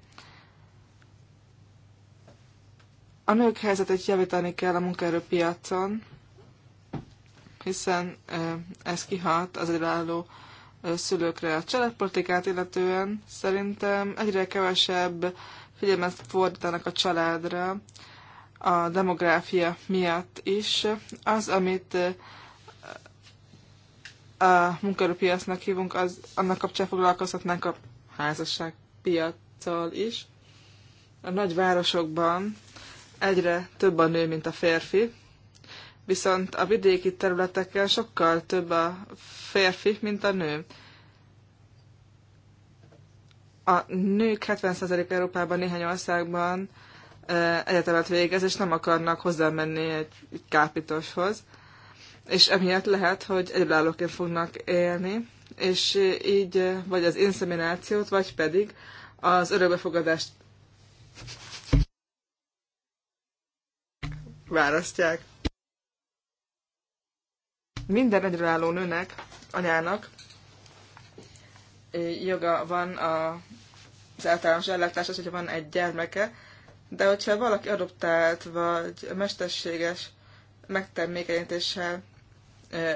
A nők helyzetét javítani kell a munkaerőpiacon, hiszen ez kihat az egyreálló szülőkre. A családpolitikát illetően szerintem egyre kevesebb figyelmet fordítanak a családra a demográfia miatt is. Az, amit a munkaerőpiacnak hívunk, az annak kapcsán foglalkozhatnánk a házasságpiacsal is. A nagy városokban egyre több a nő, mint a férfi, viszont a vidéki területeken sokkal több a férfi, mint a nő. A nők 70% Európában néhány országban egyetemet végez, és nem akarnak hozzámenni menni egy kápitoshoz. És emiatt lehet, hogy egyedülállóként fognak élni, és így vagy az inszeminációt, vagy pedig az örökbefogadást választják. Minden egyreálló nőnek, anyának joga van a, az általános ellátáshoz, hogyha van egy gyermeke, de hogyha valaki adoptált vagy mesterséges megtermékenyítéssel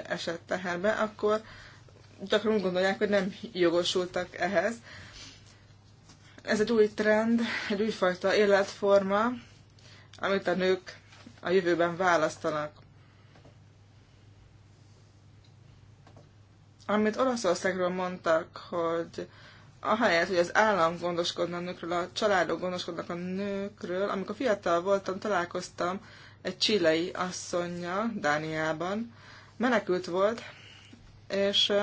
esett teherbe, akkor gyakran úgy gondolják, hogy nem jogosultak ehhez. Ez egy új trend, egy újfajta életforma, amit a nők a jövőben választanak. Amit Olaszországról mondtak, hogy ahelyett, hogy az állam gondoskodna a nőkről, a családok gondoskodnak a nőkről, amikor fiatal voltam, találkoztam egy csilei asszonya Dániában, menekült volt, és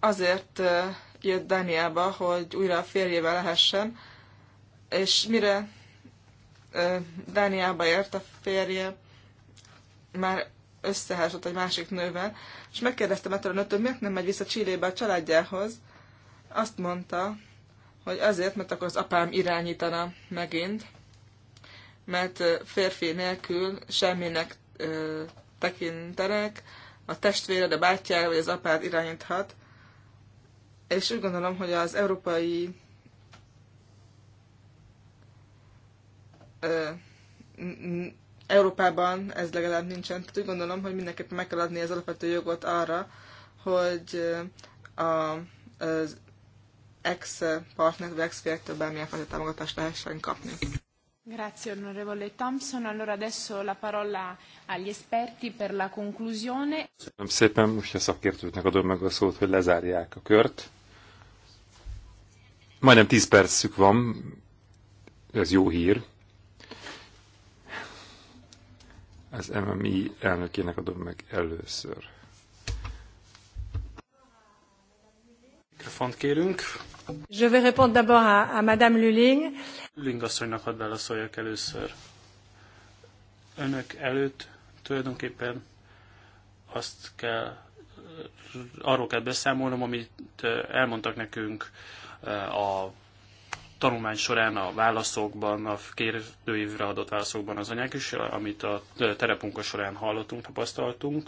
azért jött Dániába, hogy újra a férjével lehessen, és mire Dániába ért a férje, már összeházott egy másik nővel, és megkérdeztem ettől a nőtől, miért nem megy vissza Csillébe a családjához. Azt mondta, hogy azért, mert akkor az apám irányítana megint, mert férfi nélkül semminek ö, tekintenek, a testvéred, a bátyjára vagy az apád irányíthat, és úgy gondolom, hogy az európai Európában ez legalább nincsen. Tehát úgy gondolom, hogy mindenképpen meg kell adni az alapvető jogot arra, hogy a, az ex-partner vagy ex fiektől bármilyen fajta támogatást lehessen kapni. Grazie onorevole Thompson. Allora adesso la parola agli esperti per la conclusione. Köszönöm szépen, most a szakértőknek adom meg a szót, hogy lezárják a kört. Majdnem 10 percük van, ez jó hír. az MMI elnökének adom meg először. Mikrofont kérünk. Je vais répondre d'abord à, à Madame Luling. Luling asszonynak hadd válaszoljak először. Önök előtt tulajdonképpen azt kell, arról kell beszámolnom, amit eh, elmondtak nekünk eh, a tanulmány során a válaszokban, a kérdőívre adott válaszokban az anyák is, amit a terepunka során hallottunk, tapasztaltunk,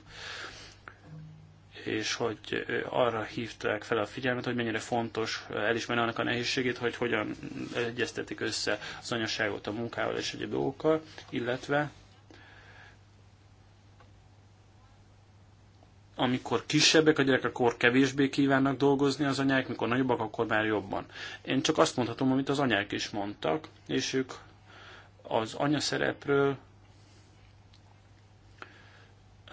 és hogy arra hívták fel a figyelmet, hogy mennyire fontos elismerni annak a nehézségét, hogy hogyan egyeztetik össze az anyaságot a munkával és egyéb dolgokkal, illetve amikor kisebbek a gyerekek, akkor kevésbé kívánnak dolgozni az anyák, mikor nagyobbak, akkor már jobban. Én csak azt mondhatom, amit az anyák is mondtak, és ők az anya szerepről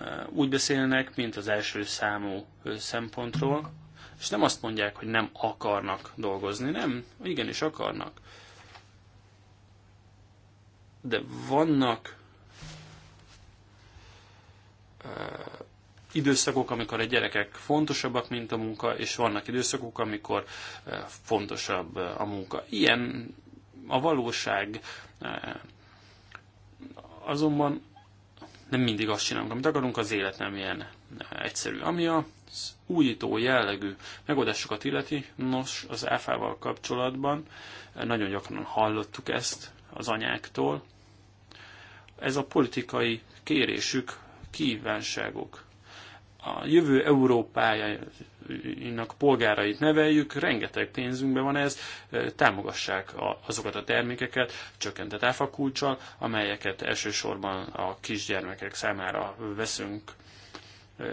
eh, úgy beszélnek, mint az első számú eh, szempontról, és nem azt mondják, hogy nem akarnak dolgozni, nem, igenis akarnak. De vannak eh, időszakok, amikor a gyerekek fontosabbak, mint a munka, és vannak időszakok, amikor eh, fontosabb eh, a munka. Ilyen a valóság. Eh, azonban nem mindig azt csinálunk, amit akarunk, az élet nem ilyen egyszerű. Ami a újító jellegű megoldásokat illeti, nos, az áfával kapcsolatban nagyon gyakran hallottuk ezt az anyáktól. Ez a politikai kérésük, kívánságuk a jövő Európájának polgárait neveljük, rengeteg pénzünkben van ez, támogassák azokat a termékeket csökkentett áfakulcsal, amelyeket elsősorban a kisgyermekek számára veszünk.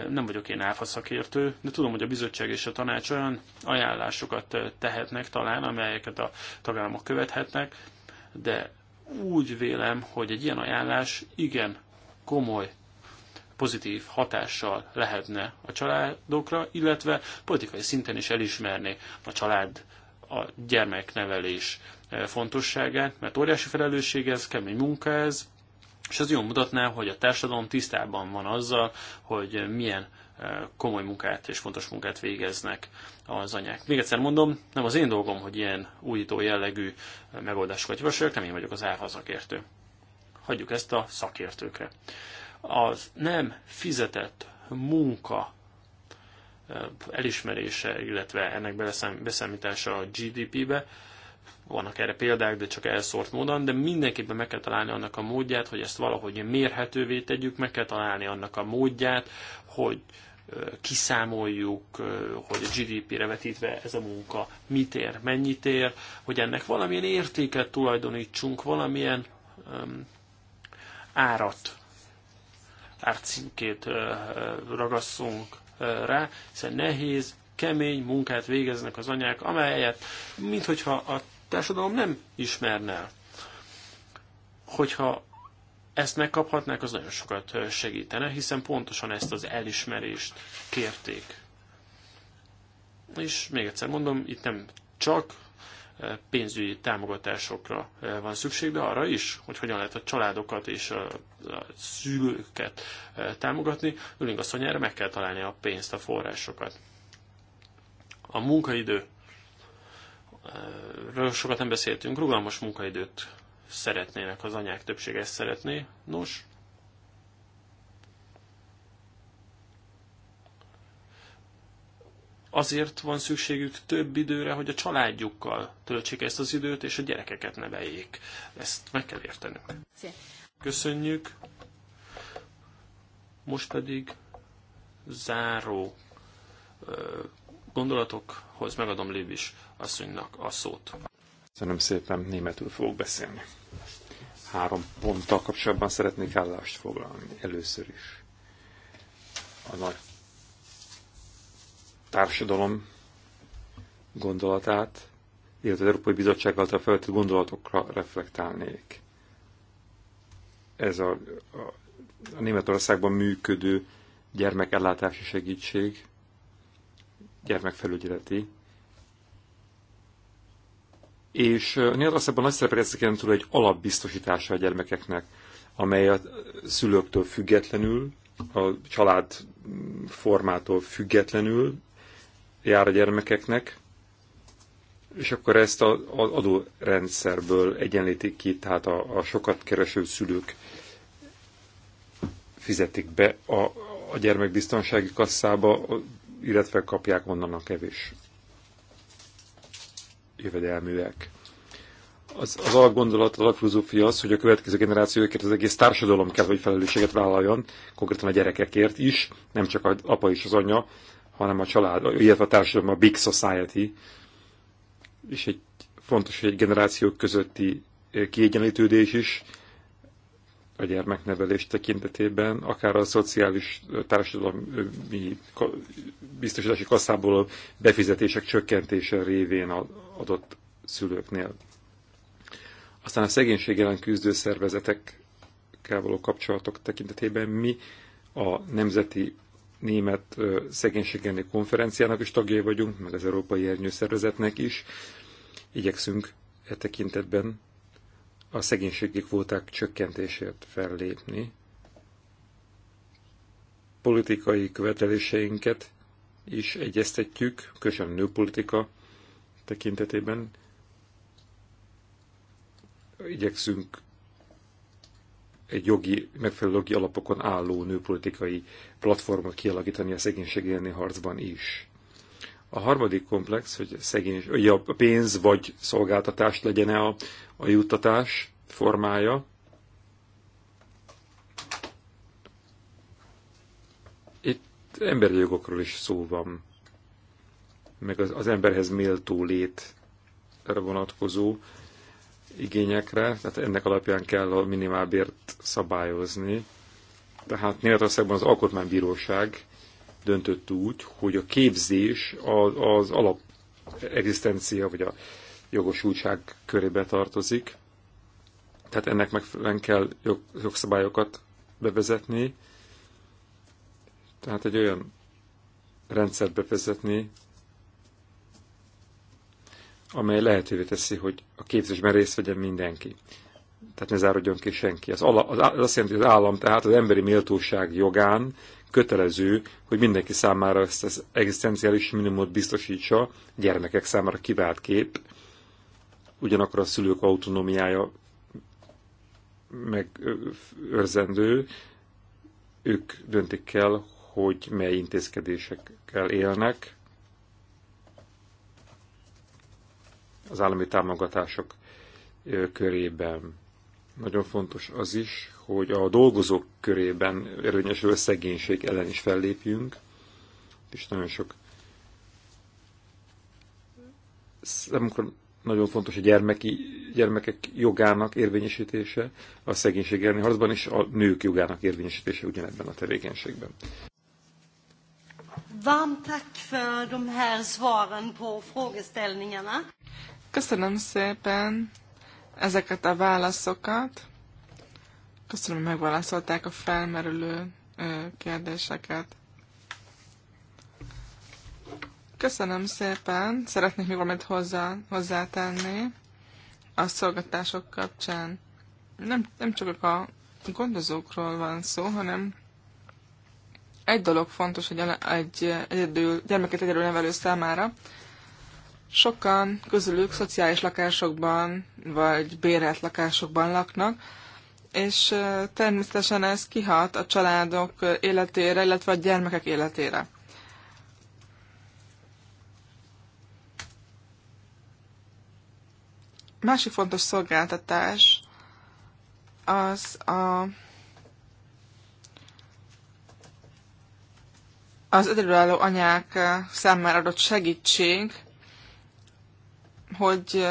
Nem vagyok én áfaszakértő, de tudom, hogy a bizottság és a tanács olyan ajánlásokat tehetnek talán, amelyeket a tagállamok követhetnek, de úgy vélem, hogy egy ilyen ajánlás igen komoly pozitív hatással lehetne a családokra, illetve politikai szinten is elismerni a család a gyermeknevelés eh, fontosságát, mert óriási felelősség ez, kemény munka ez, és az jól mutatná, hogy a társadalom tisztában van azzal, hogy milyen eh, komoly munkát és fontos munkát végeznek az anyák. Még egyszer mondom, nem az én dolgom, hogy ilyen újító jellegű eh, megoldásokat javasoljak, nem én vagyok az árhazakértő. Hagyjuk ezt a szakértőkre az nem fizetett munka elismerése, illetve ennek beszámítása a GDP-be, vannak erre példák, de csak elszórt módon, de mindenképpen meg kell találni annak a módját, hogy ezt valahogy mérhetővé tegyük, meg kell találni annak a módját, hogy kiszámoljuk, hogy a GDP-re vetítve ez a munka mit ér, mennyit ér, hogy ennek valamilyen értéket tulajdonítsunk, valamilyen um, árat árcinkét ragasszunk rá, hiszen nehéz, kemény munkát végeznek az anyák, amelyet minthogyha a társadalom nem ismerne Hogyha ezt megkaphatnák, az nagyon sokat segítene, hiszen pontosan ezt az elismerést kérték. És még egyszer mondom, itt nem csak pénzügyi támogatásokra eh, van szükség, de arra is, hogy hogyan lehet a családokat és a szülőket eh, támogatni. Ülünk a szonyára, meg kell találni a pénzt, a forrásokat. A munkaidő. Eh, ről sokat nem beszéltünk, rugalmas munkaidőt szeretnének az anyák többsége ezt szeretné. Nos, Azért van szükségük több időre, hogy a családjukkal töltsék ezt az időt, és a gyerekeket neveljék. Ezt meg kell értenünk. Köszönjük. Most pedig záró gondolatokhoz megadom Lévis asszonynak a szót. Köszönöm szépen, németül fogok beszélni. Három ponttal kapcsolatban szeretnék állást foglalni. Először is a nagy társadalom gondolatát, illetve az Európai Bizottság által feltett gondolatokra reflektálnék. Ez a, a, a Németországban működő gyermekellátási segítség, gyermekfelügyeleti, és Németországban nagy szerepet ezeken túl egy alapbiztosítása a gyermekeknek, amely a szülőktől függetlenül, a család formától függetlenül jár a gyermekeknek, és akkor ezt az adórendszerből egyenlítik ki, tehát a, a sokat kereső szülők fizetik be a, a gyermekbiztonsági kasszába, illetve kapják onnan a kevés jövedelműek. Az, az alapgondolat, az alapfilozófia az, hogy a következő generációkért az egész társadalom kell, hogy felelősséget vállaljon, konkrétan a gyerekekért is, nem csak az apa és az anya, hanem a család, illetve a társadalom, a big society, és egy fontos, hogy egy generációk közötti kiegyenlítődés is a gyermeknevelés tekintetében, akár a szociális társadalmi biztosítási kasszából a befizetések csökkentése révén adott szülőknél. Aztán a szegénység ellen küzdő szervezetekkel való kapcsolatok tekintetében mi a nemzeti német szegénységeni konferenciának is tagjai vagyunk, meg az Európai Ernyőszervezetnek is. Igyekszünk e tekintetben a szegénységi kvóták csökkentését fellépni. Politikai követeléseinket is egyeztetjük, közösen nőpolitika tekintetében. Igyekszünk egy jogi, megfelelő jogi alapokon álló nőpolitikai platformot kialakítani a szegénység élni harcban is. A harmadik komplex, hogy, szegény, hogy a pénz vagy szolgáltatás legyen -e a, a juttatás formája. Itt emberi jogokról is szó van, meg az, az emberhez méltó létre vonatkozó igényekre, tehát ennek alapján kell a minimálbért szabályozni. Tehát Németországban az Alkotmánybíróság döntött úgy, hogy a képzés az, az alap egzisztencia, vagy a jogosultság körébe tartozik. Tehát ennek megfelelően kell jog, jogszabályokat bevezetni. Tehát egy olyan rendszert bevezetni, amely lehetővé teszi, hogy a képzésben részt vegyen mindenki. Tehát ne záródjon ki senki. Az, ala, az, az azt jelenti, hogy az állam tehát az emberi méltóság jogán kötelező, hogy mindenki számára ezt az egzisztenciális minimumot biztosítsa, gyermekek számára kivált kép, ugyanakkor a szülők autonómiája megőrzendő, ők döntik el, hogy mely intézkedésekkel élnek, az állami támogatások körében. Nagyon fontos az is, hogy a dolgozók körében a szegénység ellen is fellépjünk, és nagyon sok amikor nagyon fontos a gyermeki, gyermekek jogának érvényesítése, a szegénység elleni harcban is a nők jogának érvényesítése ugyanebben a tevékenységben. Varmt tack för de här svaren på frågeställningarna. Köszönöm szépen ezeket a válaszokat. Köszönöm, hogy megválaszolták a felmerülő kérdéseket. Köszönöm szépen. Szeretnék még valamit hozzá, hozzátenni a szolgatások kapcsán. Nem, nem csak a gondozókról van szó, hanem egy dolog fontos hogy egy egyedül, gyermeket egyedül nevelő számára, Sokan közülük szociális lakásokban vagy bérelt lakásokban laknak, és természetesen ez kihat a családok életére, illetve a gyermekek életére. Másik fontos szolgáltatás az a az egyedülálló anyák számára adott segítség, hogy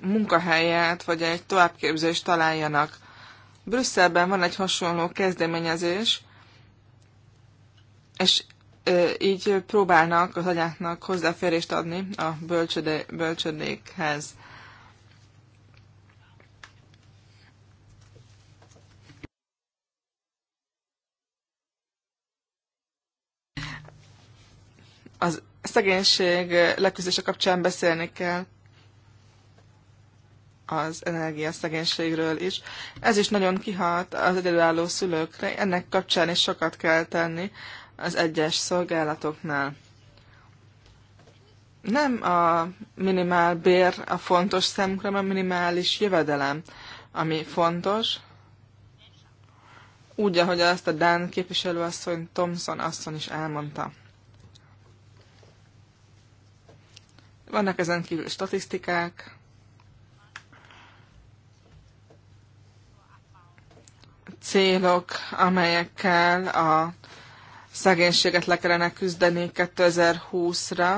munkahelyet vagy egy továbbképzést találjanak. Brüsszelben van egy hasonló kezdeményezés, és így próbálnak az anyáknak hozzáférést adni a bölcsödé, bölcsödékhez. Az szegénység leküzdése kapcsán beszélni kell az energiaszegénységről is. Ez is nagyon kihat az egyedülálló szülőkre, ennek kapcsán is sokat kell tenni az egyes szolgálatoknál. Nem a minimál bér a fontos számukra, a minimális jövedelem, ami fontos. Úgy, ahogy azt a Dán képviselőasszony Thomson asszony is elmondta. Vannak ezen kívül statisztikák, célok, amelyekkel a szegénységet le kellene küzdeni 2020-ra.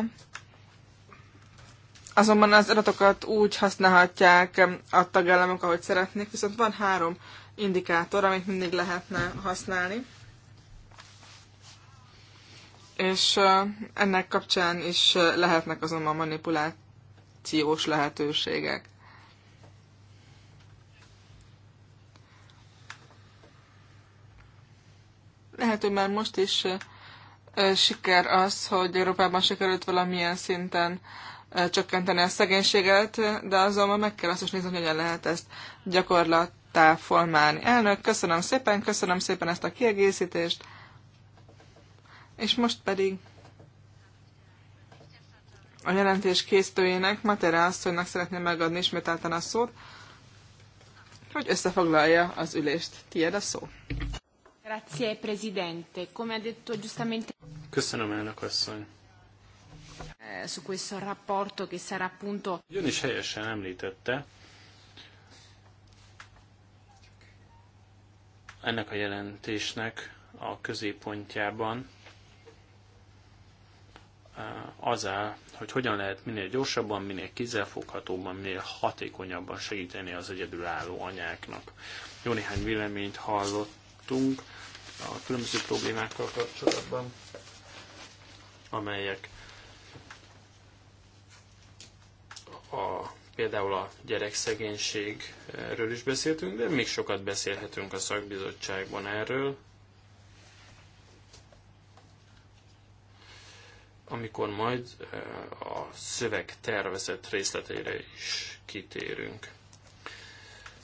Azonban az adatokat úgy használhatják a tagállamok, ahogy szeretnék, viszont van három indikátor, amit mindig lehetne használni. És ennek kapcsán is lehetnek azonban manipulációs lehetőségek. Lehet, hogy már most is siker az, hogy Európában sikerült valamilyen szinten csökkenteni a szegénységet, de azonban meg kell azt is nézni, hogy hogyan lehet ezt gyakorlattá formálni. Elnök, köszönöm szépen, köszönöm szépen ezt a kiegészítést, és most pedig a jelentés készítőjének, Matera asszonynak szeretném megadni ismételten a szót, hogy összefoglalja az ülést. Tied a szó. Grazie, Presidente. Come ha detto giustamente... Köszönöm, elnök asszony. Eh, su questo rapporto che sarà appunto... Ön is helyesen említette, ennek a jelentésnek a középpontjában eh, az áll, hogy hogyan lehet minél gyorsabban, minél kézzelfoghatóban, minél hatékonyabban segíteni az egyedülálló anyáknak. Jó néhány véleményt hallottunk, a különböző problémákkal kapcsolatban, amelyek a, például a gyerekszegénységről is beszéltünk, de még sokat beszélhetünk a szakbizottságban erről. amikor majd eh, a szöveg tervezett részleteire is kitérünk.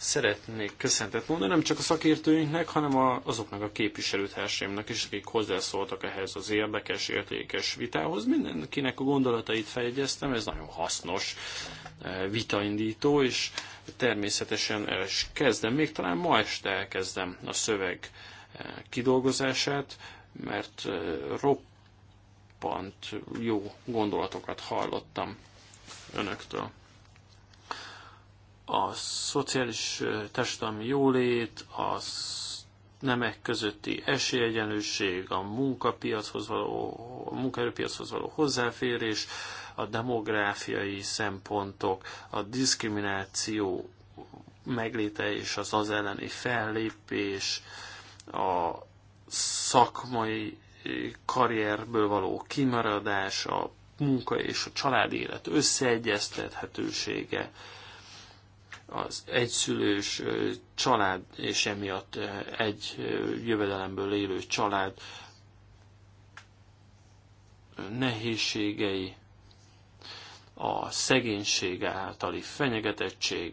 Szeretnék köszöntet mondani nem csak a szakértőinknek, hanem a, azoknak a képviselőtársaimnak is, akik hozzászóltak ehhez az érdekes, értékes vitához. Mindenkinek a gondolatait feljegyeztem, ez nagyon hasznos eh, vitaindító, és természetesen el is kezdem, még talán ma este elkezdem a szöveg eh, kidolgozását, mert eh, roppant jó gondolatokat hallottam önöktől a szociális társadalmi jólét, a nemek közötti esélyegyenlőség, a munkapiachoz való, a munkaerőpiachoz való hozzáférés, a demográfiai szempontok, a diszkrimináció megléte és az az elleni fellépés, a szakmai karrierből való kimaradás, a munka és a család élet összeegyeztethetősége, az egyszülős család, és emiatt egy jövedelemből élő család nehézségei, a szegénység általi fenyegetettség,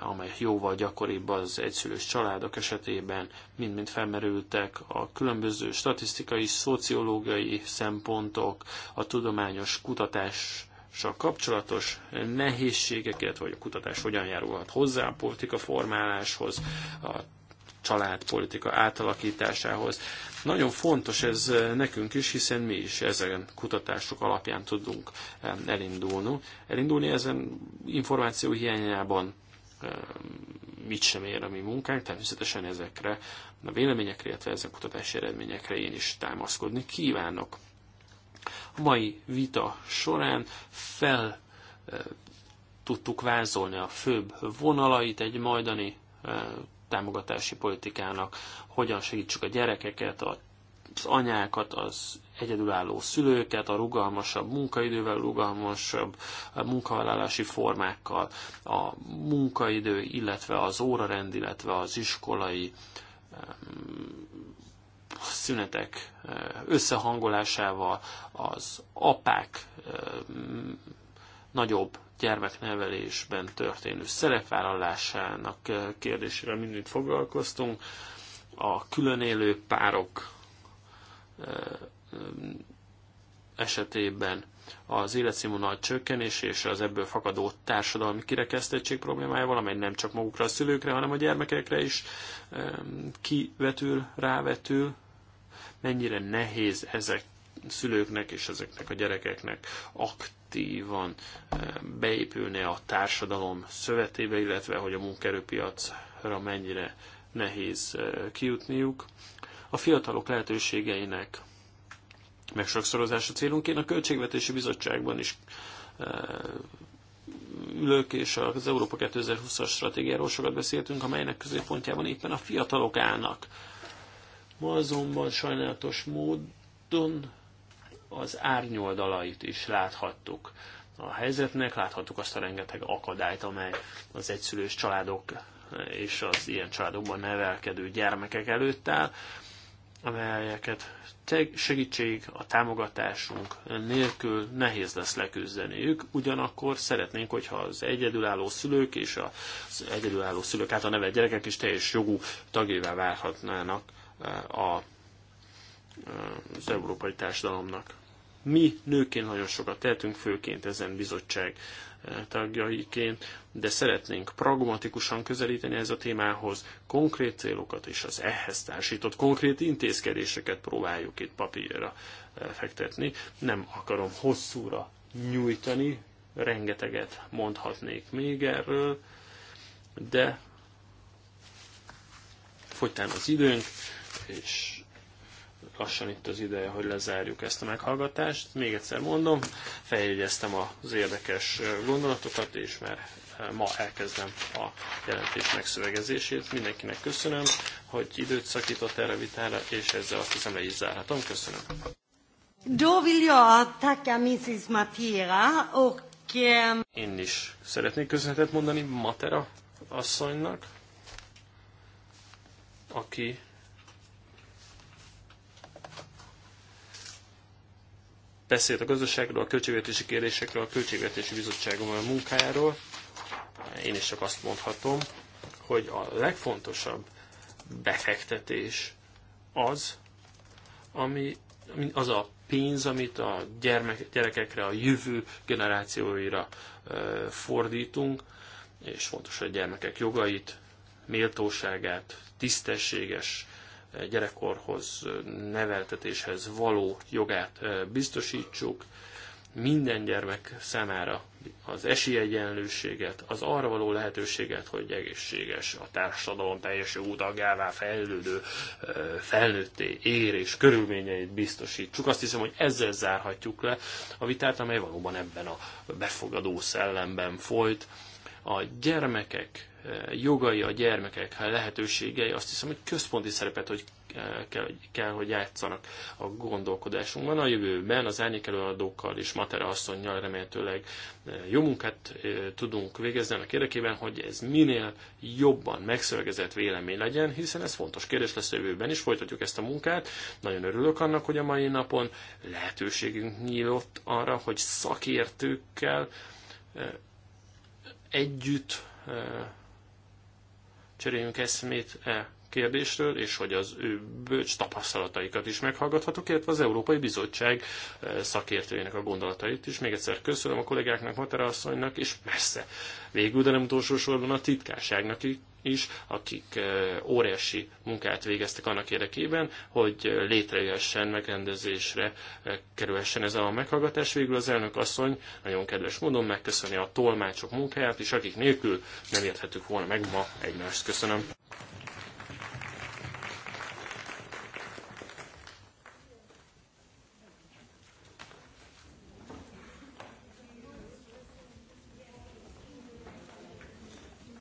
amely jóval gyakoribb az egyszülős családok esetében, mind-mind felmerültek a különböző statisztikai, szociológiai szempontok, a tudományos kutatás kapcsolatos nehézségeket, vagy a kutatás hogyan járulhat hozzá a politika formáláshoz, a családpolitika átalakításához. Nagyon fontos ez nekünk is, hiszen mi is ezen kutatások alapján tudunk elindulni. Elindulni ezen információ hiányában mit sem ér a mi munkánk, természetesen ezekre a véleményekre, illetve ezen kutatási eredményekre én is támaszkodni kívánok. A mai vita során fel eh, tudtuk vázolni a főbb vonalait egy majdani eh, támogatási politikának, hogyan segítsük a gyerekeket, az anyákat, az egyedülálló szülőket, a rugalmasabb munkaidővel, rugalmasabb eh, munkavállalási formákkal, a munkaidő, illetve az órarend, illetve az iskolai szünetek összehangolásával, az apák nagyobb gyermeknevelésben történő szerepvállalásának kérdésével mindent foglalkoztunk. A különélő párok esetében az életszínvonal csökkenés és az ebből fakadó társadalmi kirekesztettség problémájával, amely nem csak magukra a szülőkre, hanem a gyermekekre is kivetül, rávetül, mennyire nehéz ezek szülőknek és ezeknek a gyerekeknek aktívan eh, beépülni a társadalom szövetébe, illetve hogy a munkerőpiacra mennyire nehéz eh, kijutniuk. A fiatalok lehetőségeinek megsokszorozása célunk. Én a Költségvetési Bizottságban is eh, ülök, és az Európa 2020-as stratégiáról sokat beszéltünk, amelynek középpontjában éppen a fiatalok állnak. Ma azonban sajnálatos módon az árnyoldalait is láthattuk a helyzetnek, láthattuk azt a rengeteg akadályt, amely az egyszülős családok és az ilyen családokban nevelkedő gyermekek előtt áll, amelyeket segítség, a támogatásunk nélkül nehéz lesz leküzdeniük. Ugyanakkor szeretnénk, hogyha az egyedülálló szülők és az egyedülálló szülők által nevelt gyerekek is teljes jogú tagjává válhatnának a, az európai társadalomnak. Mi nőként nagyon sokat tehetünk, főként ezen bizottság e, tagjaiként, de szeretnénk pragmatikusan közelíteni ez a témához, konkrét célokat és az ehhez társított konkrét intézkedéseket próbáljuk itt papírra e, fektetni. Nem akarom hosszúra nyújtani, rengeteget mondhatnék még erről, de folytán az időnk, és lassan itt az ideje, hogy lezárjuk ezt a meghallgatást. Még egyszer mondom, feljegyeztem az érdekes gondolatokat, és már ma elkezdem a jelentés megszövegezését. Mindenkinek köszönöm, hogy időt szakított erre vitára, és ezzel azt hiszem le is zárhatom. Köszönöm. Då vill jag Mrs. Matera ehm, Én is szeretnék köszönetet mondani Matera asszonynak, aki beszélt a gazdaságról, a költségvetési kérdésekről, a költségvetési bizottságom a munkájáról. Én is csak azt mondhatom, hogy a legfontosabb befektetés az, ami, az a pénz, amit a gyermek, gyerekekre, a jövő generációira fordítunk, és fontos, hogy a gyermekek jogait, méltóságát, tisztességes, gyerekkorhoz, neveltetéshez való jogát biztosítsuk, minden gyermek számára az esélyegyenlőséget, az arra való lehetőséget, hogy egészséges, a társadalom teljes jó tagjává fejlődő felnőtté ér és körülményeit biztosítsuk. Azt hiszem, hogy ezzel zárhatjuk le a vitát, amely valóban ebben a befogadó szellemben folyt a gyermekek eh, jogai, a gyermekek lehetőségei azt hiszem, hogy központi szerepet hogy eh, kell, kell, hogy játszanak a gondolkodásunkban. A jövőben az árnyékelőadókkal és Matera asszonynal remélhetőleg eh, jó munkát tudunk végezni annak érdekében, hogy ez minél jobban megszövegezett vélemény legyen, hiszen ez fontos kérdés lesz a jövőben is, folytatjuk ezt a munkát. Nagyon örülök annak, hogy a mai napon lehetőségünk nyílott arra, hogy szakértőkkel együtt cseréljünk eszmét e kérdésről, és hogy az ő bölcs tapasztalataikat is meghallgathatok, illetve az Európai Bizottság szakértőjének a gondolatait is. Még egyszer köszönöm a kollégáknak, Matera asszonynak, és persze végül, de nem utolsó sorban a titkárságnak, is, akik eh, óriási munkát végeztek annak érdekében, hogy létrejöhessen, megrendezésre eh, kerülhessen ez a meghallgatás. Végül az elnök asszony nagyon kedves módon megköszöni a tolmácsok munkáját, és akik nélkül nem érthetük volna meg ma egymást. Köszönöm.